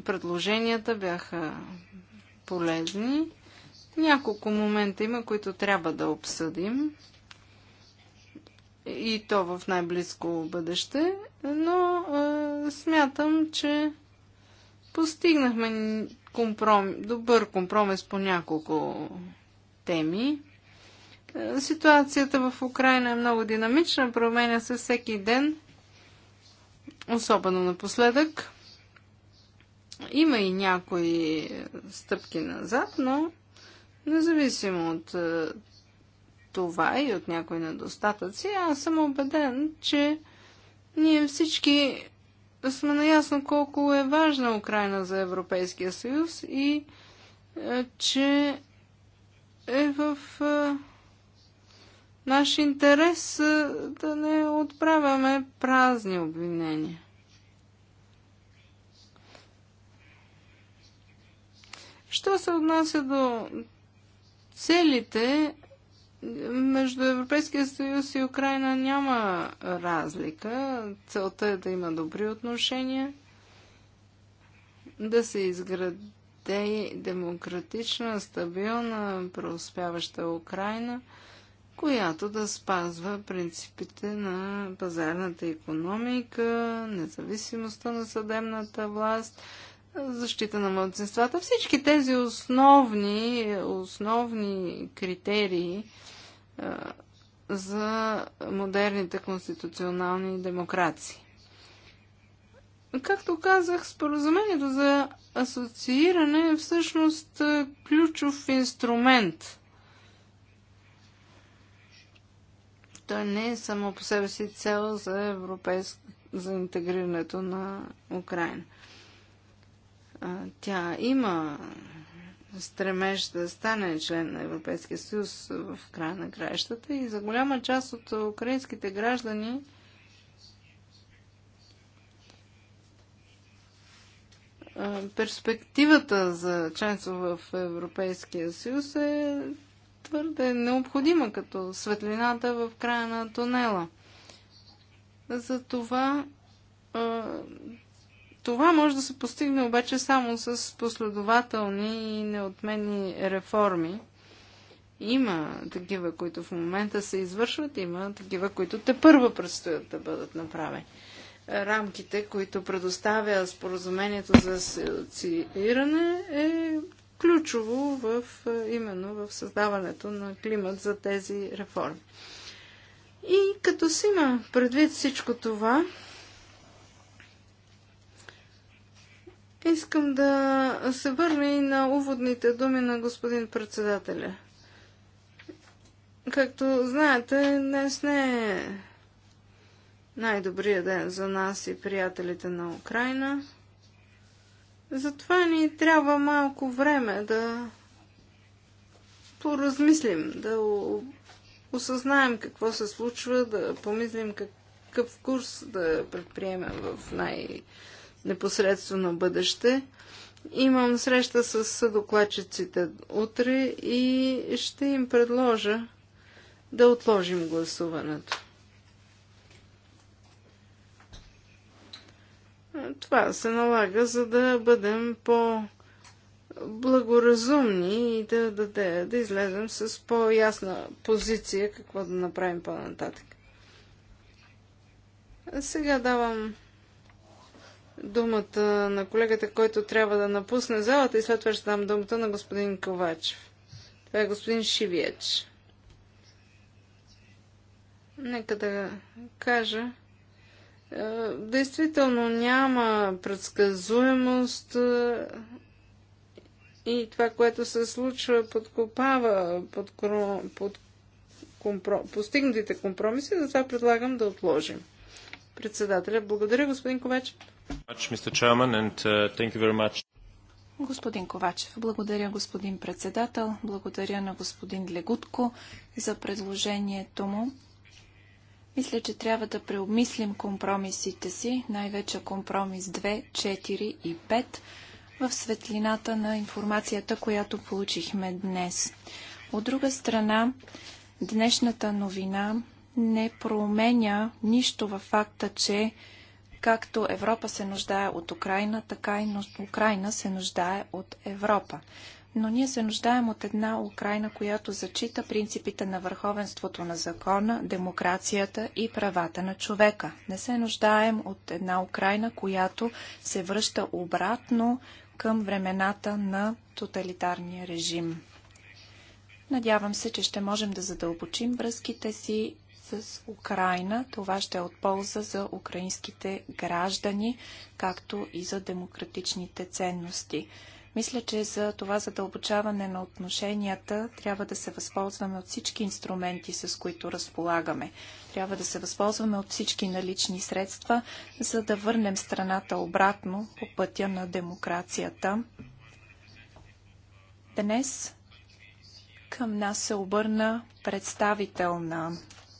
Предложенията бяха полезни. Няколко момента има, които трябва да обсъдим. И то в най-близко бъдеще. Но а, смятам, че постигнахме компром... добър компромис по няколко теми. Ситуацията в Украина е много динамична, променя се всеки ден, особено напоследък. Има и някои е, стъпки назад, но независимо от е, това и от някои недостатъци, аз съм убеден, че ние всички сме наясно колко е важна Украина за Европейския съюз и е, че е в наш интерес да не отправяме празни обвинения. Що се отнася до целите, между Европейския съюз и Украина няма разлика. Целта е да има добри отношения, да се изграде демократична, стабилна, преуспяваща Украина, която да спазва принципите на пазарната економика, независимостта на съдебната власт, защита на младсенствата. Всички тези основни, основни критерии за модерните конституционални демокрации. Както казах, споразумението за асоцииране е всъщност ключов инструмент. Той не е само по себе си цел за, европейск... за интегрирането на Украина. Тя има стремеж да стане член на Европейския съюз в края на краищата и за голяма част от украинските граждани перспективата за членство в Европейския съюз е твърде необходима като светлината в края на тунела. Затова това може да се постигне обаче само с последователни и неотменни реформи. Има такива, които в момента се извършват, има такива, които те първо предстоят да бъдат направени. Рамките, които предоставя споразумението за асоцииране, е ключово в, е, именно в създаването на климат за тези реформи. И като си има предвид всичко това, Искам да се върна и на уводните думи на господин председателя. Както знаете, днес не е най-добрия ден за нас и приятелите на Украина. Затова ни трябва малко време да поразмислим, да осъзнаем какво се случва, да помислим какъв курс да предприемем в най- непосредствено бъдеще. Имам среща с докладчиците утре и ще им предложа да отложим гласуването. Това се налага, за да бъдем по- благоразумни и да, да, да, да излезем с по-ясна позиция какво да направим по-нататък. Сега давам думата на колегата, който трябва да напусне залата и след това ще дам думата на господин Ковачев. Това е господин Шивиеч. Нека да кажа. Е, действително няма предсказуемост е, и това, което се случва, подкопава под, под компро, постигнатите компромиси, затова предлагам да отложим. Председателя, благодаря господин Ковачев. Uh, господин Ковачев, благодаря господин председател, благодаря на господин Легутко за предложението му. Мисля, че трябва да преобмислим компромисите си, най-вече компромис 2, 4 и 5, в светлината на информацията, която получихме днес. От друга страна, днешната новина не променя нищо във факта, че Както Европа се нуждае от Украина, така и Украина се нуждае от Европа. Но ние се нуждаем от една Украина, която зачита принципите на върховенството на закона, демокрацията и правата на човека. Не се нуждаем от една Украина, която се връща обратно към времената на тоталитарния режим. Надявам се, че ще можем да задълбочим връзките си с Украина. Това ще е от полза за украинските граждани, както и за демократичните ценности. Мисля, че за това задълбочаване на отношенията трябва да се възползваме от всички инструменти, с които разполагаме. Трябва да се възползваме от всички налични средства, за да върнем страната обратно по пътя на демокрацията. Днес към нас се обърна представител на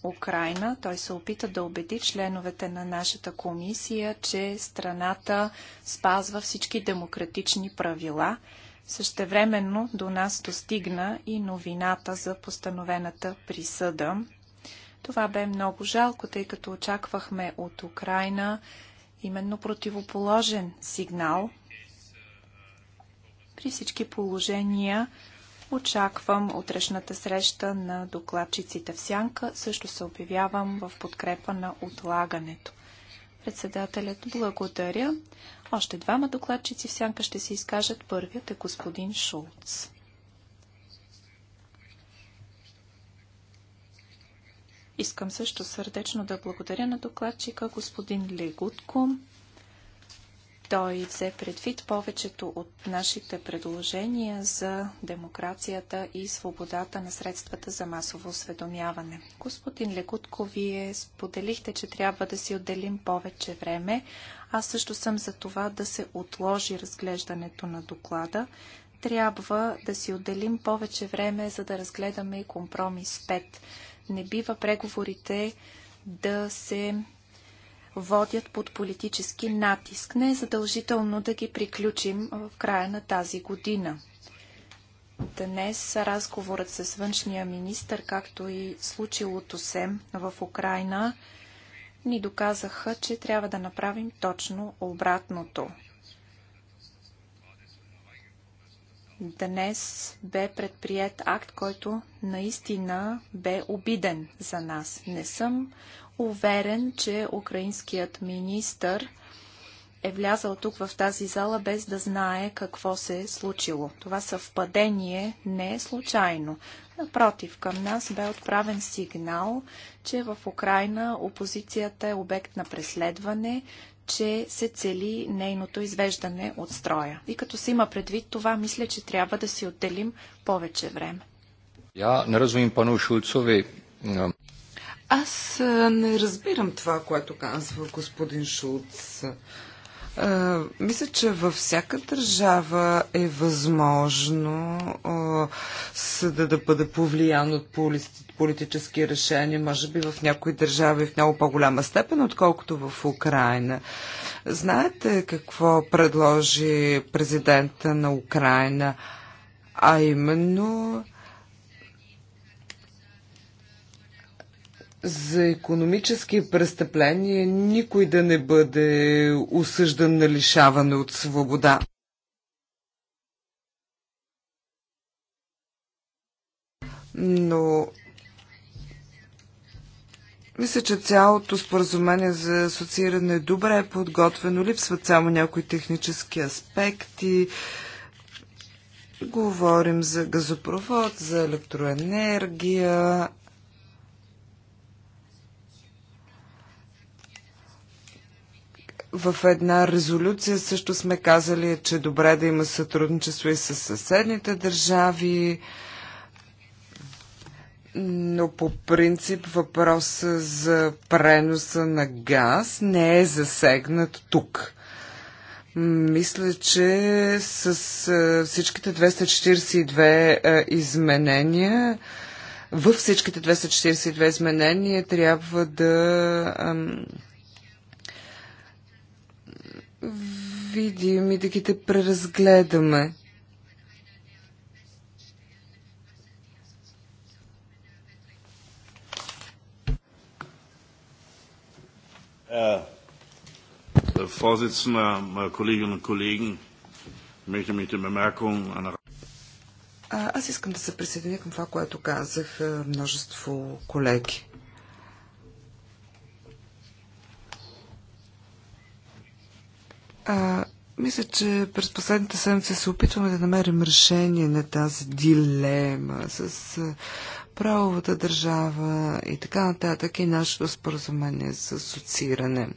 Украина. Той се опита да убеди членовете на нашата комисия, че страната спазва всички демократични правила. Същевременно до нас достигна и новината за постановената присъда. Това бе много жалко, тъй като очаквахме от Украина именно противоположен сигнал. При всички положения Очаквам утрешната среща на докладчиците в Сянка. Също се обявявам в подкрепа на отлагането. Председателят благодаря. Още двама докладчици в Сянка ще се изкажат. Първият е господин Шулц. Искам също сърдечно да благодаря на докладчика господин Легутко той взе предвид повечето от нашите предложения за демокрацията и свободата на средствата за масово осведомяване. Господин Лекутко, вие споделихте, че трябва да си отделим повече време. Аз също съм за това да се отложи разглеждането на доклада. Трябва да си отделим повече време, за да разгледаме и компромис 5. Не бива преговорите да се водят под политически натиск. Не е задължително да ги приключим в края на тази година. Днес разговорът с външния министр, както и случилото се в Украина, ни доказаха, че трябва да направим точно обратното. Днес бе предприят акт, който наистина бе обиден за нас. Не съм уверен, че украинският министр е влязал тук в тази зала без да знае какво се е случило. Това съвпадение не е случайно. Напротив, към нас бе отправен сигнал, че в Украина опозицията е обект на преследване, че се цели нейното извеждане от строя. И като се има предвид това, мисля, че трябва да си отделим повече време. Я не разумим пану Шулцови. Аз не разбирам това, което казва господин Шулц. мисля, че във всяка държава е възможно съда да бъде повлиян от политически решения, може би в някои държави в много по-голяма степен, отколкото в Украина. Знаете какво предложи президента на Украина, а именно за економически престъпления никой да не бъде осъждан на лишаване от свобода. Но мисля, че цялото споразумение за асоцииране е добре подготвено. Липсват само някои технически аспекти. Говорим за газопровод, за електроенергия, В една резолюция също сме казали, че добре да има сътрудничество и с съседните държави, но по принцип въпроса за преноса на газ не е засегнат тук. Мисля, че с е, всичките 242 е, изменения във всичките 242 изменения трябва да видим и да ги те преразгледаме. аз искам да се присъединя към това, което казах множество колеги. А, мисля, че през последните седмици се опитваме да намерим решение на тази дилема с правовата държава и така нататък и нашето споразумение с асоцииране.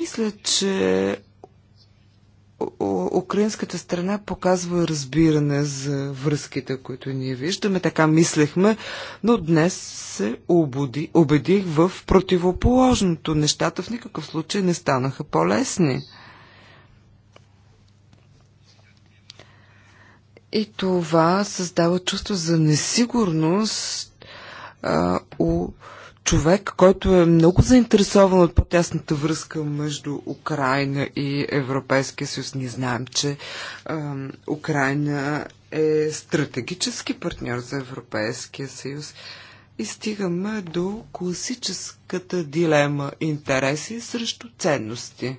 Мисля, че украинската страна показва разбиране за връзките, които ние виждаме. Така мислехме, но днес се убуди, убедих в противоположното. Нещата в никакъв случай не станаха по-лесни. И това създава чувство за несигурност а, у човек, който е много заинтересован от по-тясната връзка между Украина и Европейския съюз. Ние знаем, че а, Украина е стратегически партньор за Европейския съюз. И стигаме до класическата дилема интереси срещу ценности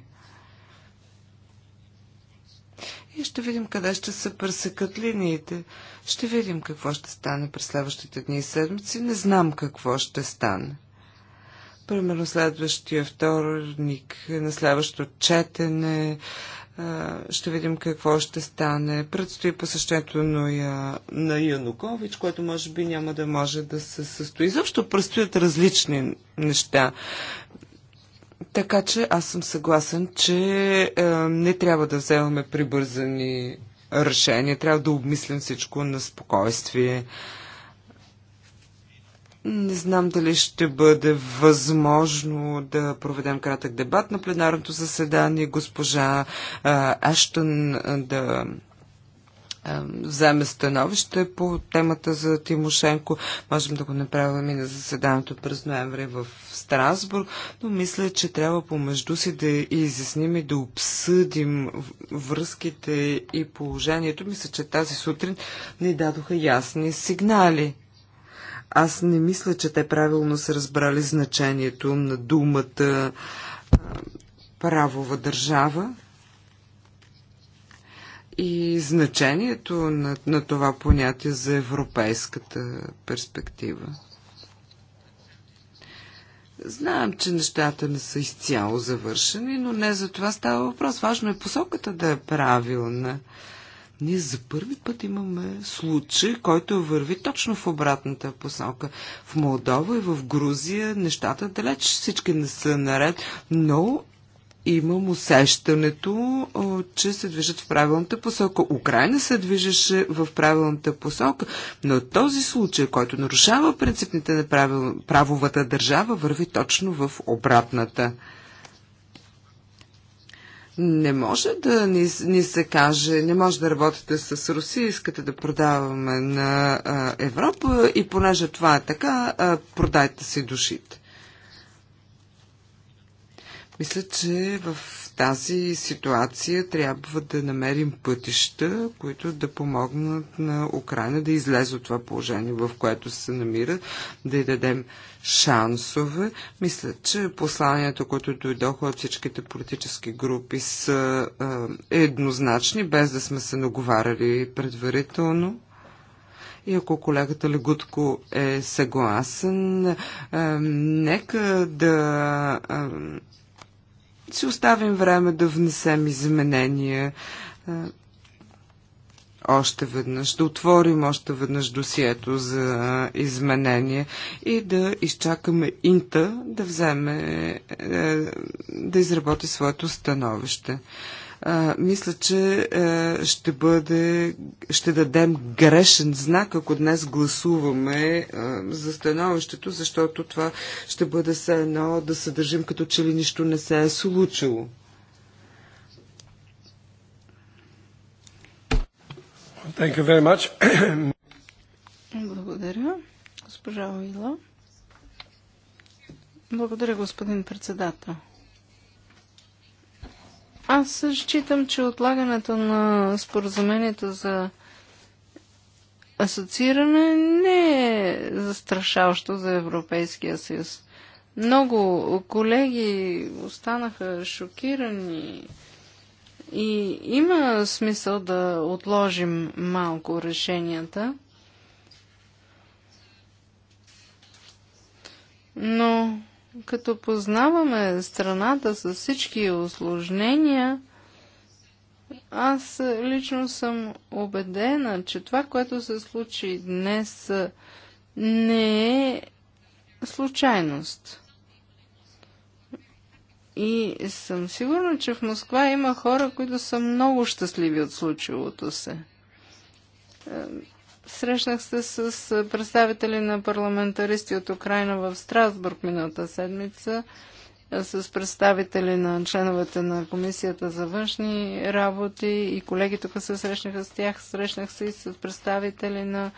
и ще видим къде ще се пресекат линиите. Ще видим какво ще стане през следващите дни и седмици. Не знам какво ще стане. Примерно следващия вторник, е на следващото четене, ще видим какво ще стане. Предстои посещението на, на Янукович, което може би няма да може да се състои. Защо предстоят различни неща. Така че аз съм съгласен, че е, не трябва да вземаме прибързани решения, трябва да обмислим всичко на спокойствие. Не знам дали ще бъде възможно да проведем кратък дебат на пленарното заседание, госпожа е, Аштън е, да вземе становище по темата за Тимошенко. Можем да го направим и на заседанието през ноември в Страсбург, но мисля, че трябва помежду си да изясним и да обсъдим връзките и положението. Мисля, че тази сутрин ни дадоха ясни сигнали. Аз не мисля, че те правилно са разбрали значението на думата правова държава и значението на, на това понятие за европейската перспектива. Знам, че нещата не са изцяло завършени, но не за това става въпрос. Важно е посоката да е правилна. Ние за първи път имаме случай, който върви точно в обратната посока. В Молдова и в Грузия нещата далеч всички не са наред, но имам усещането, че се движат в правилната посока. Украина се движеше в правилната посока, но този случай, който нарушава принципните на правил, правовата държава, върви точно в обратната. Не може да ни, ни се каже, не може да работите с Русия, искате да продаваме на а, Европа и понеже това е така, а, продайте си душите. Мисля, че в тази ситуация трябва да намерим пътища, които да помогнат на Украина да излезе от това положение, в което се намира, да й дадем шансове. Мисля, че посланията, които дойдоха от всичките политически групи, са е, еднозначни, без да сме се наговаряли предварително. И ако колегата Легутко е съгласен, е, нека да. Е, си оставим време да внесем изменения. Е, още веднъж, да отворим още веднъж досието за е, изменение и да изчакаме Инта да вземе, е, да изработи своето становище мисля, че е, ще бъде, ще дадем грешен знак, ако днес гласуваме е, за становището, защото това ще бъде все едно да се държим като че ли нищо не се е случило. Thank you very much. Благодаря. Госпожа Уила. Благодаря, господин председател. Аз считам, че отлагането на споразумението за асоцииране не е застрашаващо за Европейския съюз. Много колеги останаха шокирани и има смисъл да отложим малко решенията. Но като познаваме страната с всички осложнения, аз лично съм убедена, че това, което се случи днес, не е случайност. И съм сигурна, че в Москва има хора, които са много щастливи от случилото се. Е, Срещнах се с представители на парламентаристи от Украина в Страсбург миналата седмица, с представители на членовете на Комисията за външни работи и колеги тук се срещнаха с тях. Срещнах се и с представители на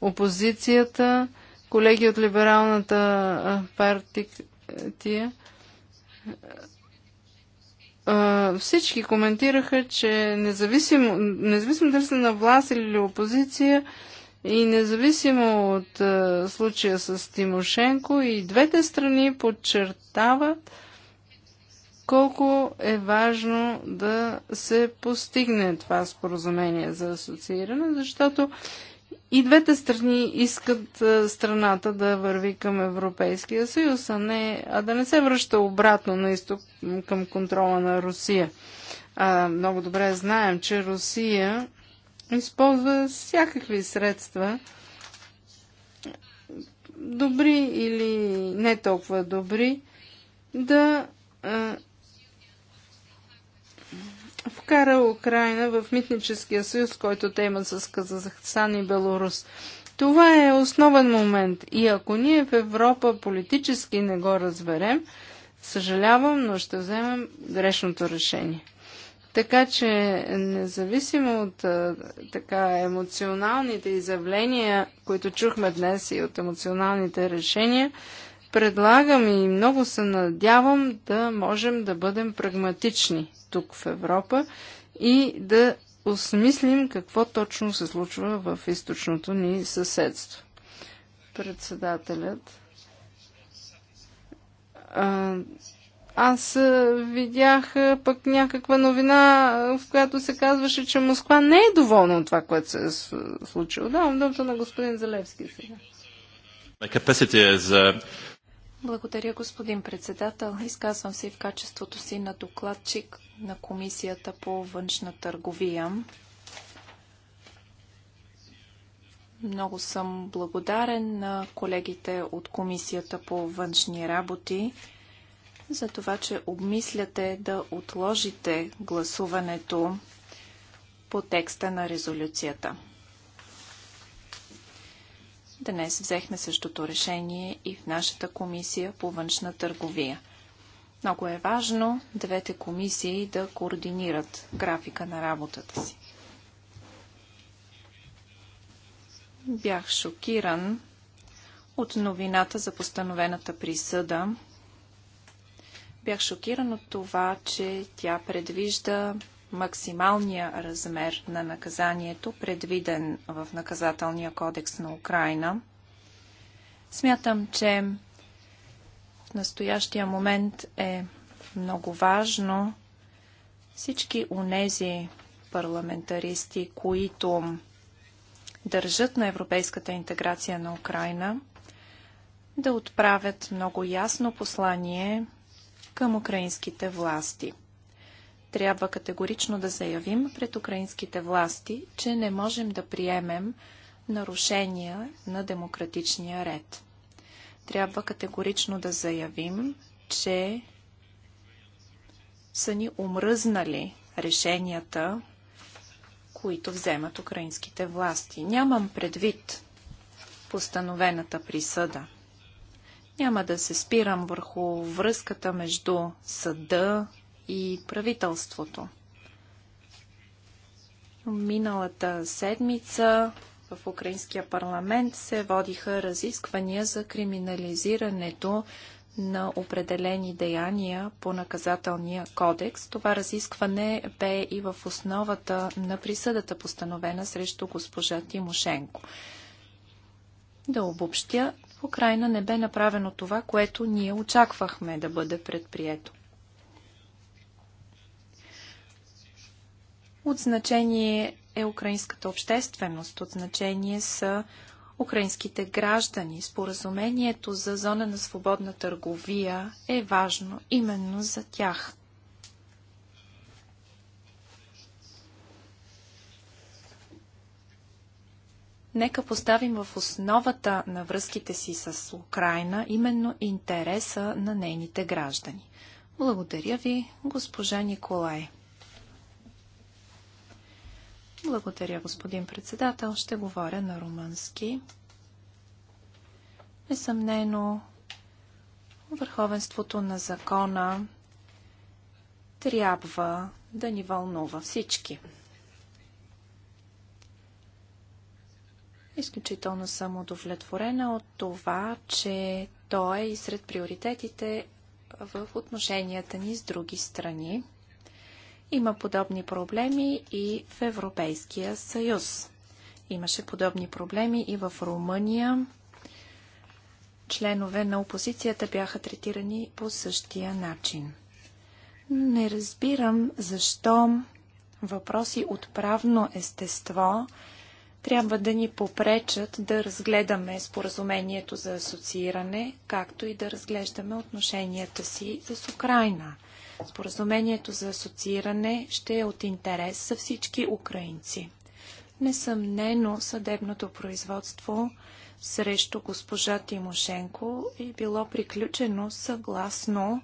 опозицията, колеги от либералната партия всички коментираха, че независимо, независимо дали са на власт или опозиция, и независимо от е, случая с Тимошенко, и двете страни подчертават колко е важно да се постигне това споразумение за асоцииране, защото и двете страни искат е, страната да върви към Европейския съюз, а, не, а да не се връща обратно на изток към контрола на Русия. А, много добре знаем, че Русия използва всякакви средства, добри или не толкова добри, да а, вкара Украина в митническия съюз, който те имат с Казахстан и Беларус. Това е основен момент и ако ние в Европа политически не го разберем, съжалявам, но ще вземем грешното решение. Така че, независимо от така емоционалните изявления, които чухме днес и от емоционалните решения, предлагам и много се надявам да можем да бъдем прагматични тук в Европа и да осмислим какво точно се случва в източното ни съседство. Председателят. А, аз видях пък някаква новина, в която се казваше, че Москва не е доволна от това, което се е случило. Да, думата на господин Залевски сега. Uh, Благодаря, господин председател. Изказвам се и в качеството си на докладчик на Комисията по външна търговия. Много съм благодарен на колегите от Комисията по външни работи за това, че обмисляте да отложите гласуването по текста на резолюцията. Днес взехме същото решение и в нашата комисия по външна търговия. Много е важно двете комисии да координират графика на работата си. Бях шокиран от новината за постановената присъда Бях шокиран от това, че тя предвижда максималния размер на наказанието, предвиден в наказателния кодекс на Украина. Смятам, че в настоящия момент е много важно всички унези парламентаристи, които държат на европейската интеграция на Украина, да отправят много ясно послание към украинските власти. Трябва категорично да заявим пред украинските власти, че не можем да приемем нарушения на демократичния ред. Трябва категорично да заявим, че са ни омръзнали решенията, които вземат украинските власти. Нямам предвид постановената присъда – няма да се спирам върху връзката между съда и правителството. Миналата седмица в Украинския парламент се водиха разисквания за криминализирането на определени деяния по наказателния кодекс. Това разискване бе и в основата на присъдата, постановена срещу госпожа Тимошенко. Да обобщя, в Украина не бе направено това, което ние очаквахме да бъде предприето. От значение е украинската общественост, от значение са украинските граждани. Споразумението за зона на свободна търговия е важно именно за тях. Нека поставим в основата на връзките си с Украина именно интереса на нейните граждани. Благодаря ви, госпожа Николай. Благодаря, господин председател. Ще говоря на румънски. Несъмнено, върховенството на закона трябва да ни вълнува всички. Изключително съм удовлетворена от това, че то е и сред приоритетите в отношенията ни с други страни. Има подобни проблеми и в Европейския съюз. Имаше подобни проблеми и в Румъния. Членове на опозицията бяха третирани по същия начин. Не разбирам защо въпроси от правно естество трябва да ни попречат да разгледаме споразумението за асоцииране, както и да разглеждаме отношенията си с Украина. Споразумението за асоцииране ще е от интерес за всички украинци. Несъмнено съдебното производство срещу госпожа Тимошенко е било приключено съгласно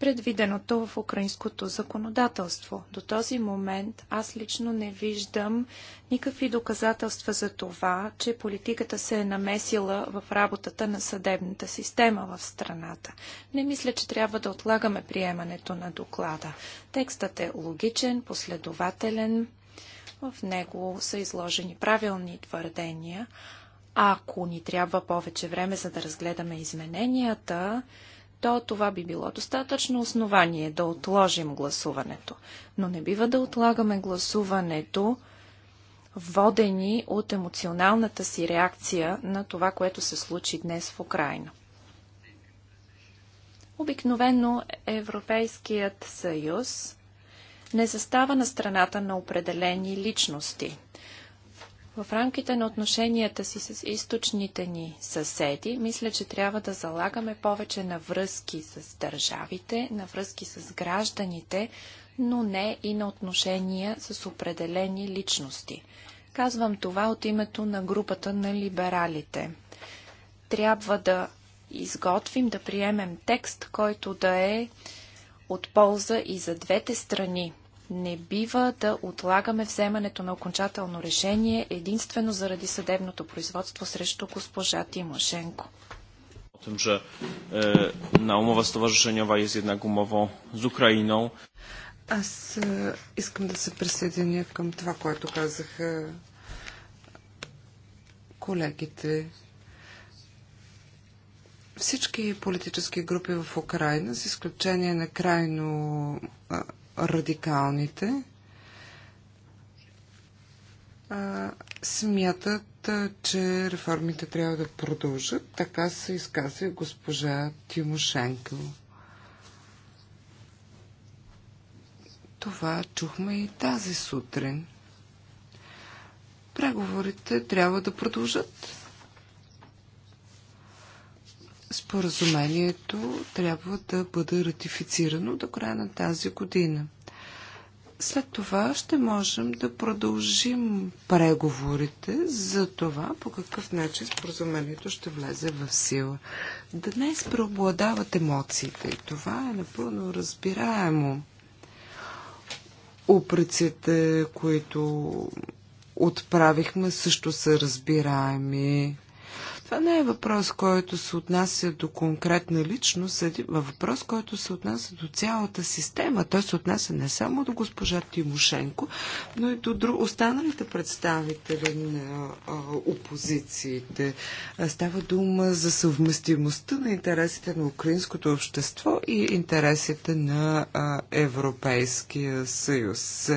предвиденото в украинското законодателство. До този момент аз лично не виждам никакви доказателства за това, че политиката се е намесила в работата на съдебната система в страната. Не мисля, че трябва да отлагаме приемането на доклада. Текстът е логичен, последователен, в него са изложени правилни твърдения. Ако ни трябва повече време за да разгледаме измененията, то това би било достатъчно основание да отложим гласуването. Но не бива да отлагаме гласуването, водени от емоционалната си реакция на това, което се случи днес в Украина. Обикновено Европейският съюз не застава на страната на определени личности – в рамките на отношенията си с източните ни съседи, мисля, че трябва да залагаме повече на връзки с държавите, на връзки с гражданите, но не и на отношения с определени личности. Казвам това от името на групата на либералите. Трябва да изготвим, да приемем текст, който да е от полза и за двете страни не бива да отлагаме вземането на окончателно решение единствено заради съдебното производство срещу госпожа Тимошенко. E, Аз e, искам да се присъединя към това, което казаха колегите. Всички политически групи в Украина, с изключение на крайно радикалните смятат, че реформите трябва да продължат. Така се изказва госпожа Тимошенко. Това чухме и тази сутрин. Преговорите трябва да продължат споразумението трябва да бъде ратифицирано до края на тази година. След това ще можем да продължим преговорите за това по какъв начин споразумението ще влезе в сила. Днес преобладават емоциите и това е напълно разбираемо. Упреците, които отправихме, също са разбираеми. Това не е въпрос, който се отнася до конкретна личност, а въпрос, който се отнася до цялата система. Той се отнася не само до госпожа Тимошенко, но и до друг... останалите представители на а, опозициите. Става дума за съвместимостта на интересите на украинското общество и интересите на а, Европейския съюз.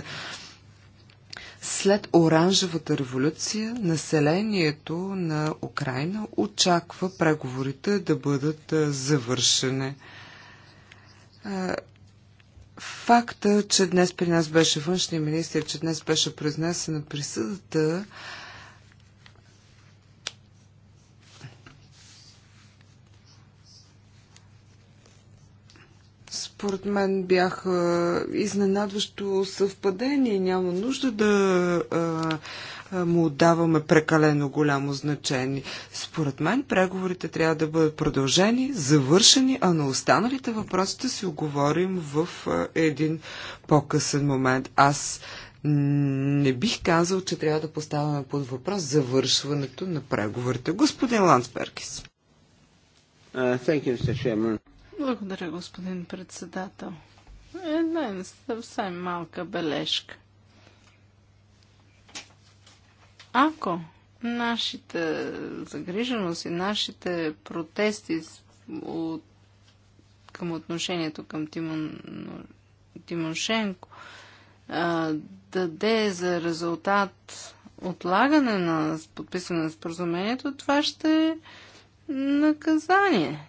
След оранжевата революция населението на Украина очаква преговорите да бъдат завършени. Факта, че днес при нас беше външния министр, че днес беше произнесена присъдата, според мен бяха изненадващо съвпадение. Няма нужда да му отдаваме прекалено голямо значение. Според мен преговорите трябва да бъдат продължени, завършени, а на останалите въпросите си оговорим в един по-късен момент. Аз не бих казал, че трябва да поставяме под въпрос завършването на преговорите. Господин Лансперкис. Uh, you, благодаря, господин председател. Една е съвсем малка бележка. Ако нашите загриженост и нашите протести от, към отношението към Тимон, Тимошенко а, даде за резултат отлагане на подписване на споразумението, това ще е наказание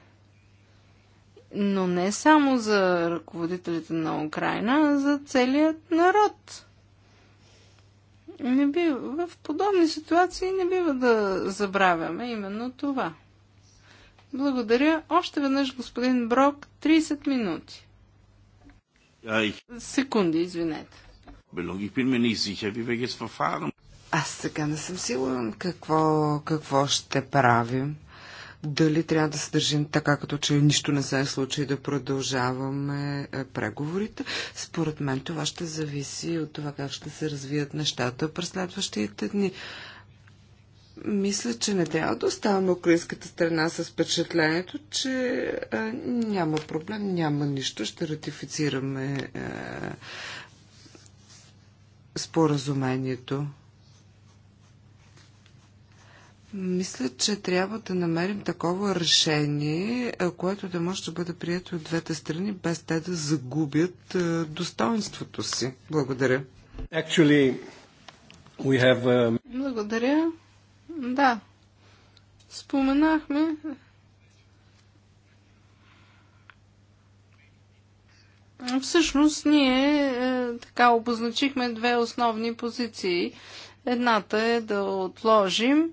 но не само за ръководителите на Украина, а за целият народ. Не бива, в подобни ситуации не бива да забравяме именно това. Благодаря. Още веднъж, господин Брок, 30 минути. Ай. Секунди, извинете. Аз сега не съм сигурен какво, какво ще правим дали трябва да се държим така, като че нищо не се е случи да продължаваме е, преговорите. Според мен това ще зависи от това как ще се развият нещата през следващите дни. Мисля, че не трябва да оставаме украинската страна с впечатлението, че е, няма проблем, няма нищо, ще ратифицираме е, споразумението. Мисля, че трябва да намерим такова решение, е, което да може да бъде прието от двете страни, без те да загубят е, достоинството си. Благодаря. Actually, we have, uh... Благодаря. Да. Споменахме Всъщност ние така обозначихме две основни позиции. Едната е да отложим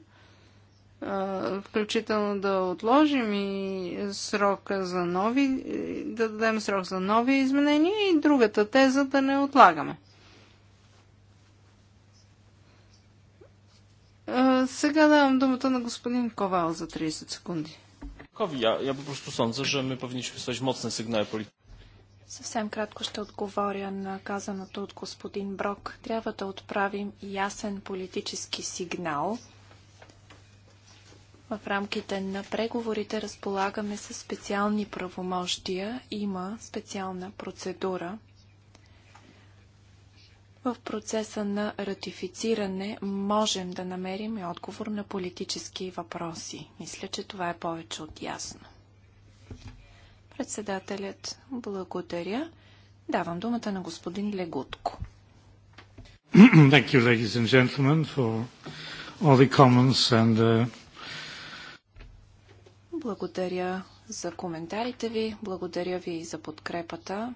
включително да отложим и срока за нови, да дадем срок за нови изменения и другата теза да не отлагаме. Сега давам думата на господин Ковал за 30 секунди. я, ja po prostu sądzę, że my powinniśmy wysłać мощни сигнали polityczne. Съвсем кратко ще отговоря на казаното от господин Брок. Трябва да отправим ясен политически сигнал – в рамките на преговорите разполагаме с специални правомощия. Има специална процедура. В процеса на ратифициране можем да намерим и отговор на политически въпроси. Мисля, че това е повече от ясно. Председателят, благодаря. Давам думата на господин Легутко. Thank you, ladies and gentlemen, for all the comments and uh, благодаря за коментарите ви, благодаря ви и за подкрепата.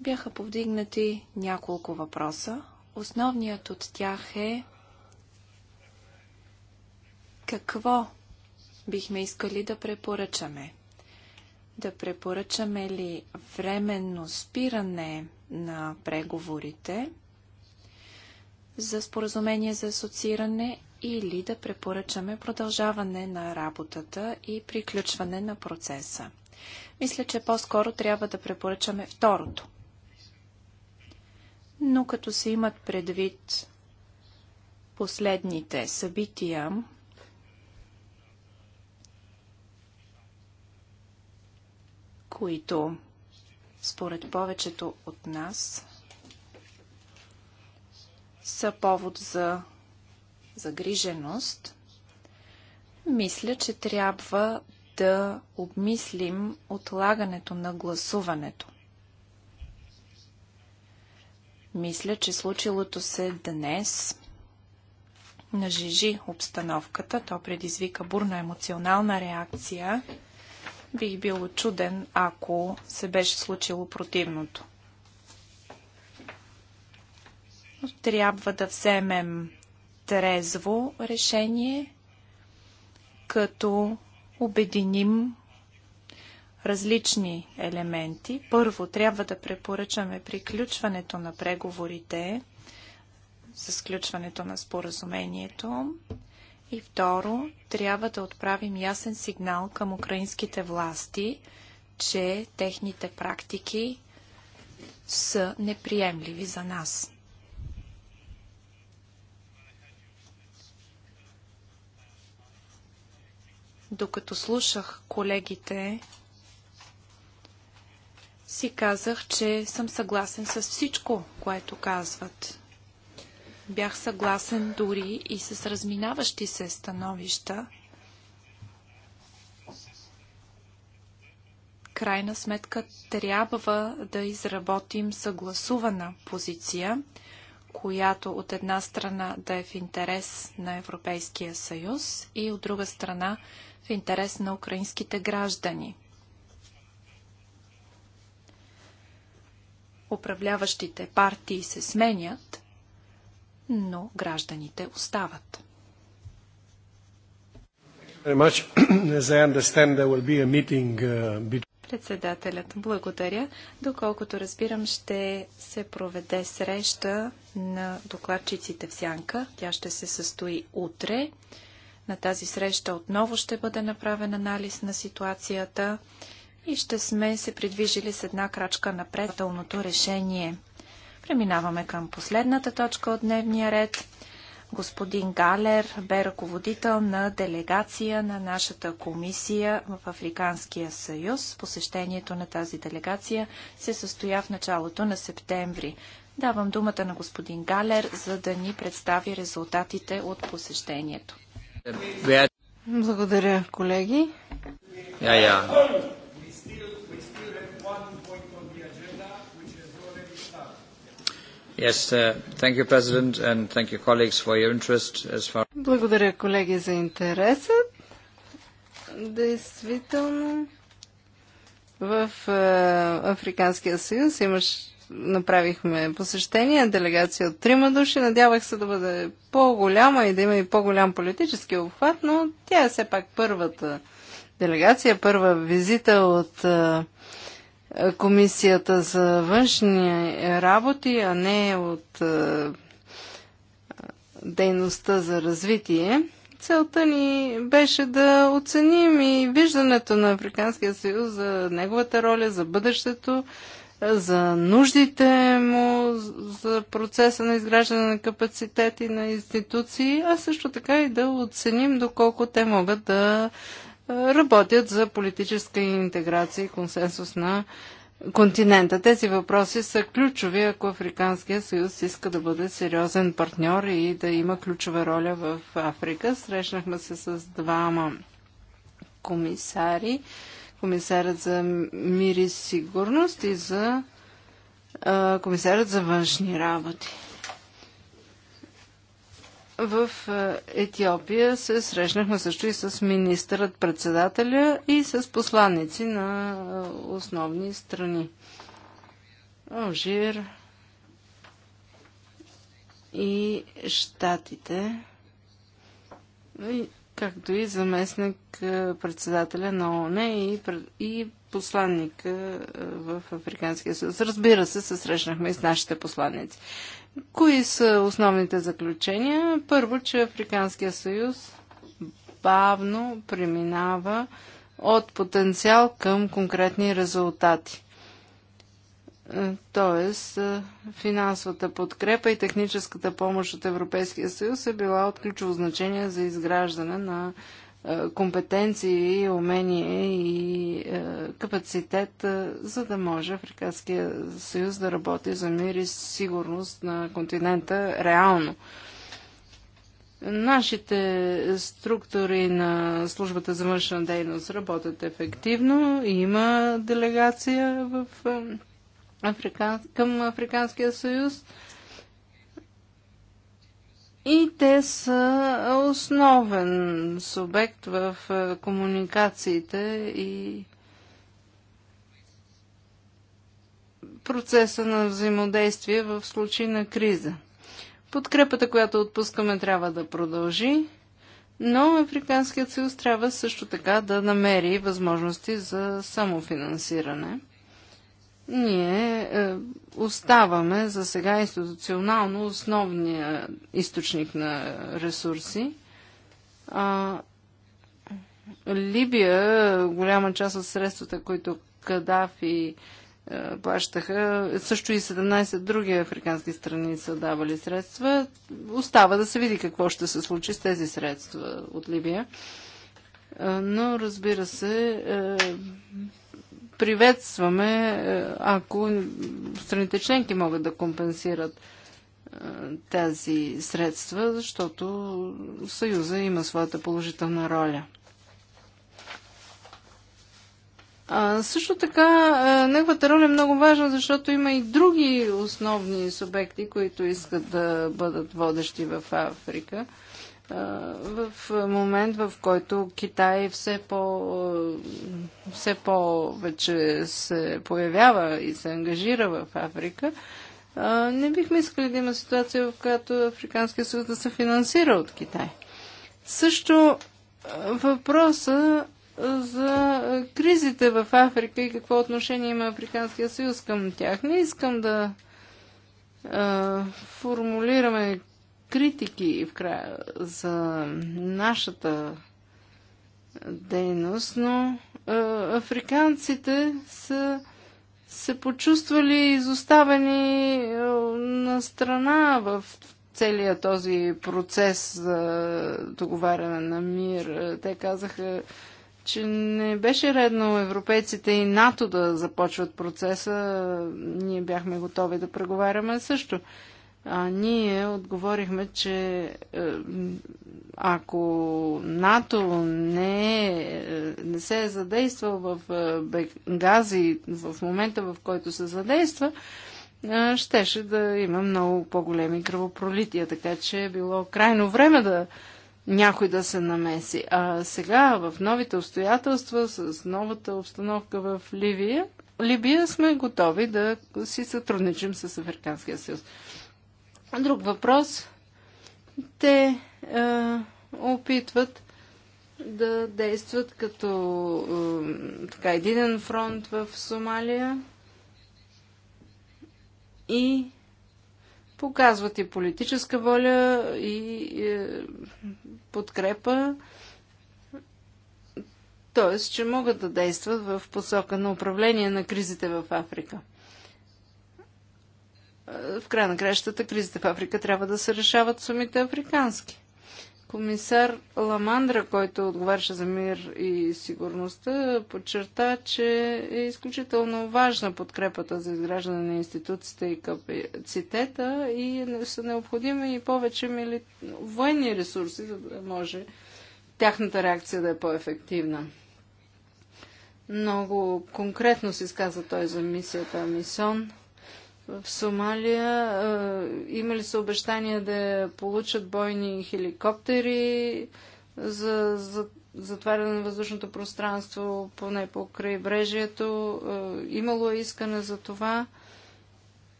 Бяха повдигнати няколко въпроса. Основният от тях е какво бихме искали да препоръчаме? Да препоръчаме ли временно спиране на преговорите за споразумение за асоцииране или да препоръчаме продължаване на работата и приключване на процеса. Мисля, че по-скоро трябва да препоръчаме второто. Но като се имат предвид последните събития, които според повечето от нас са повод за загриженост, мисля, че трябва да обмислим отлагането на гласуването. Мисля, че случилото се днес нажижи обстановката, то предизвика бурна емоционална реакция. Бих бил чуден, ако се беше случило противното. Трябва да вземем трезво решение, като обединим различни елементи. Първо, трябва да препоръчаме приключването на преговорите за сключването на споразумението. И второ, трябва да отправим ясен сигнал към украинските власти, че техните практики са неприемливи за нас. Докато слушах колегите, си казах, че съм съгласен с всичко, което казват. Бях съгласен дори и с разминаващи се становища. Крайна сметка трябва да изработим съгласувана позиция, която от една страна да е в интерес на Европейския съюз и от друга страна в интерес на украинските граждани. Управляващите партии се сменят, но гражданите остават. Uh, Председателят, благодаря. Доколкото разбирам, ще се проведе среща на докладчиците в Сянка. Тя ще се състои утре. На тази среща отново ще бъде направен анализ на ситуацията и ще сме се придвижили с една крачка на предателното решение. Преминаваме към последната точка от дневния ред. Господин Галер бе ръководител на делегация на нашата комисия в Африканския съюз. Посещението на тази делегация се състоя в началото на септември. Давам думата на господин Галер, за да ни представи резултатите от посещението. Благодаря, колеги. Yeah, yeah. Yes, uh, you, far... Благодаря, колеги, за интереса. Действително, в uh, Африканския съюз имаш направихме посещение, делегация от трима души. Надявах се да бъде по-голяма и да има и по-голям политически обхват, но тя е все пак първата делегация, първа визита от Комисията за външни работи, а не от дейността за развитие. Целта ни беше да оценим и виждането на Африканския съюз за неговата роля, за бъдещето за нуждите му, за процеса на изграждане на капацитети на институции, а също така и да оценим доколко те могат да работят за политическа интеграция и консенсус на континента. Тези въпроси са ключови, ако Африканския съюз иска да бъде сериозен партньор и да има ключова роля в Африка. Срещнахме се с двама комисари комисарят за мир и сигурност и за а, комисарят за външни работи. В Етиопия се срещнахме също и с министърът председателя и с посланници на основни страни. Алжир и Штатите. И както и заместник председателя на ООН и, и посланник в Африканския съюз. Разбира се, се срещнахме и с нашите посланници. Кои са основните заключения? Първо, че Африканския съюз бавно преминава от потенциал към конкретни резултати. Е, тоест, е, финансовата подкрепа и техническата помощ от Европейския съюз е била от ключово значение за изграждане на е, компетенции, умения и капацитет, за да може Африканския съюз да работи за мир и сигурност на континента реално. Нашите структури на службата за външна дейност работят ефективно. Има делегация в Африкан... към Африканския съюз. И те са основен субект в е, комуникациите и процеса на взаимодействие в случай на криза. Подкрепата, която отпускаме, трябва да продължи, но Африканският съюз трябва също така да намери възможности за самофинансиране – ние е, оставаме за сега институционално основния източник на ресурси. А, Либия, голяма част от средствата, които Кадафи е, плащаха, също и 17 други африкански страни са давали средства. Остава да се види какво ще се случи с тези средства от Либия. Е, но, разбира се, е, приветстваме, е, ако страните членки могат да компенсират е, тези средства, защото Съюза има своята положителна роля. А, също така, е, неговата роля е много важна, защото има и други основни субекти, които искат да бъдат водещи в Африка в момент, в който Китай все, по, все вече се появява и се ангажира в Африка, не бихме искали да има ситуация, в която Африканския съюз да се финансира от Китай. Също въпроса за кризите в Африка и какво отношение има Африканския съюз към тях. Не искам да формулираме критики в края за нашата дейност, но а, е, африканците са се почувствали изоставени е, на страна в целия този процес за договаряне на мир. Те казаха, че не беше редно европейците и НАТО да започват процеса. Ние бяхме готови да преговаряме също. А ние отговорихме, че е, ако НАТО не, е, е, не се е задействал в Бенгази в момента, в който се задейства, щеше да има много по-големи кръвопролития, така че е било крайно време да някой да се намеси. А сега, в новите обстоятелства, с новата обстановка в Ливия, Либия сме готови да си сътрудничим с Африканския съюз. Друг въпрос. Те е, опитват да действат като е, така, единен фронт в Сомалия и показват и политическа воля и е, подкрепа, т.е. че могат да действат в посока на управление на кризите в Африка в края на кращата кризите в Африка трябва да се решават самите африкански. Комисар Ламандра, който отговаряше за мир и сигурността, подчерта, че е изключително важна подкрепата за изграждане на институциите и капацитета и са необходими и повече мили... военни ресурси, за да може тяхната реакция да е по-ефективна. Много конкретно се изказа той за мисията Мисон – в Сомалия имали са обещания да получат бойни хеликоптери за, за затваряне на въздушното пространство, поне по крайбрежието. имало е искане за това.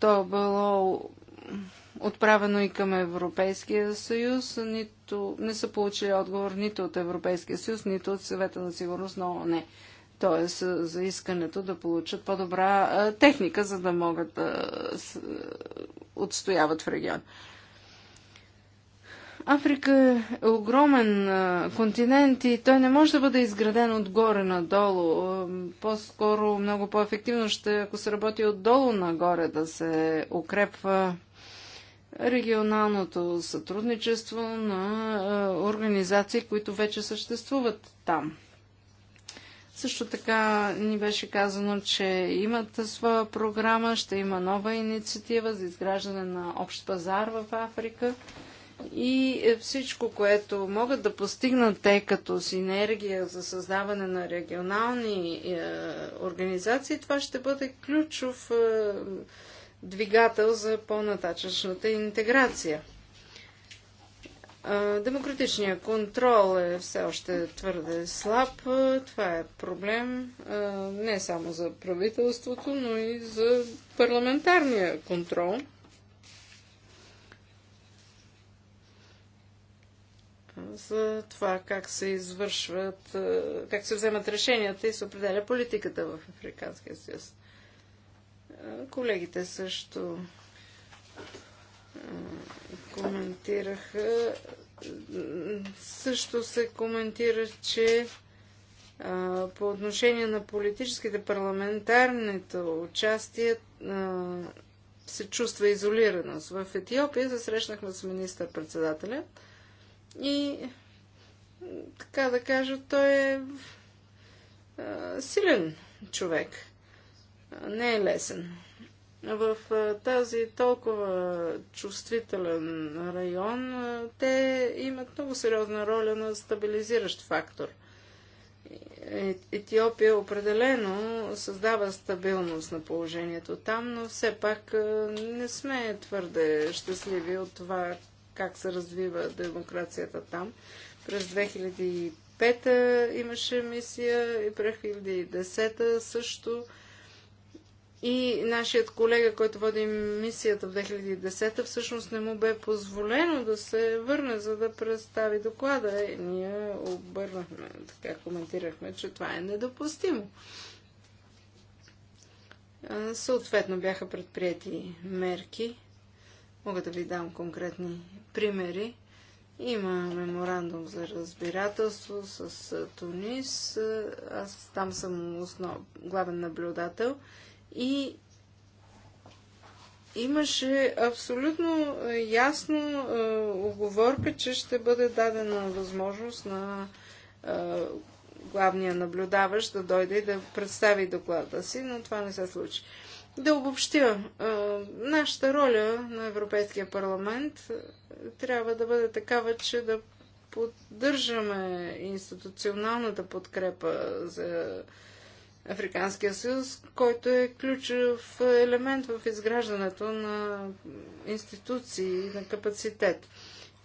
то е било отправено и към Европейския съюз. Нито, не са получили отговор нито от Европейския съюз, нито от Съвета на сигурност но не т.е. за искането да получат по-добра техника, за да могат да отстояват в регион. Африка е огромен континент и той не може да бъде изграден отгоре надолу. По-скоро, много по-ефективно ще, ако се работи отдолу нагоре, да се укрепва регионалното сътрудничество на организации, които вече съществуват там. Също така ни беше казано, че имат своя програма, ще има нова инициатива за изграждане на общ пазар в Африка. И всичко, което могат да постигнат те като синергия за създаване на регионални е, организации, това ще бъде ключов е, двигател за по-нататъчната интеграция. Демократичният контрол е все още твърде слаб. Това е проблем не само за правителството, но и за парламентарния контрол. За това как се извършват, как се вземат решенията и се определя политиката в Африканския съюз. Колегите също коментираха също се коментира, че по отношение на политическите парламентарните участия се чувства изолираност. В Етиопия се срещнахме с министър-председателя и така да кажа, той е силен човек. Не е лесен в тази толкова чувствителен район, те имат много сериозна роля на стабилизиращ фактор. Е, Етиопия определено създава стабилност на положението там, но все пак не сме твърде щастливи от това как се развива демокрацията там. През 2005 имаше мисия и през 2010 също и нашият колега, който води мисията в 2010, всъщност не му бе позволено да се върне, за да представи доклада. И е, ние обърнахме, така коментирахме, че това е недопустимо. Съответно бяха предприяти мерки. Мога да ви дам конкретни примери. Има меморандум за разбирателство с Тунис. Аз там съм основ... главен наблюдател. И имаше абсолютно е, ясно е, оговорка, че ще бъде дадена възможност на е, главния наблюдаващ да дойде и да представи доклада си, но това не се случи. Да обобщя, нашата роля на Европейския парламент трябва да бъде такава, че да поддържаме институционалната подкрепа за Африканския съюз, който е ключов елемент в изграждането на институции, на капацитет.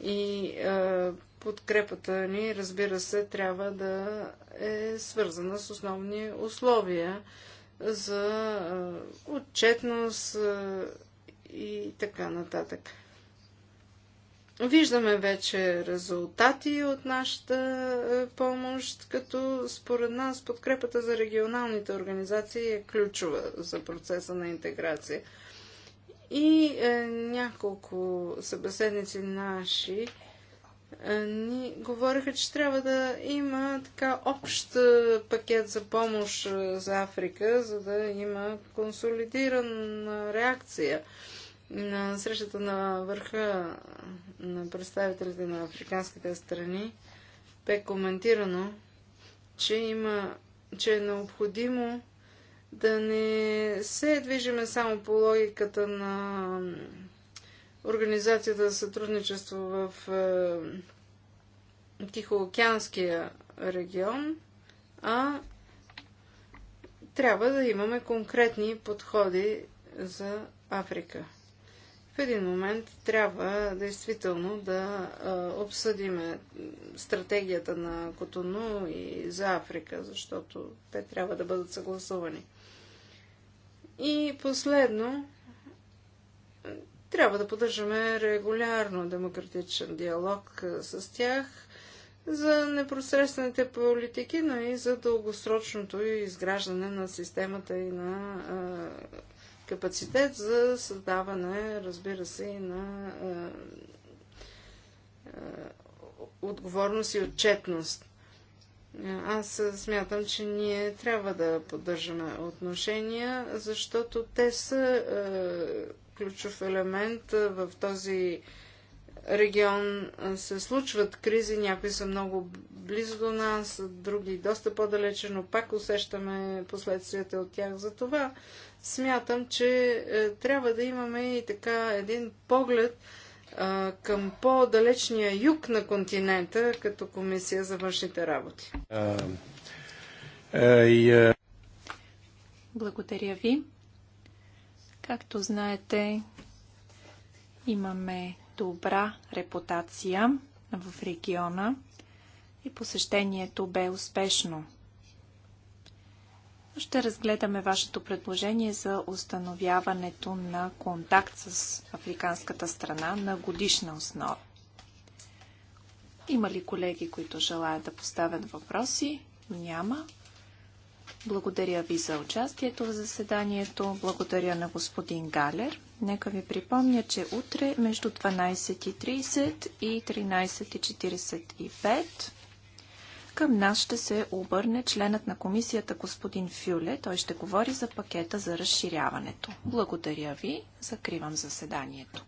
И е, подкрепата ни, разбира се, трябва да е свързана с основни условия за е, отчетност е, и така нататък. Виждаме вече резултати от нашата е, помощ, като според нас подкрепата за регионалните организации е ключова за процеса на интеграция. И е, няколко събеседници наши е, ни говориха, че трябва да има така общ е, пакет за помощ е, за Африка, за да има консолидирана реакция. На срещата на върха на представителите на африканските страни бе коментирано, че, има, че е необходимо да не се движиме само по логиката на Организацията за сътрудничество в е, Тихоокеанския регион, а трябва да имаме конкретни подходи за Африка в един момент трябва действително да обсъдиме стратегията на Котону и за Африка, защото те трябва да бъдат съгласувани. И последно, трябва да поддържаме регулярно демократичен диалог с тях за непосредствените политики, но и за дългосрочното изграждане на системата и на капацитет за създаване, разбира се, и на е, е, отговорност и отчетност. Аз смятам, че ние трябва да поддържаме отношения, защото те са е, ключов елемент в този регион се случват кризи, някои са много близо до нас, други доста по-далече, но пак усещаме последствията от тях. Затова смятам, че е, трябва да имаме и така един поглед към по-далечния юг на континента, като Комисия за външните работи. Благодаря ви. Както знаете, имаме добра репутация в региона и посещението бе успешно. Ще разгледаме вашето предложение за установяването на контакт с африканската страна на годишна основа. Има ли колеги, които желаят да поставят въпроси? Няма. Благодаря ви за участието в заседанието. Благодаря на господин Галер. Нека ви припомня, че утре между 12.30 и 13.45 към нас ще се обърне членът на комисията господин Фюле. Той ще говори за пакета за разширяването. Благодаря ви. Закривам заседанието.